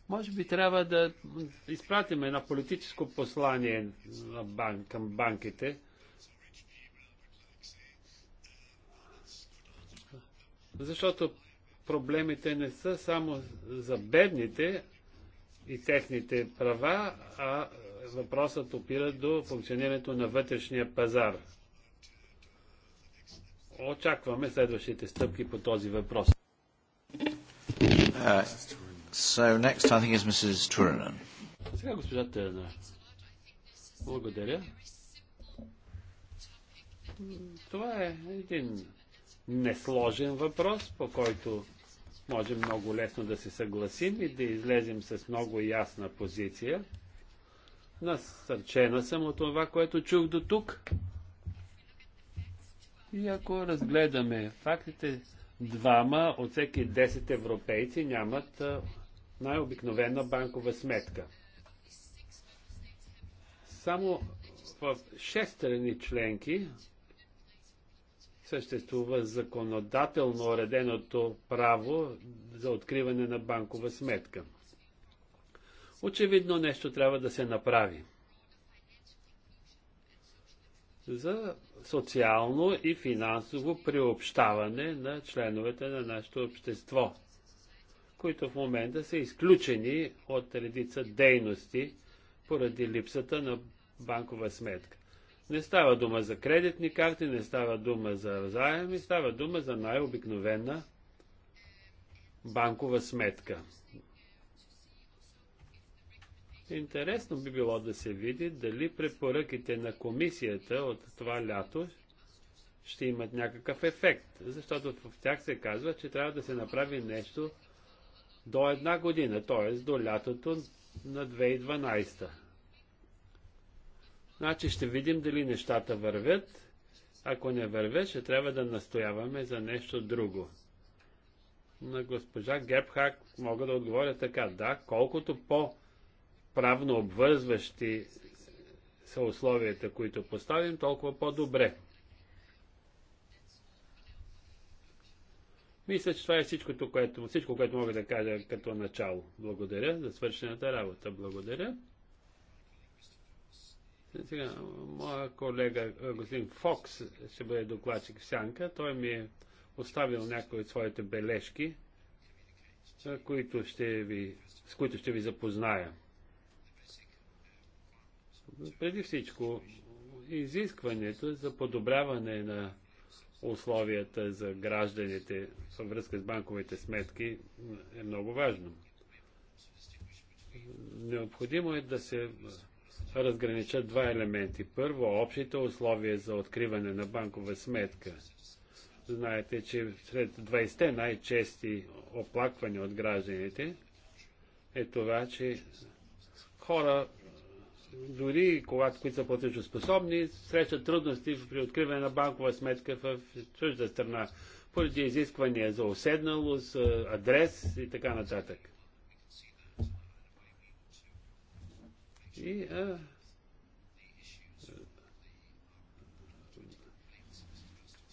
Може би трябва да изпратим едно политическо послание на бан, към банките. Защото проблемите не са само за бедните и техните права, а въпросът опира до функционирането на вътрешния пазар очакваме следващите стъпки по този въпрос. Uh, Сега госпожа Терна. Благодаря. Това е един несложен въпрос, по който можем много лесно да се съгласим и да излезем с много ясна позиция. Насърчена съм от това, което чух до тук. И ако разгледаме фактите, двама от всеки 10 европейци нямат най-обикновена банкова сметка. Само в 6 страни членки съществува законодателно уреденото право за откриване на банкова сметка. Очевидно нещо трябва да се направи за социално и финансово приобщаване на членовете на нашето общество, които в момента са изключени от редица дейности поради липсата на банкова сметка. Не става дума за кредитни карти, не става дума за заеми, става дума за най-обикновена банкова сметка. Интересно би било да се види дали препоръките на комисията от това лято ще имат някакъв ефект, защото в тях се казва, че трябва да се направи нещо до една година, т.е. до лятото на 2012. Значи ще видим дали нещата вървят. Ако не вървят, ще трябва да настояваме за нещо друго. На госпожа Гепхак мога да отговоря така. Да, колкото по- правно обвързващи са условията, които поставим, толкова по-добре. Мисля, че това е всичко, което, всичко, което мога да кажа като начало. Благодаря за свършената работа. Благодаря. Сега, моя колега, господин Фокс, ще бъде докладчик в Сянка. Той ми е оставил някои от своите бележки, които ще ви, с които ще ви запозная. Преди всичко, изискването за подобряване на условията за гражданите във връзка с банковите сметки е много важно. Необходимо е да се разграничат два елементи. Първо, общите условия за откриване на банкова сметка. Знаете, че сред 20-те най-чести оплаквания от гражданите е това, че хора дори когато, които са способни, срещат трудности при откриване на банкова сметка в чужда страна, поради изисквания за уседналост, адрес и така нататък. И, а,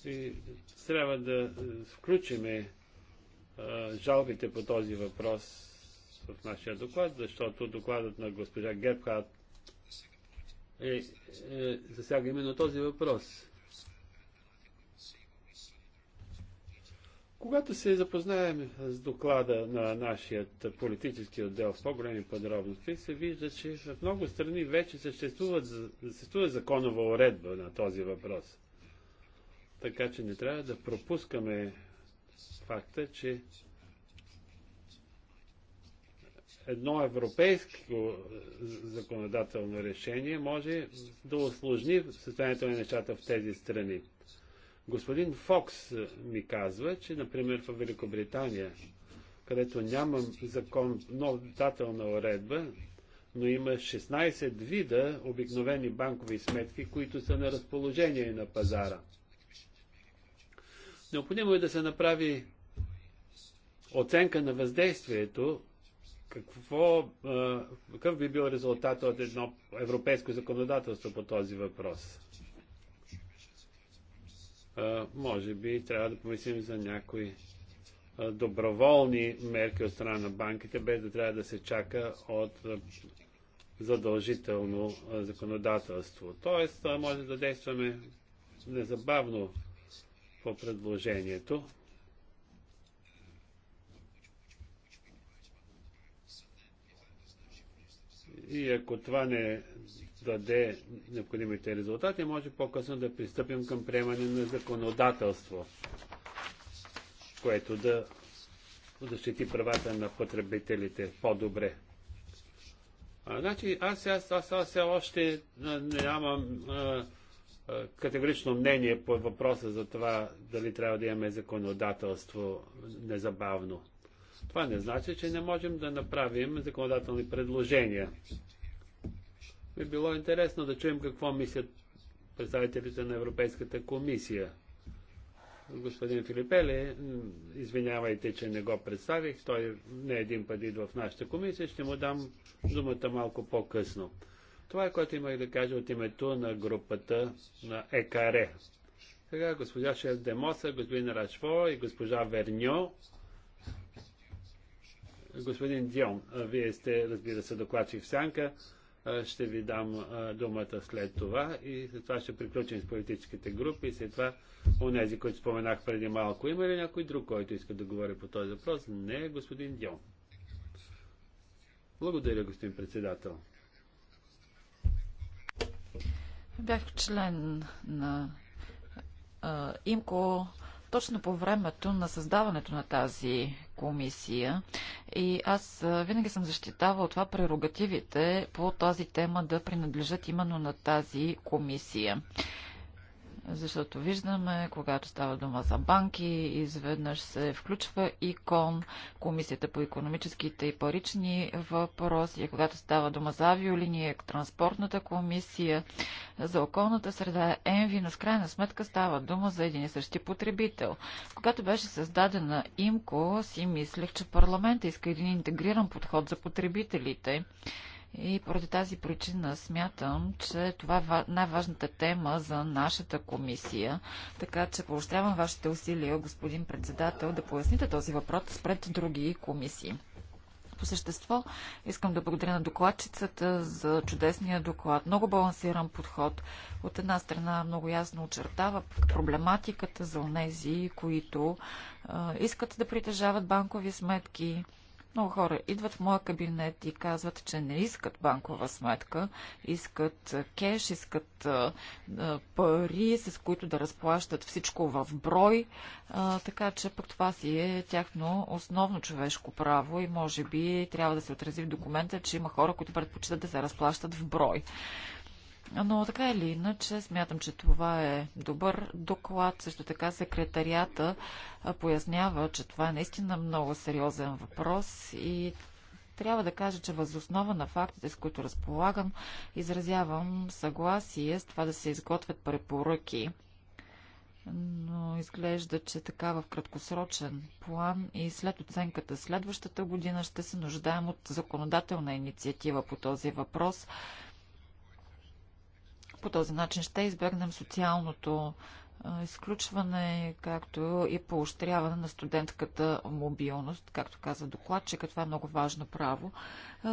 и трябва да включиме а, жалбите по този въпрос в нашия доклад, защото докладът на госпожа Гербхат е, е, засяга именно този въпрос. Когато се запознаем с доклада на нашия политически отдел в по-големи подробности, се вижда, че в много страни вече съществува, съществува законова уредба на този въпрос. Така че не трябва да пропускаме факта, че едно европейско е, законодателно решение може да осложни състоянието на нещата в тези страни. Господин Фокс е, ми казва, че, например, в Великобритания, където няма закон, дателна уредба, но има 16 вида обикновени банкови сметки, които са на разположение на пазара. Необходимо е да се направи оценка на въздействието какво, какъв би бил резултат от едно европейско законодателство по този въпрос? Може би трябва да помислим за някои доброволни мерки от страна на банките, без да трябва да се чака от задължително законодателство. Тоест, може да действаме незабавно по предложението. И ако това не даде необходимите резултати, може по-късно да пристъпим към приемане на законодателство, което да защити правата на потребителите по-добре. А, значи, аз, аз, аз, аз още нямам а, а, категорично мнение по въпроса за това дали трябва да имаме законодателство незабавно. Това не значи, че не можем да направим законодателни предложения. Би било интересно да чуем какво мислят представителите на Европейската комисия. Господин Филипеле, извинявайте, че не го представих. Той не един път идва в нашата комисия. Ще му дам думата малко по-късно. Това е което имах да кажа от името на групата на ЕКАРЕ. Сега госпожа Шеф Демоса, господин Рашво и госпожа Верньо Господин Дион, вие сте, разбира се, докладчик в сянка. Ще ви дам думата след това и след това ще приключим с политическите групи и след това онези, които споменах преди малко. Има ли някой друг, който иска да говори по този въпрос? Не, господин Дион. Благодаря, господин председател. Бях член на а, ИМКО точно по времето на създаването на тази комисия и аз винаги съм защитавал това прерогативите по тази тема да принадлежат именно на тази комисия. Защото виждаме, когато става дума за банки, изведнъж се включва ИКОН, Комисията по економическите и парични въпроси, когато става дума за авиолиния, Транспортната комисия, за околната среда, ЕНВИ, но с крайна сметка става дума за един и същи потребител. Когато беше създадена ИМКО, си мислех, че парламента иска един интегриран подход за потребителите. И поради тази причина смятам, че това е най-важната тема за нашата комисия. Така че поощрявам вашите усилия, господин председател, да поясните този въпрос пред други комисии. По същество искам да благодаря на докладчицата за чудесния доклад. Много балансиран подход. От една страна много ясно очертава проблематиката за онези, които искат да притежават банкови сметки, много хора идват в моя кабинет и казват, че не искат банкова сметка, искат кеш, искат пари, с които да разплащат всичко в брой, така че пък това си е тяхно основно човешко право и може би трябва да се отрази в документа, че има хора, които предпочитат да се разплащат в брой. Но така или иначе, смятам, че това е добър доклад. Също така секретарията пояснява, че това е наистина много сериозен въпрос и трябва да кажа, че възоснова на фактите, с които разполагам, изразявам съгласие с това да се изготвят препоръки. Но изглежда, че така в краткосрочен план и след оценката следващата година ще се нуждаем от законодателна инициатива по този въпрос по този начин ще избегнем социалното изключване, както и поощряване на студентката мобилност, както каза докладчика, това е много важно право.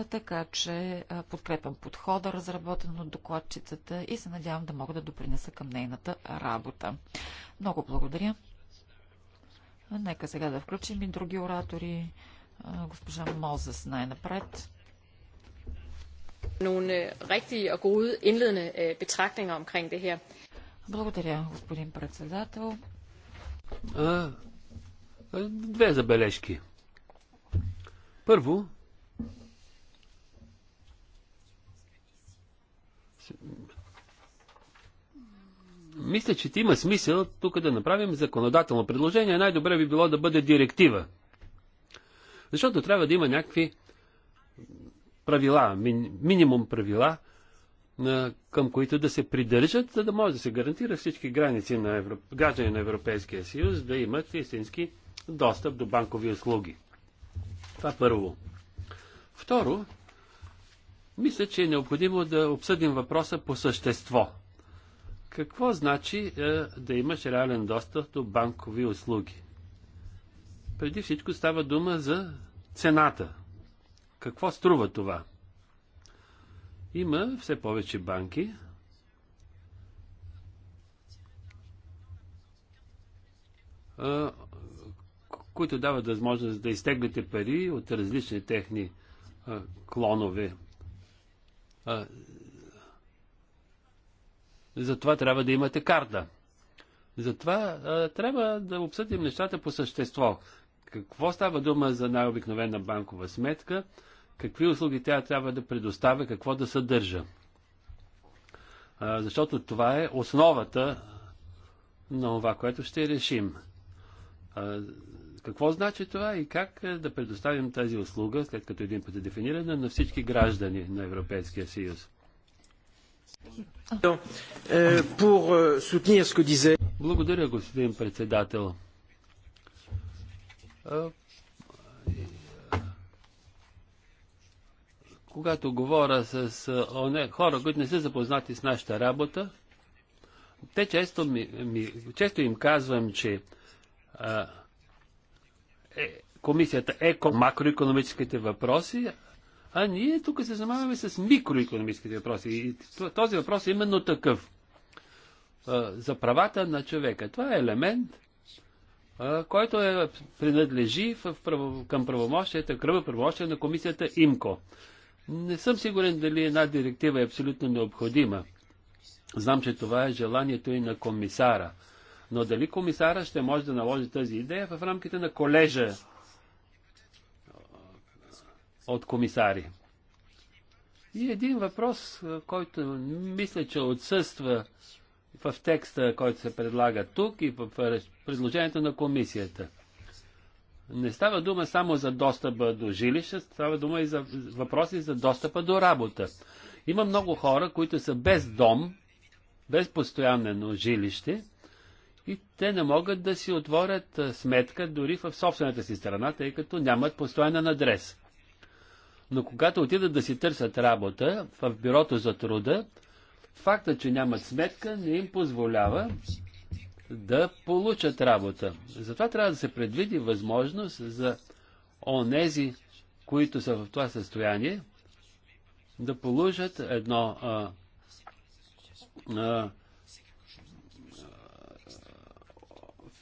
Така че подкрепям подхода, разработен от докладчицата и се надявам да мога да допринеса към нейната работа. Много благодаря. Нека сега да включим и други оратори. Госпожа Мозес най-напред. Nogle øh, rigtige og gode indledende øh, betragtninger omkring det her. Благодаря, господин председател. А, две забележки. Първо, мисля, че има смисъл тук да направим законодателно предложение. Най-добре би било да бъде директива. Защото трябва да има някакви правила, минимум правила, към които да се придържат, за да може да се гарантира всички граници на Европ... граждани на Европейския съюз да имат истински достъп до банкови услуги. Това първо. Второ, мисля, че е необходимо да обсъдим въпроса по същество. Какво значи е, да имаш реален достъп до банкови услуги? Преди всичко става дума за цената какво струва това? Има все повече банки, които дават възможност да изтегляте пари от различни техни клонове. Затова трябва да имате карта. Затова трябва да обсъдим нещата по същество какво става дума за най-обикновена банкова сметка, какви услуги тя трябва да предоставя, какво да съдържа. А, защото това е основата на това, което ще решим. А, какво значи това и как е, да предоставим тази услуга, след като един път е дефинирана, на всички граждани на Европейския съюз? Е, е, Благодаря, господин председател. Когато говоря с хора, които не са запознати с нашата работа, те често, ми, ми, често им казвам, че а, е, комисията е макроекономическите въпроси, а ние тук се занимаваме с микроекономическите въпроси. И този въпрос е именно такъв. За правата на човека. Това е елемент, който е, принадлежи в, право, към правомощията, кръва правомощия на комисията ИМКО. Не съм сигурен дали една директива е абсолютно необходима. Знам, че това е желанието и на комисара. Но дали комисара ще може да наложи тази идея в рамките на колежа от комисари? И един въпрос, който мисля, че отсъства в текста, който се предлага тук и в предложението на комисията. Не става дума само за достъпа до жилище, става дума и за въпроси за достъпа до работа. Има много хора, които са без дом, без постоянно жилище и те не могат да си отворят сметка дори в собствената си страна, тъй като нямат постоянен адрес. Но когато отидат да си търсят работа в бюрото за труда, Факта, че нямат сметка, не им позволява да получат работа. Затова трябва да се предвиди възможност за онези, които са в това състояние, да получат едно а, а,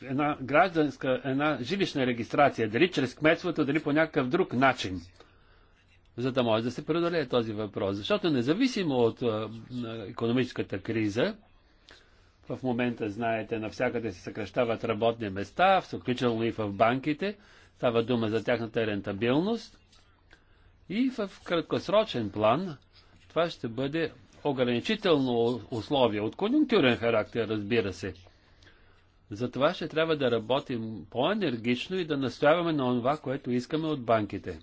една гражданска, една жилищна регистрация, дали чрез кметството, дали по някакъв друг начин за да може да се преодолее този въпрос. Защото независимо от економическата криза, в момента, знаете, навсякъде се съкръщават работни места, включително и в банките, става дума за тяхната рентабилност. И в краткосрочен план това ще бъде ограничително условие, от конъюнктурен характер, разбира се. Затова ще трябва да работим по-енергично и да настояваме на това, което искаме от банките.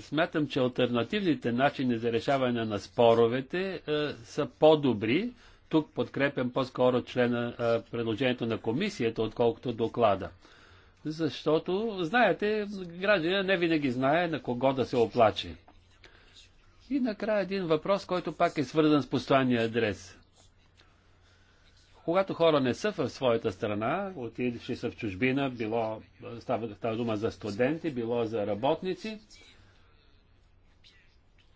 смятам, че альтернативните начини за решаване на споровете са по-добри. Тук подкрепям по-скоро члена, предложението на комисията, отколкото доклада. Защото, знаете, гражданина не винаги знае на кого да се оплаче. И накрая един въпрос, който пак е свързан с постоянния адрес. Когато хора не са в своята страна, отидеши са в чужбина, било, става, става дума за студенти, било за работници,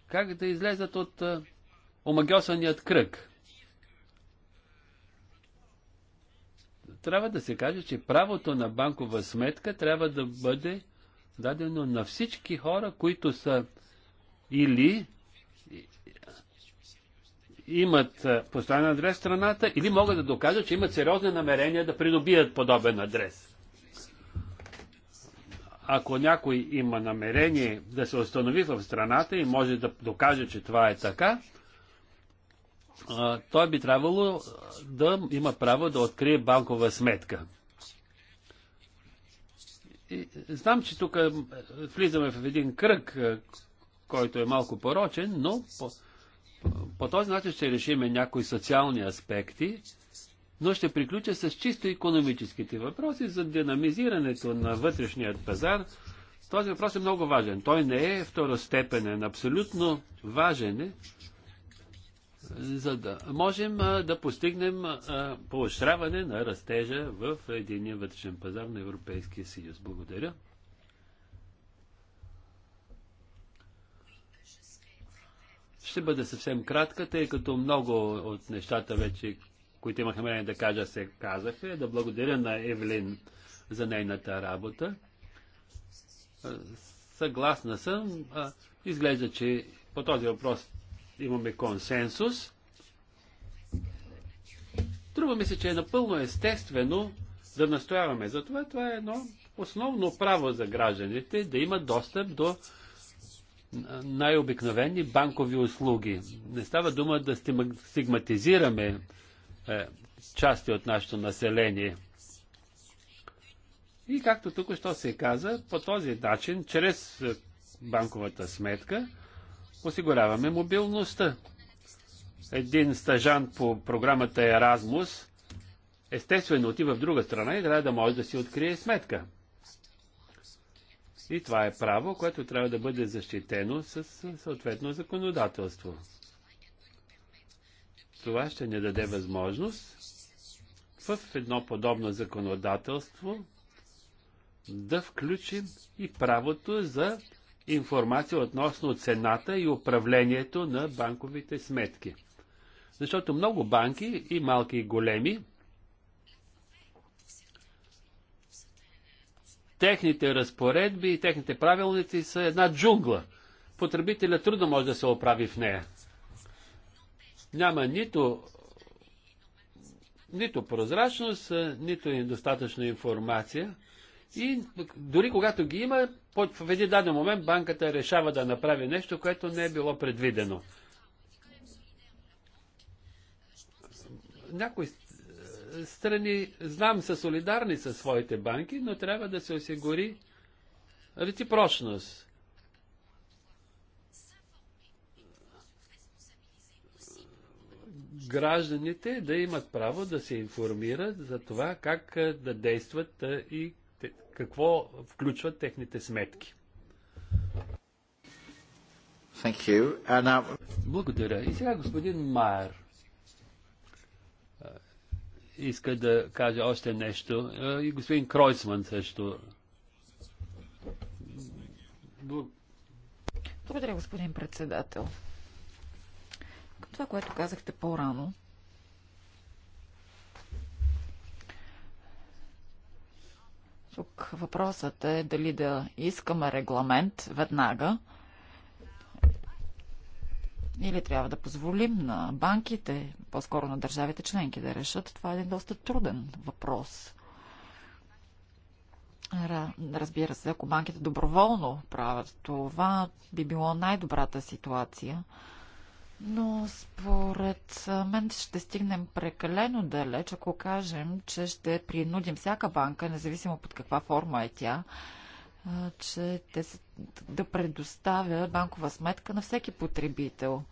как да излезат от омагьосаният кръг. Трябва да се каже, че правото на банкова сметка трябва да бъде дадено на всички хора, които са или имат постоянен адрес в страната, или могат да докажат, че имат сериозни намерения да придобият подобен адрес ако някой има намерение да се установи в страната и може да докаже, че това е така, той би трябвало да има право да открие банкова сметка. И знам, че тук влизаме в един кръг, който е малко порочен, но по, по този начин ще решиме някои социални аспекти но ще приключа с чисто економическите въпроси за динамизирането на вътрешният пазар. Този въпрос е много важен. Той не е второстепенен, абсолютно важен е, за да можем да постигнем поощряване на растежа в единия вътрешен пазар на Европейския съюз. Благодаря. Ще бъде съвсем кратка, тъй като много от нещата вече които имах намерение да кажа, се казаха. да благодаря на Евлин за нейната работа. Съгласна съм. Изглежда, че по този въпрос имаме консенсус. Трува ми се, че е напълно естествено да настояваме. Затова това е едно основно право за гражданите да имат достъп до най-обикновени банкови услуги. Не става дума да стигматизираме е, части от нашето население. И както тук що се каза, по този начин, чрез е, банковата сметка, осигуряваме мобилността. Един стажан по програмата Erasmus естествено отива в друга страна и трябва да може да си открие сметка. И това е право, което трябва да бъде защитено с съответно законодателство това ще ни даде възможност в едно подобно законодателство да включим и правото за информация относно цената и управлението на банковите сметки. Защото много банки, и малки, и големи, техните разпоредби и техните правилници са една джунгла. Потребителя трудно може да се оправи в нея. Няма нито, нито прозрачност, нито достатъчна информация. И дори когато ги има, в един даден момент банката решава да направи нещо, което не е било предвидено. Някои е, страни, знам, са солидарни със своите банки, но трябва да се осигури реципрочност. гражданите да имат право да се информират за това как да действат и какво включват техните сметки. Thank you. And now... Благодаря. И сега господин Майер иска да каже още нещо. И господин Кройсман също. Благодаря, господин председател. Това, което казахте по-рано, Тук въпросът е дали да искаме регламент веднага или трябва да позволим на банките, по-скоро на държавите членки да решат. Това е един доста труден въпрос. Разбира се, ако банките доброволно правят това, би било най-добрата ситуация. Но според мен ще стигнем прекалено далеч, ако кажем, че ще принудим всяка банка, независимо под каква форма е тя, че те са, да предоставя банкова сметка на всеки потребител.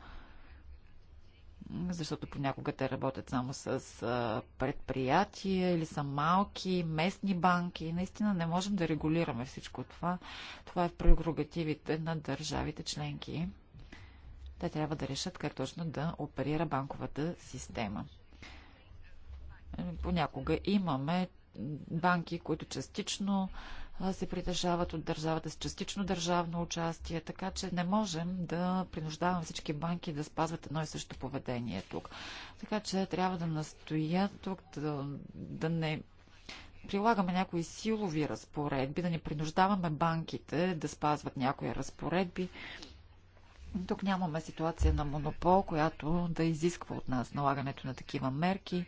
Защото понякога те работят само с предприятия или са малки, местни банки. Наистина не можем да регулираме всичко това. Това е в прерогативите на държавите членки. Те трябва да решат как точно да оперира банковата система. Понякога имаме банки, които частично се притежават от държавата с частично държавно участие, така че не можем да принуждаваме всички банки да спазват едно и също поведение тук. Така че трябва да настоя тук да, да не прилагаме някои силови разпоредби, да не принуждаваме банките да спазват някои разпоредби, тук нямаме ситуация на монопол, която да изисква от нас налагането на такива мерки.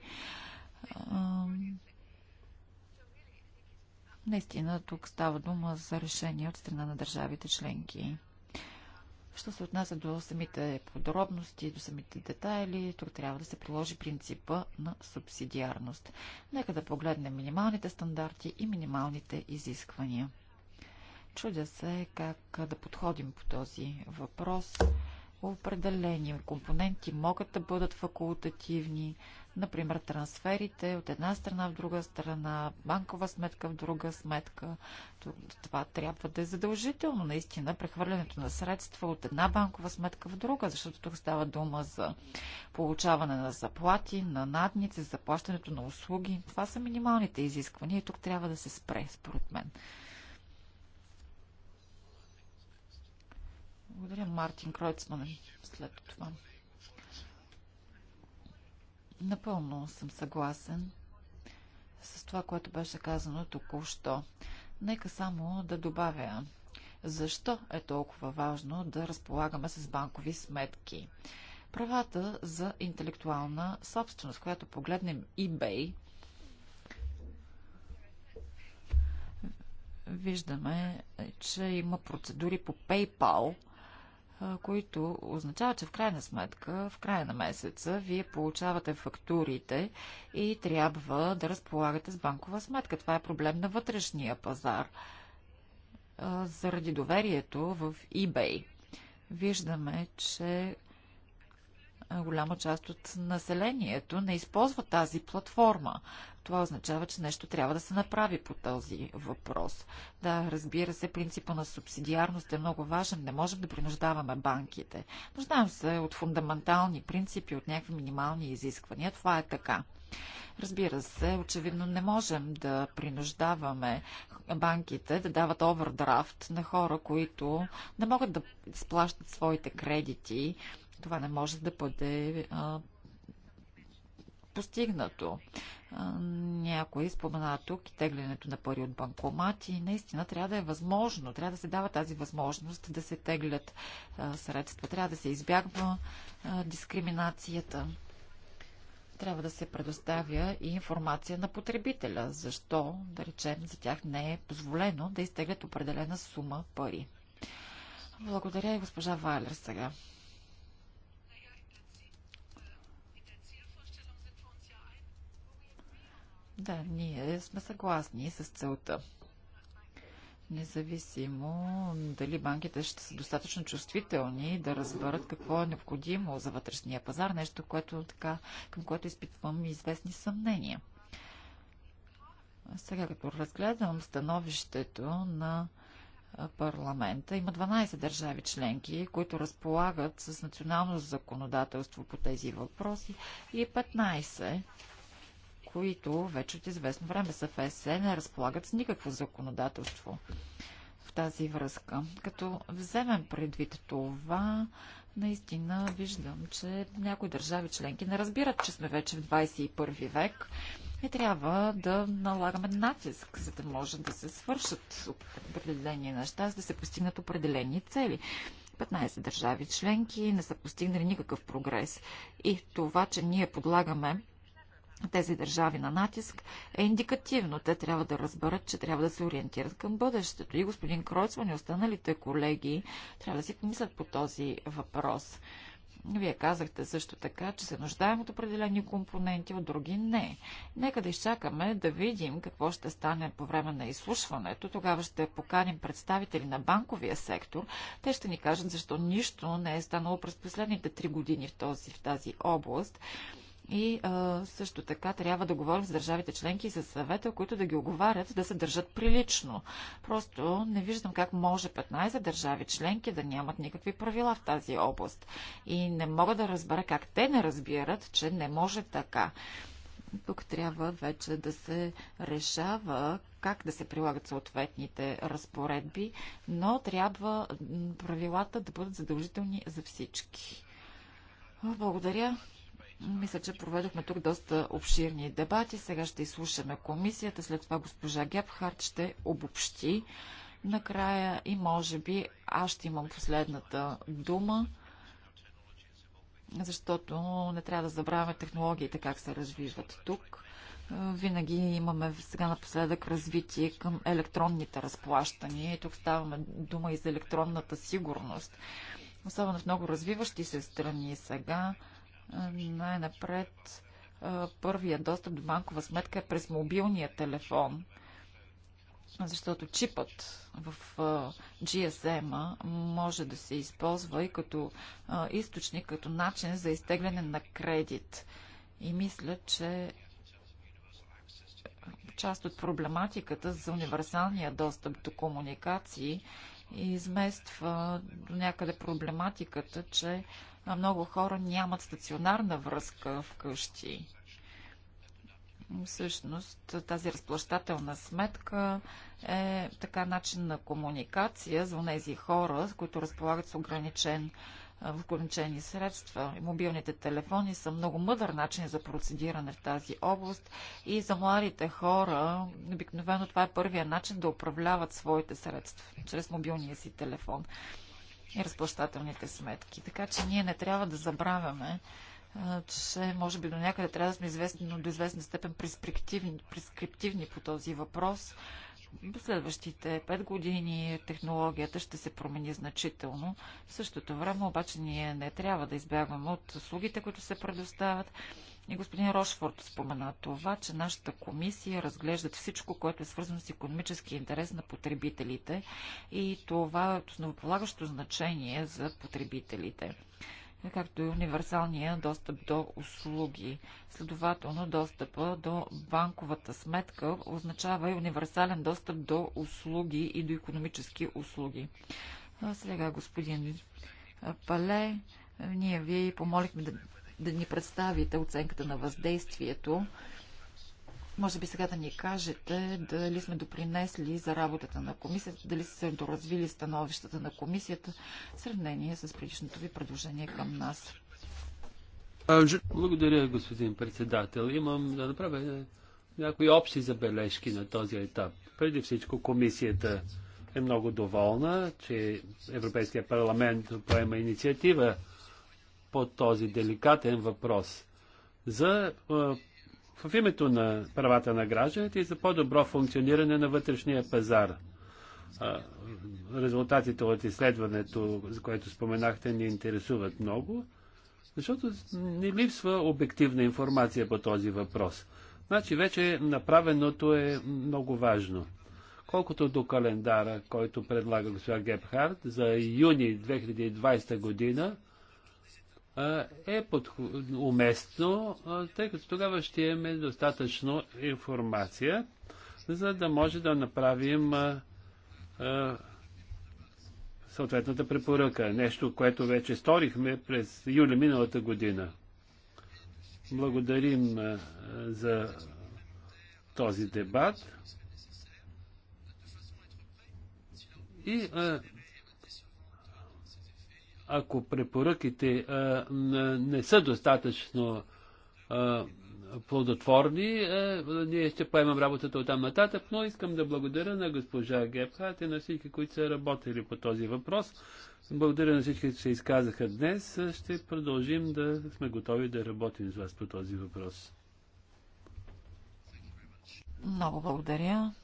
Наистина, тук става дума за решение от страна на държавите членки. Що се отнася до самите подробности, до самите детайли, тук трябва да се приложи принципа на субсидиарност. Нека да погледнем минималните стандарти и минималните изисквания. Чудя се как да подходим по този въпрос. Определени компоненти могат да бъдат факултативни, например трансферите от една страна в друга страна, банкова сметка в друга сметка. Това трябва да е задължително, наистина, прехвърлянето на средства от една банкова сметка в друга, защото тук става дума за получаване на заплати, на надници, заплащането на услуги. Това са минималните изисквания и тук трябва да се спре, според мен. Благодаря, Мартин Кройцман. След това. Напълно съм съгласен с това, което беше казано току-що. Нека само да добавя защо е толкова важно да разполагаме с банкови сметки. Правата за интелектуална собственост, която погледнем eBay, виждаме, че има процедури по PayPal – които означава, че в крайна сметка, в края на месеца, вие получавате фактурите и трябва да разполагате с банкова сметка. Това е проблем на вътрешния пазар заради доверието в eBay. Виждаме, че голяма част от населението не използва тази платформа. Това означава, че нещо трябва да се направи по този въпрос. Да, разбира се, принципа на субсидиарност е много важен. Не можем да принуждаваме банките. Нуждаем се от фундаментални принципи, от някакви минимални изисквания. Това е така. Разбира се, очевидно не можем да принуждаваме банките да дават овердрафт на хора, които не могат да сплащат своите кредити. Това не може да бъде а, постигнато някой спомена тук и теглянето на пари от банкомати. Наистина трябва да е възможно, трябва да се дава тази възможност да се теглят средства, трябва да се избягва дискриминацията. Трябва да се предоставя и информация на потребителя, защо, да речем, за тях не е позволено да изтеглят определена сума пари. Благодаря и госпожа Вайлер сега. Да, ние сме съгласни с целта. Независимо дали банките ще са достатъчно чувствителни да разберат какво е необходимо за вътрешния пазар, нещо, което, така, към което изпитвам известни съмнения. Сега, като разгледам становището на парламента. Има 12 държави членки, които разполагат с национално законодателство по тези въпроси и 15, които вече от известно време са в ЕСЕ, не разполагат с никакво законодателство в тази връзка. Като вземем предвид това, наистина виждам, че някои държави членки не разбират, че сме вече в 21 век и трябва да налагаме натиск, за да може да се свършат определени неща, за да се постигнат определени цели. 15 държави членки не са постигнали никакъв прогрес. И това, че ние подлагаме тези държави на натиск е индикативно. Те трябва да разберат, че трябва да се ориентират към бъдещето. И господин Кройцман и останалите колеги трябва да си помислят по този въпрос. Вие казахте също така, че се нуждаем от определени компоненти, от други не. Нека да изчакаме да видим какво ще стане по време на изслушването. Тогава ще поканим представители на банковия сектор. Те ще ни кажат защо нищо не е станало през последните три години в, този, в тази област. И а, също така трябва да говорим с държавите членки и с съвета, които да ги оговарят да се държат прилично. Просто не виждам как може 15 държави членки да нямат никакви правила в тази област. И не мога да разбера как те не разбират, че не може така. Тук трябва вече да се решава как да се прилагат съответните разпоредби, но трябва правилата да бъдат задължителни за всички. Благодаря. Мисля, че проведохме тук доста обширни дебати. Сега ще изслушаме комисията, след това госпожа Гепхарт ще обобщи накрая и може би аз ще имам последната дума, защото не трябва да забравяме технологиите как се развиват тук. Винаги имаме сега напоследък развитие към електронните разплащания и тук ставаме дума и за електронната сигурност. Особено в много развиващи се страни сега най-напред първият достъп до банкова сметка е през мобилния телефон, защото чипът в GSM може да се използва и като източник, като начин за изтегляне на кредит. И мисля, че част от проблематиката за универсалния достъп до комуникации измества до някъде проблематиката, че а много хора нямат стационарна връзка вкъщи. Всъщност тази разплащателна сметка е така начин на комуникация за тези хора, които разполагат с ограничен в ограничени средства. И мобилните телефони са много мъдър начин за процедиране в тази област и за младите хора обикновено това е първия начин да управляват своите средства чрез мобилния си телефон и разплащателните сметки. Така че ние не трябва да забравяме, че може би до някъде трябва да сме известни, но до известна степен прескриптивни, прескриптивни по този въпрос. В следващите 5 години технологията ще се промени значително. В същото време обаче ние не трябва да избягваме от услугите, които се предоставят и господин Рошфорд спомена това, че нашата комисия разглежда всичко, което е свързано с економически интерес на потребителите и това е основополагащо значение за потребителите както и универсалния достъп до услуги. Следователно, достъпа до банковата сметка означава и универсален достъп до услуги и до економически услуги. А сега, господин Пале, ние ви помолихме да да ни представите оценката на въздействието. Може би сега да ни кажете дали сме допринесли за работата на комисията, дали са се доразвили становищата на комисията в сравнение с предишното ви предложение към нас. Благодаря, господин председател. Имам да направя някои общи забележки на този етап. Преди всичко комисията е много доволна, че Европейския парламент поема инициатива по този деликатен въпрос за в името на правата на гражданите и за по-добро функциониране на вътрешния пазар. Резултатите от изследването, за което споменахте, ни интересуват много, защото не липсва обективна информация по този въпрос. Значи вече направеното е много важно. Колкото до календара, който предлага госпожа Гепхард за юни 2020 година, е уместно, тъй като тогава ще имаме достатъчно информация, за да може да направим съответната препоръка. Нещо, което вече сторихме през юли миналата година. Благодарим за този дебат. И ако препоръките не са достатъчно плодотворни, ние ще поемам работата от там нататък, но искам да благодаря на госпожа Гепхат и на всички, които са работили по този въпрос. Благодаря на всички, които се изказаха днес. Ще продължим да сме готови да работим с вас по този въпрос. Много благодаря.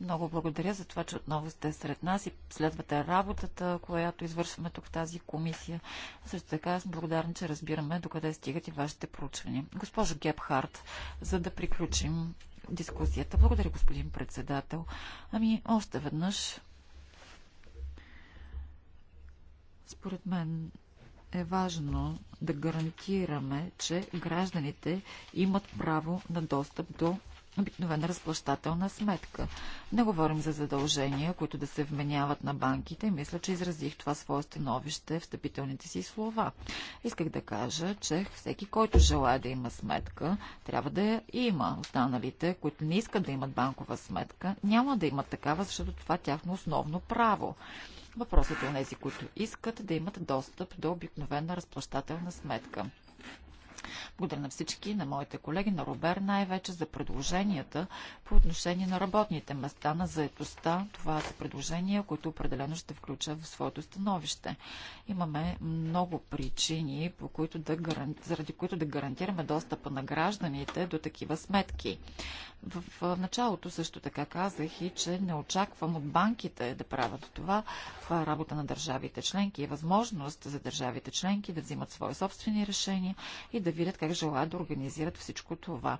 Много благодаря за това, че отново сте сред нас и следвате работата, която извършваме тук в тази комисия. Също така аз благодарна, че разбираме докъде стигат и вашите проучвания. Госпожо Гепхарт, за да приключим дискусията. Благодаря, господин председател. Ами, още веднъж, според мен е важно да гарантираме, че гражданите имат право на достъп до обикновена разплащателна сметка. Не говорим за задължения, които да се вменяват на банките. Мисля, че изразих това свое становище в стъпителните си слова. Исках да кажа, че всеки, който желая да има сметка, трябва да я има. Останалите, които не искат да имат банкова сметка, няма да имат такава, защото това е тяхно основно право. Въпросът е тези, които искат да имат достъп до обикновена разплащателна сметка. Благодаря на всички, на моите колеги, на Робер най-вече за предложенията по отношение на работните места, на заетостта. Това са предложения, които определено ще включа в своето становище. Имаме много причини, по които да гаранти... заради които да гарантираме достъпа на гражданите до такива сметки. В, в началото също така казах и, че не очаквам от банките да правят това. Това е работа на държавите членки и възможност за държавите членки да взимат свои собствени решения и да видят как желаят да организират всичко това.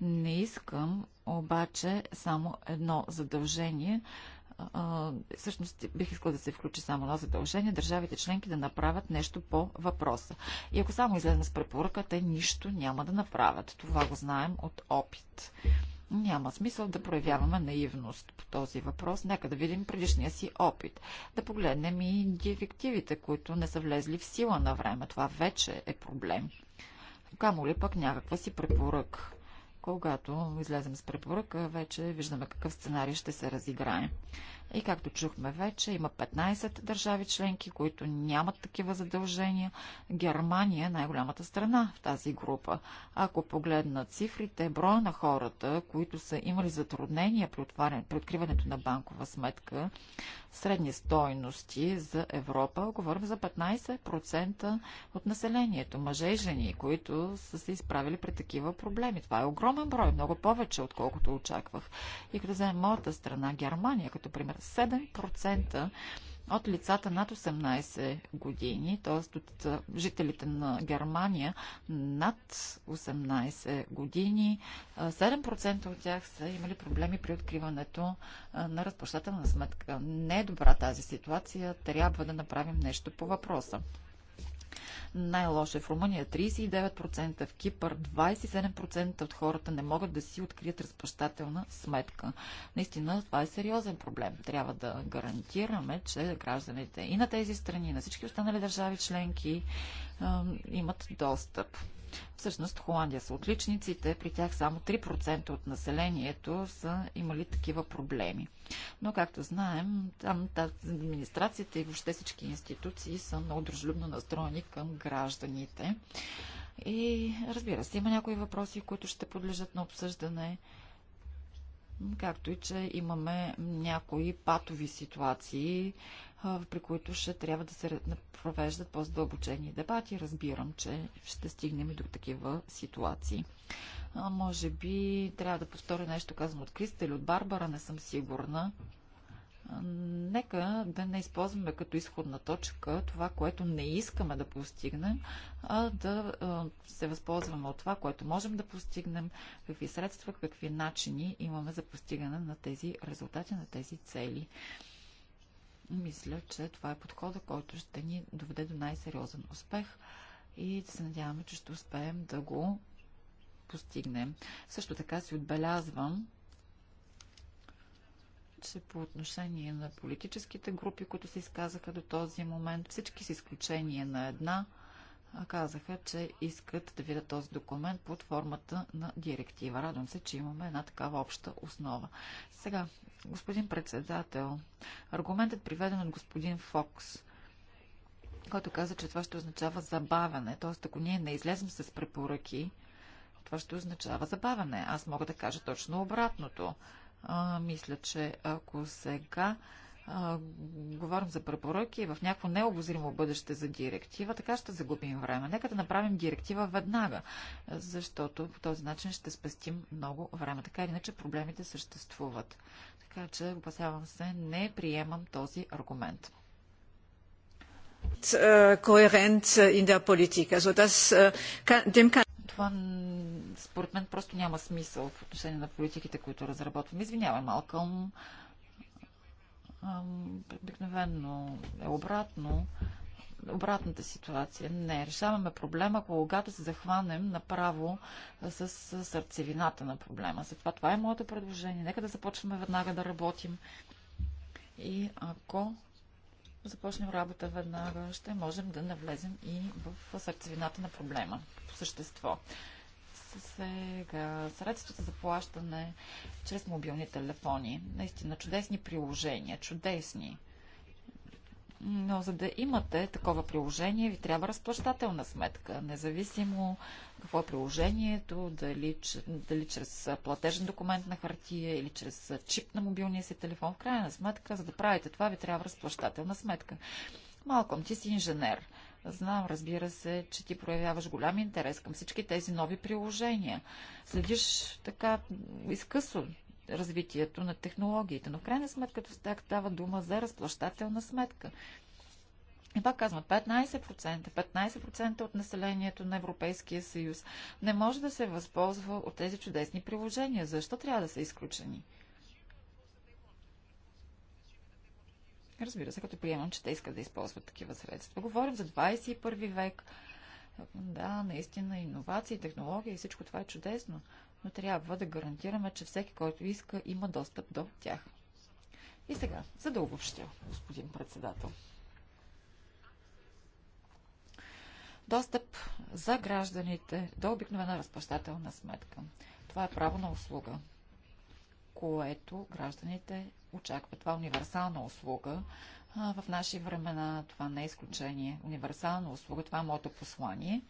Не искам обаче само едно задължение. А, всъщност бих искала да се включи само едно задължение държавите членки да направят нещо по въпроса. И ако само излезем с препоръка, те нищо няма да направят. Това го знаем от опит. Няма смисъл да проявяваме наивност по този въпрос. Нека да видим предишния си опит. Да погледнем и директивите, които не са влезли в сила на време. Това вече е проблем камо ли пък някаква си препоръка. Когато излезем с препоръка, вече виждаме какъв сценарий ще се разиграе. И както чухме вече, има 15 държави членки, които нямат такива задължения. Германия е най-голямата страна в тази група. Ако погледна цифрите, броя на хората, които са имали затруднения при, при откриването на банкова сметка, средни стойности за Европа, говорим за 15% от населението, мъже и жени, които са се изправили при такива проблеми. Това е огромен брой, много повече, отколкото очаквах. И като вземем моята страна, Германия, като пример, 7% от лицата над 18 години, т.е. от жителите на Германия над 18 години, 7% от тях са имали проблеми при откриването на разплащателна сметка. Не е добра тази ситуация, трябва да направим нещо по въпроса. Най-лошо е в Румъния 39%, в Кипър 27% от хората не могат да си открият разплащателна сметка. Наистина това е сериозен проблем. Трябва да гарантираме, че гражданите и на тези страни, и на всички останали държави членки имат достъп. Всъщност Холандия са отличниците, при тях само 3% от населението са имали такива проблеми. Но, както знаем, там администрацията и въобще всички институции са много дружелюбно настроени към гражданите. И разбира се, има някои въпроси, които ще подлежат на обсъждане както и че имаме някои патови ситуации, при които ще трябва да се провеждат по-задълбочени дебати. Разбирам, че ще стигнем и до такива ситуации. А, може би трябва да повторя нещо казано от Криста или от Барбара, не съм сигурна. А, нека да не използваме като изходна точка това, което не искаме да постигнем, а да а, се възползваме от това, което можем да постигнем, какви средства, какви начини имаме за постигане на тези резултати, на тези цели. Мисля, че това е подхода, който ще ни доведе до най-сериозен успех и да се надяваме, че ще успеем да го постигнем. Също така си отбелязвам, че по отношение на политическите групи, които се изказаха до този момент, всички с изключение на една, казаха, че искат да видят този документ под формата на директива. Радвам се, че имаме една такава обща основа. Сега, господин председател, аргументът приведен от господин Фокс, който каза, че това ще означава забавяне. Т.е. ако ние не излезем с препоръки, това ще означава забавяне. Аз мога да кажа точно обратното. А, мисля, че ако сега а, говорим за препоръки в някакво необозримо бъдеще за директива, така ще загубим време. Нека да направим директива веднага, защото по този начин ще спестим много време. Така или иначе проблемите съществуват. Така че, опасявам се, не приемам този аргумент kohärent е, in der Politik. Also das, dem е, kann това според мен просто няма смисъл в отношение на политиките, които разработвам. Извинявай, Малкълм, Обикновено е обратно обратната ситуация. Не, решаваме проблема, когато се захванем направо с сърцевината на проблема. Затова това е моето предложение. Нека да започваме веднага да работим. И ако започнем работа веднага, ще можем да навлезем и в сърцевината на проблема по същество. Сега, средствата за плащане чрез мобилни телефони. Наистина чудесни приложения, чудесни. Но за да имате такова приложение, ви трябва разплащателна сметка, независимо какво е приложението, дали, дали чрез платежен документ на хартия или чрез чип на мобилния си телефон. В крайна сметка, за да правите това, ви трябва разплащателна сметка. Малком, ти си инженер. Знам, разбира се, че ти проявяваш голям интерес към всички тези нови приложения. Следиш така изкъсо развитието на технологиите, но в крайна сметка така става дума за разплащателна сметка. И пак казвам, 15%, 15% от населението на Европейския съюз не може да се възползва от тези чудесни приложения. Защо трябва да са изключени? Разбира се, като приемам, че те искат да използват такива средства. Говорим за 21 век. Да, наистина, иновации, технологии и всичко това е чудесно, но трябва да гарантираме, че всеки, който иска, има достъп до тях. И сега, за да обобщя, господин председател. Достъп за гражданите до обикновена разплащателна сметка. Това е право на услуга което гражданите очакват. Това е универсална услуга. в наши времена това не е изключение. Универсална услуга, това е моето послание.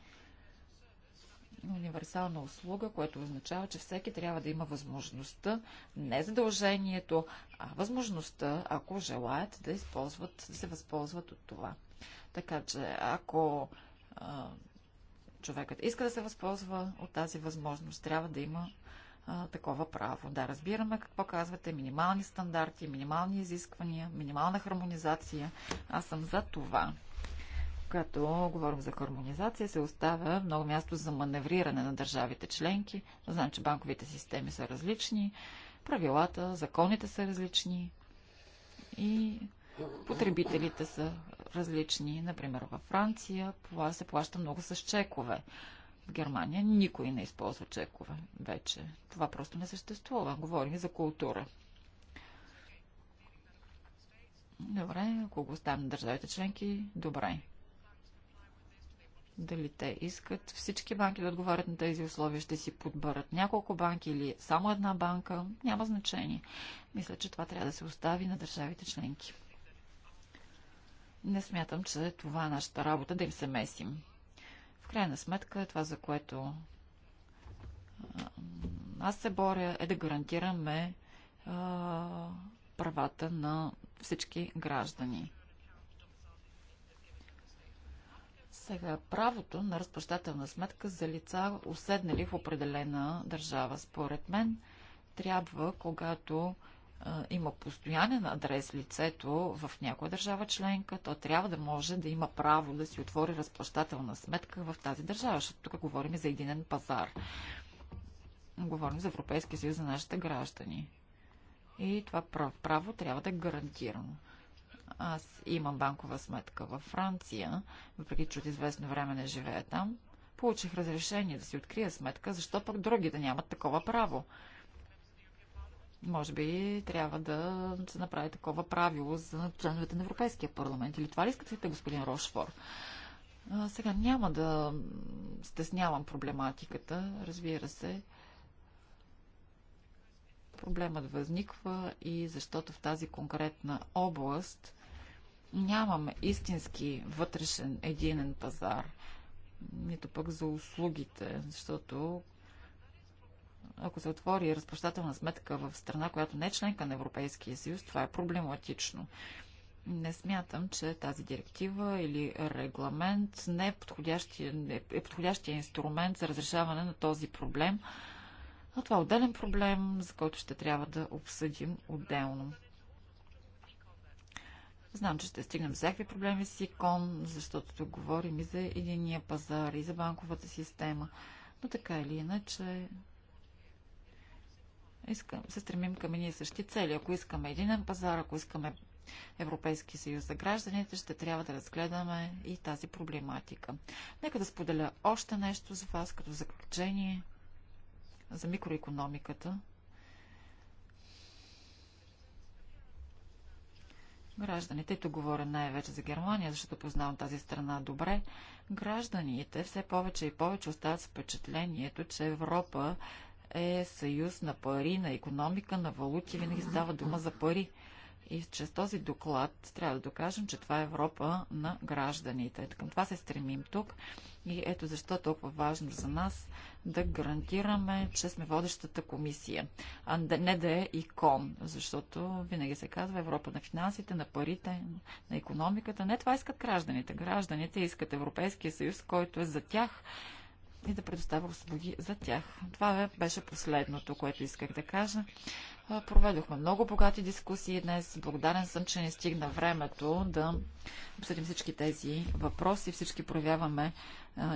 Универсална услуга, което означава, че всеки трябва да има възможността, не задължението, а възможността, ако желаят, да използват, да се възползват от това. Така че, ако а, човекът иска да се възползва от тази възможност, трябва да има а, такова право. Да, разбираме какво казвате. Минимални стандарти, минимални изисквания, минимална хармонизация. Аз съм за това. Като говорим за хармонизация, се оставя много място за маневриране на държавите членки. Знам, че банковите системи са различни, правилата, законите са различни и потребителите са различни. Например, във Франция се плаща много с чекове. Германия никой не използва чекове вече. Това просто не съществува. Говорим за култура. Добре, ако го на държавите членки, добре. Дали те искат всички банки да отговарят на тези условия, ще си подбърят няколко банки или само една банка, няма значение. Мисля, че това трябва да се остави на държавите членки. Не смятам, че това е нашата работа да им се месим крайна сметка е това, за което аз се боря, е да гарантираме правата на всички граждани. Сега, правото на разплащателна сметка за лица, уседнали в определена държава, според мен, трябва, когато има постоянен адрес лицето в някоя държава членка, то трябва да може да има право да си отвори разплащателна сметка в тази държава, защото тук говорим за единен пазар. Говорим за Европейския съюз за нашите граждани. И това право, трябва да е гарантирано. Аз имам банкова сметка във Франция, въпреки че от известно време не живея там. Получих разрешение да си открия сметка, защо пък други да нямат такова право. Може би трябва да се направи такова правило за членовете на Европейския парламент. Или това ли искате, господин Рошфор? Сега няма да стеснявам проблематиката, разбира се. Проблемът възниква и защото в тази конкретна област нямаме истински вътрешен единен пазар, нито пък за услугите, защото ако се отвори разплащателна сметка в страна, която не е членка на Европейския съюз, това е проблематично. Не смятам, че тази директива или регламент не е подходящия, е подходящия инструмент за разрешаване на този проблем. А това е отделен проблем, за който ще трябва да обсъдим отделно. Знам, че ще стигнем всякакви проблеми с икон, защото тук говорим и за единия пазар, и за банковата система. Но така или иначе, искам, се стремим към едни и същи цели. Ако искаме единен пазар, ако искаме Европейски съюз за гражданите, ще трябва да разгледаме и тази проблематика. Нека да споделя още нещо за вас като заключение за микроекономиката. Гражданите, тук говоря най-вече за Германия, защото познавам тази страна добре, гражданите все повече и повече остават с впечатлението, че Европа е съюз на пари, на економика, на валути. Винаги става дума за пари. И чрез този доклад трябва да докажем, че това е Европа на гражданите. Към това се стремим тук. И ето защо е толкова важно за нас да гарантираме, че сме водещата комисия, а не да е икон, защото винаги се казва Европа на финансите, на парите, на економиката. Не това искат гражданите. Гражданите искат Европейския съюз, който е за тях и да предоставя услуги за тях. Това беше последното, което исках да кажа. Проведохме много богати дискусии днес. Благодарен съм, че не стигна времето да обсъдим всички тези въпроси. Всички проявяваме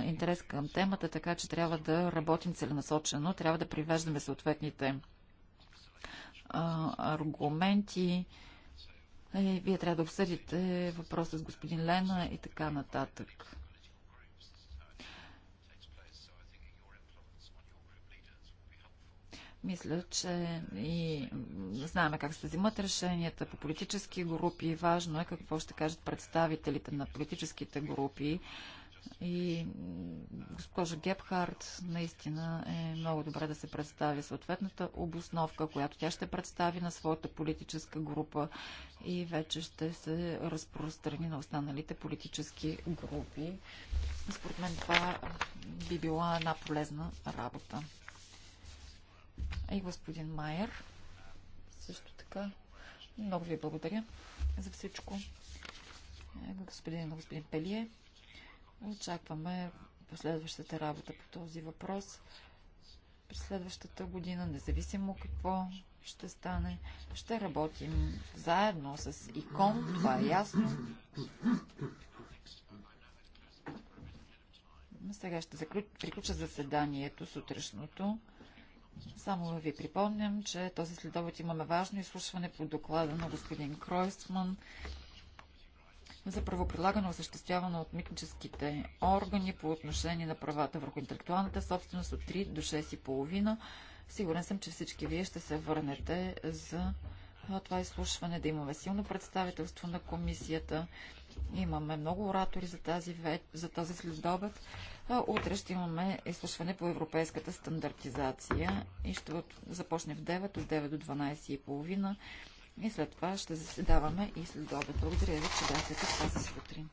интерес към темата, така че трябва да работим целенасочено, трябва да привеждаме съответните аргументи. И е, вие трябва да обсъдите въпроса с господин Лена и така нататък. Мисля, че и знаеме как се взимат решенията по политически групи. Важно е какво ще кажат представителите на политическите групи. И госпожа Гепхард наистина е много добре да се представи съответната обосновка, която тя ще представи на своята политическа група и вече ще се разпространи на останалите политически групи. Според мен това би била една полезна работа и господин Майер. Също така, много ви благодаря за всичко. Е, господин, господин Пелие, очакваме последващата работа по този въпрос. През следващата година, независимо какво ще стане, ще работим заедно с ИКОН, това е ясно. Сега ще приключа заседанието сутрешното. Само ви припомням, че този следобед имаме важно изслушване по доклада на господин Кройстман за правоприлагане, осъществявано от митническите органи по отношение на правата върху интелектуалната собственост от 3 до 6,5. Сигурен съм, че всички вие ще се върнете за това изслушване, да имаме силно представителство на комисията. Имаме много оратори за, тази, за този следобед. Утре ще имаме изслушване по европейската стандартизация и ще започне в 9, от 9 до 12.30 и след това ще заседаваме и след обед. Благодаря ви, че бяхте с тази сутрин.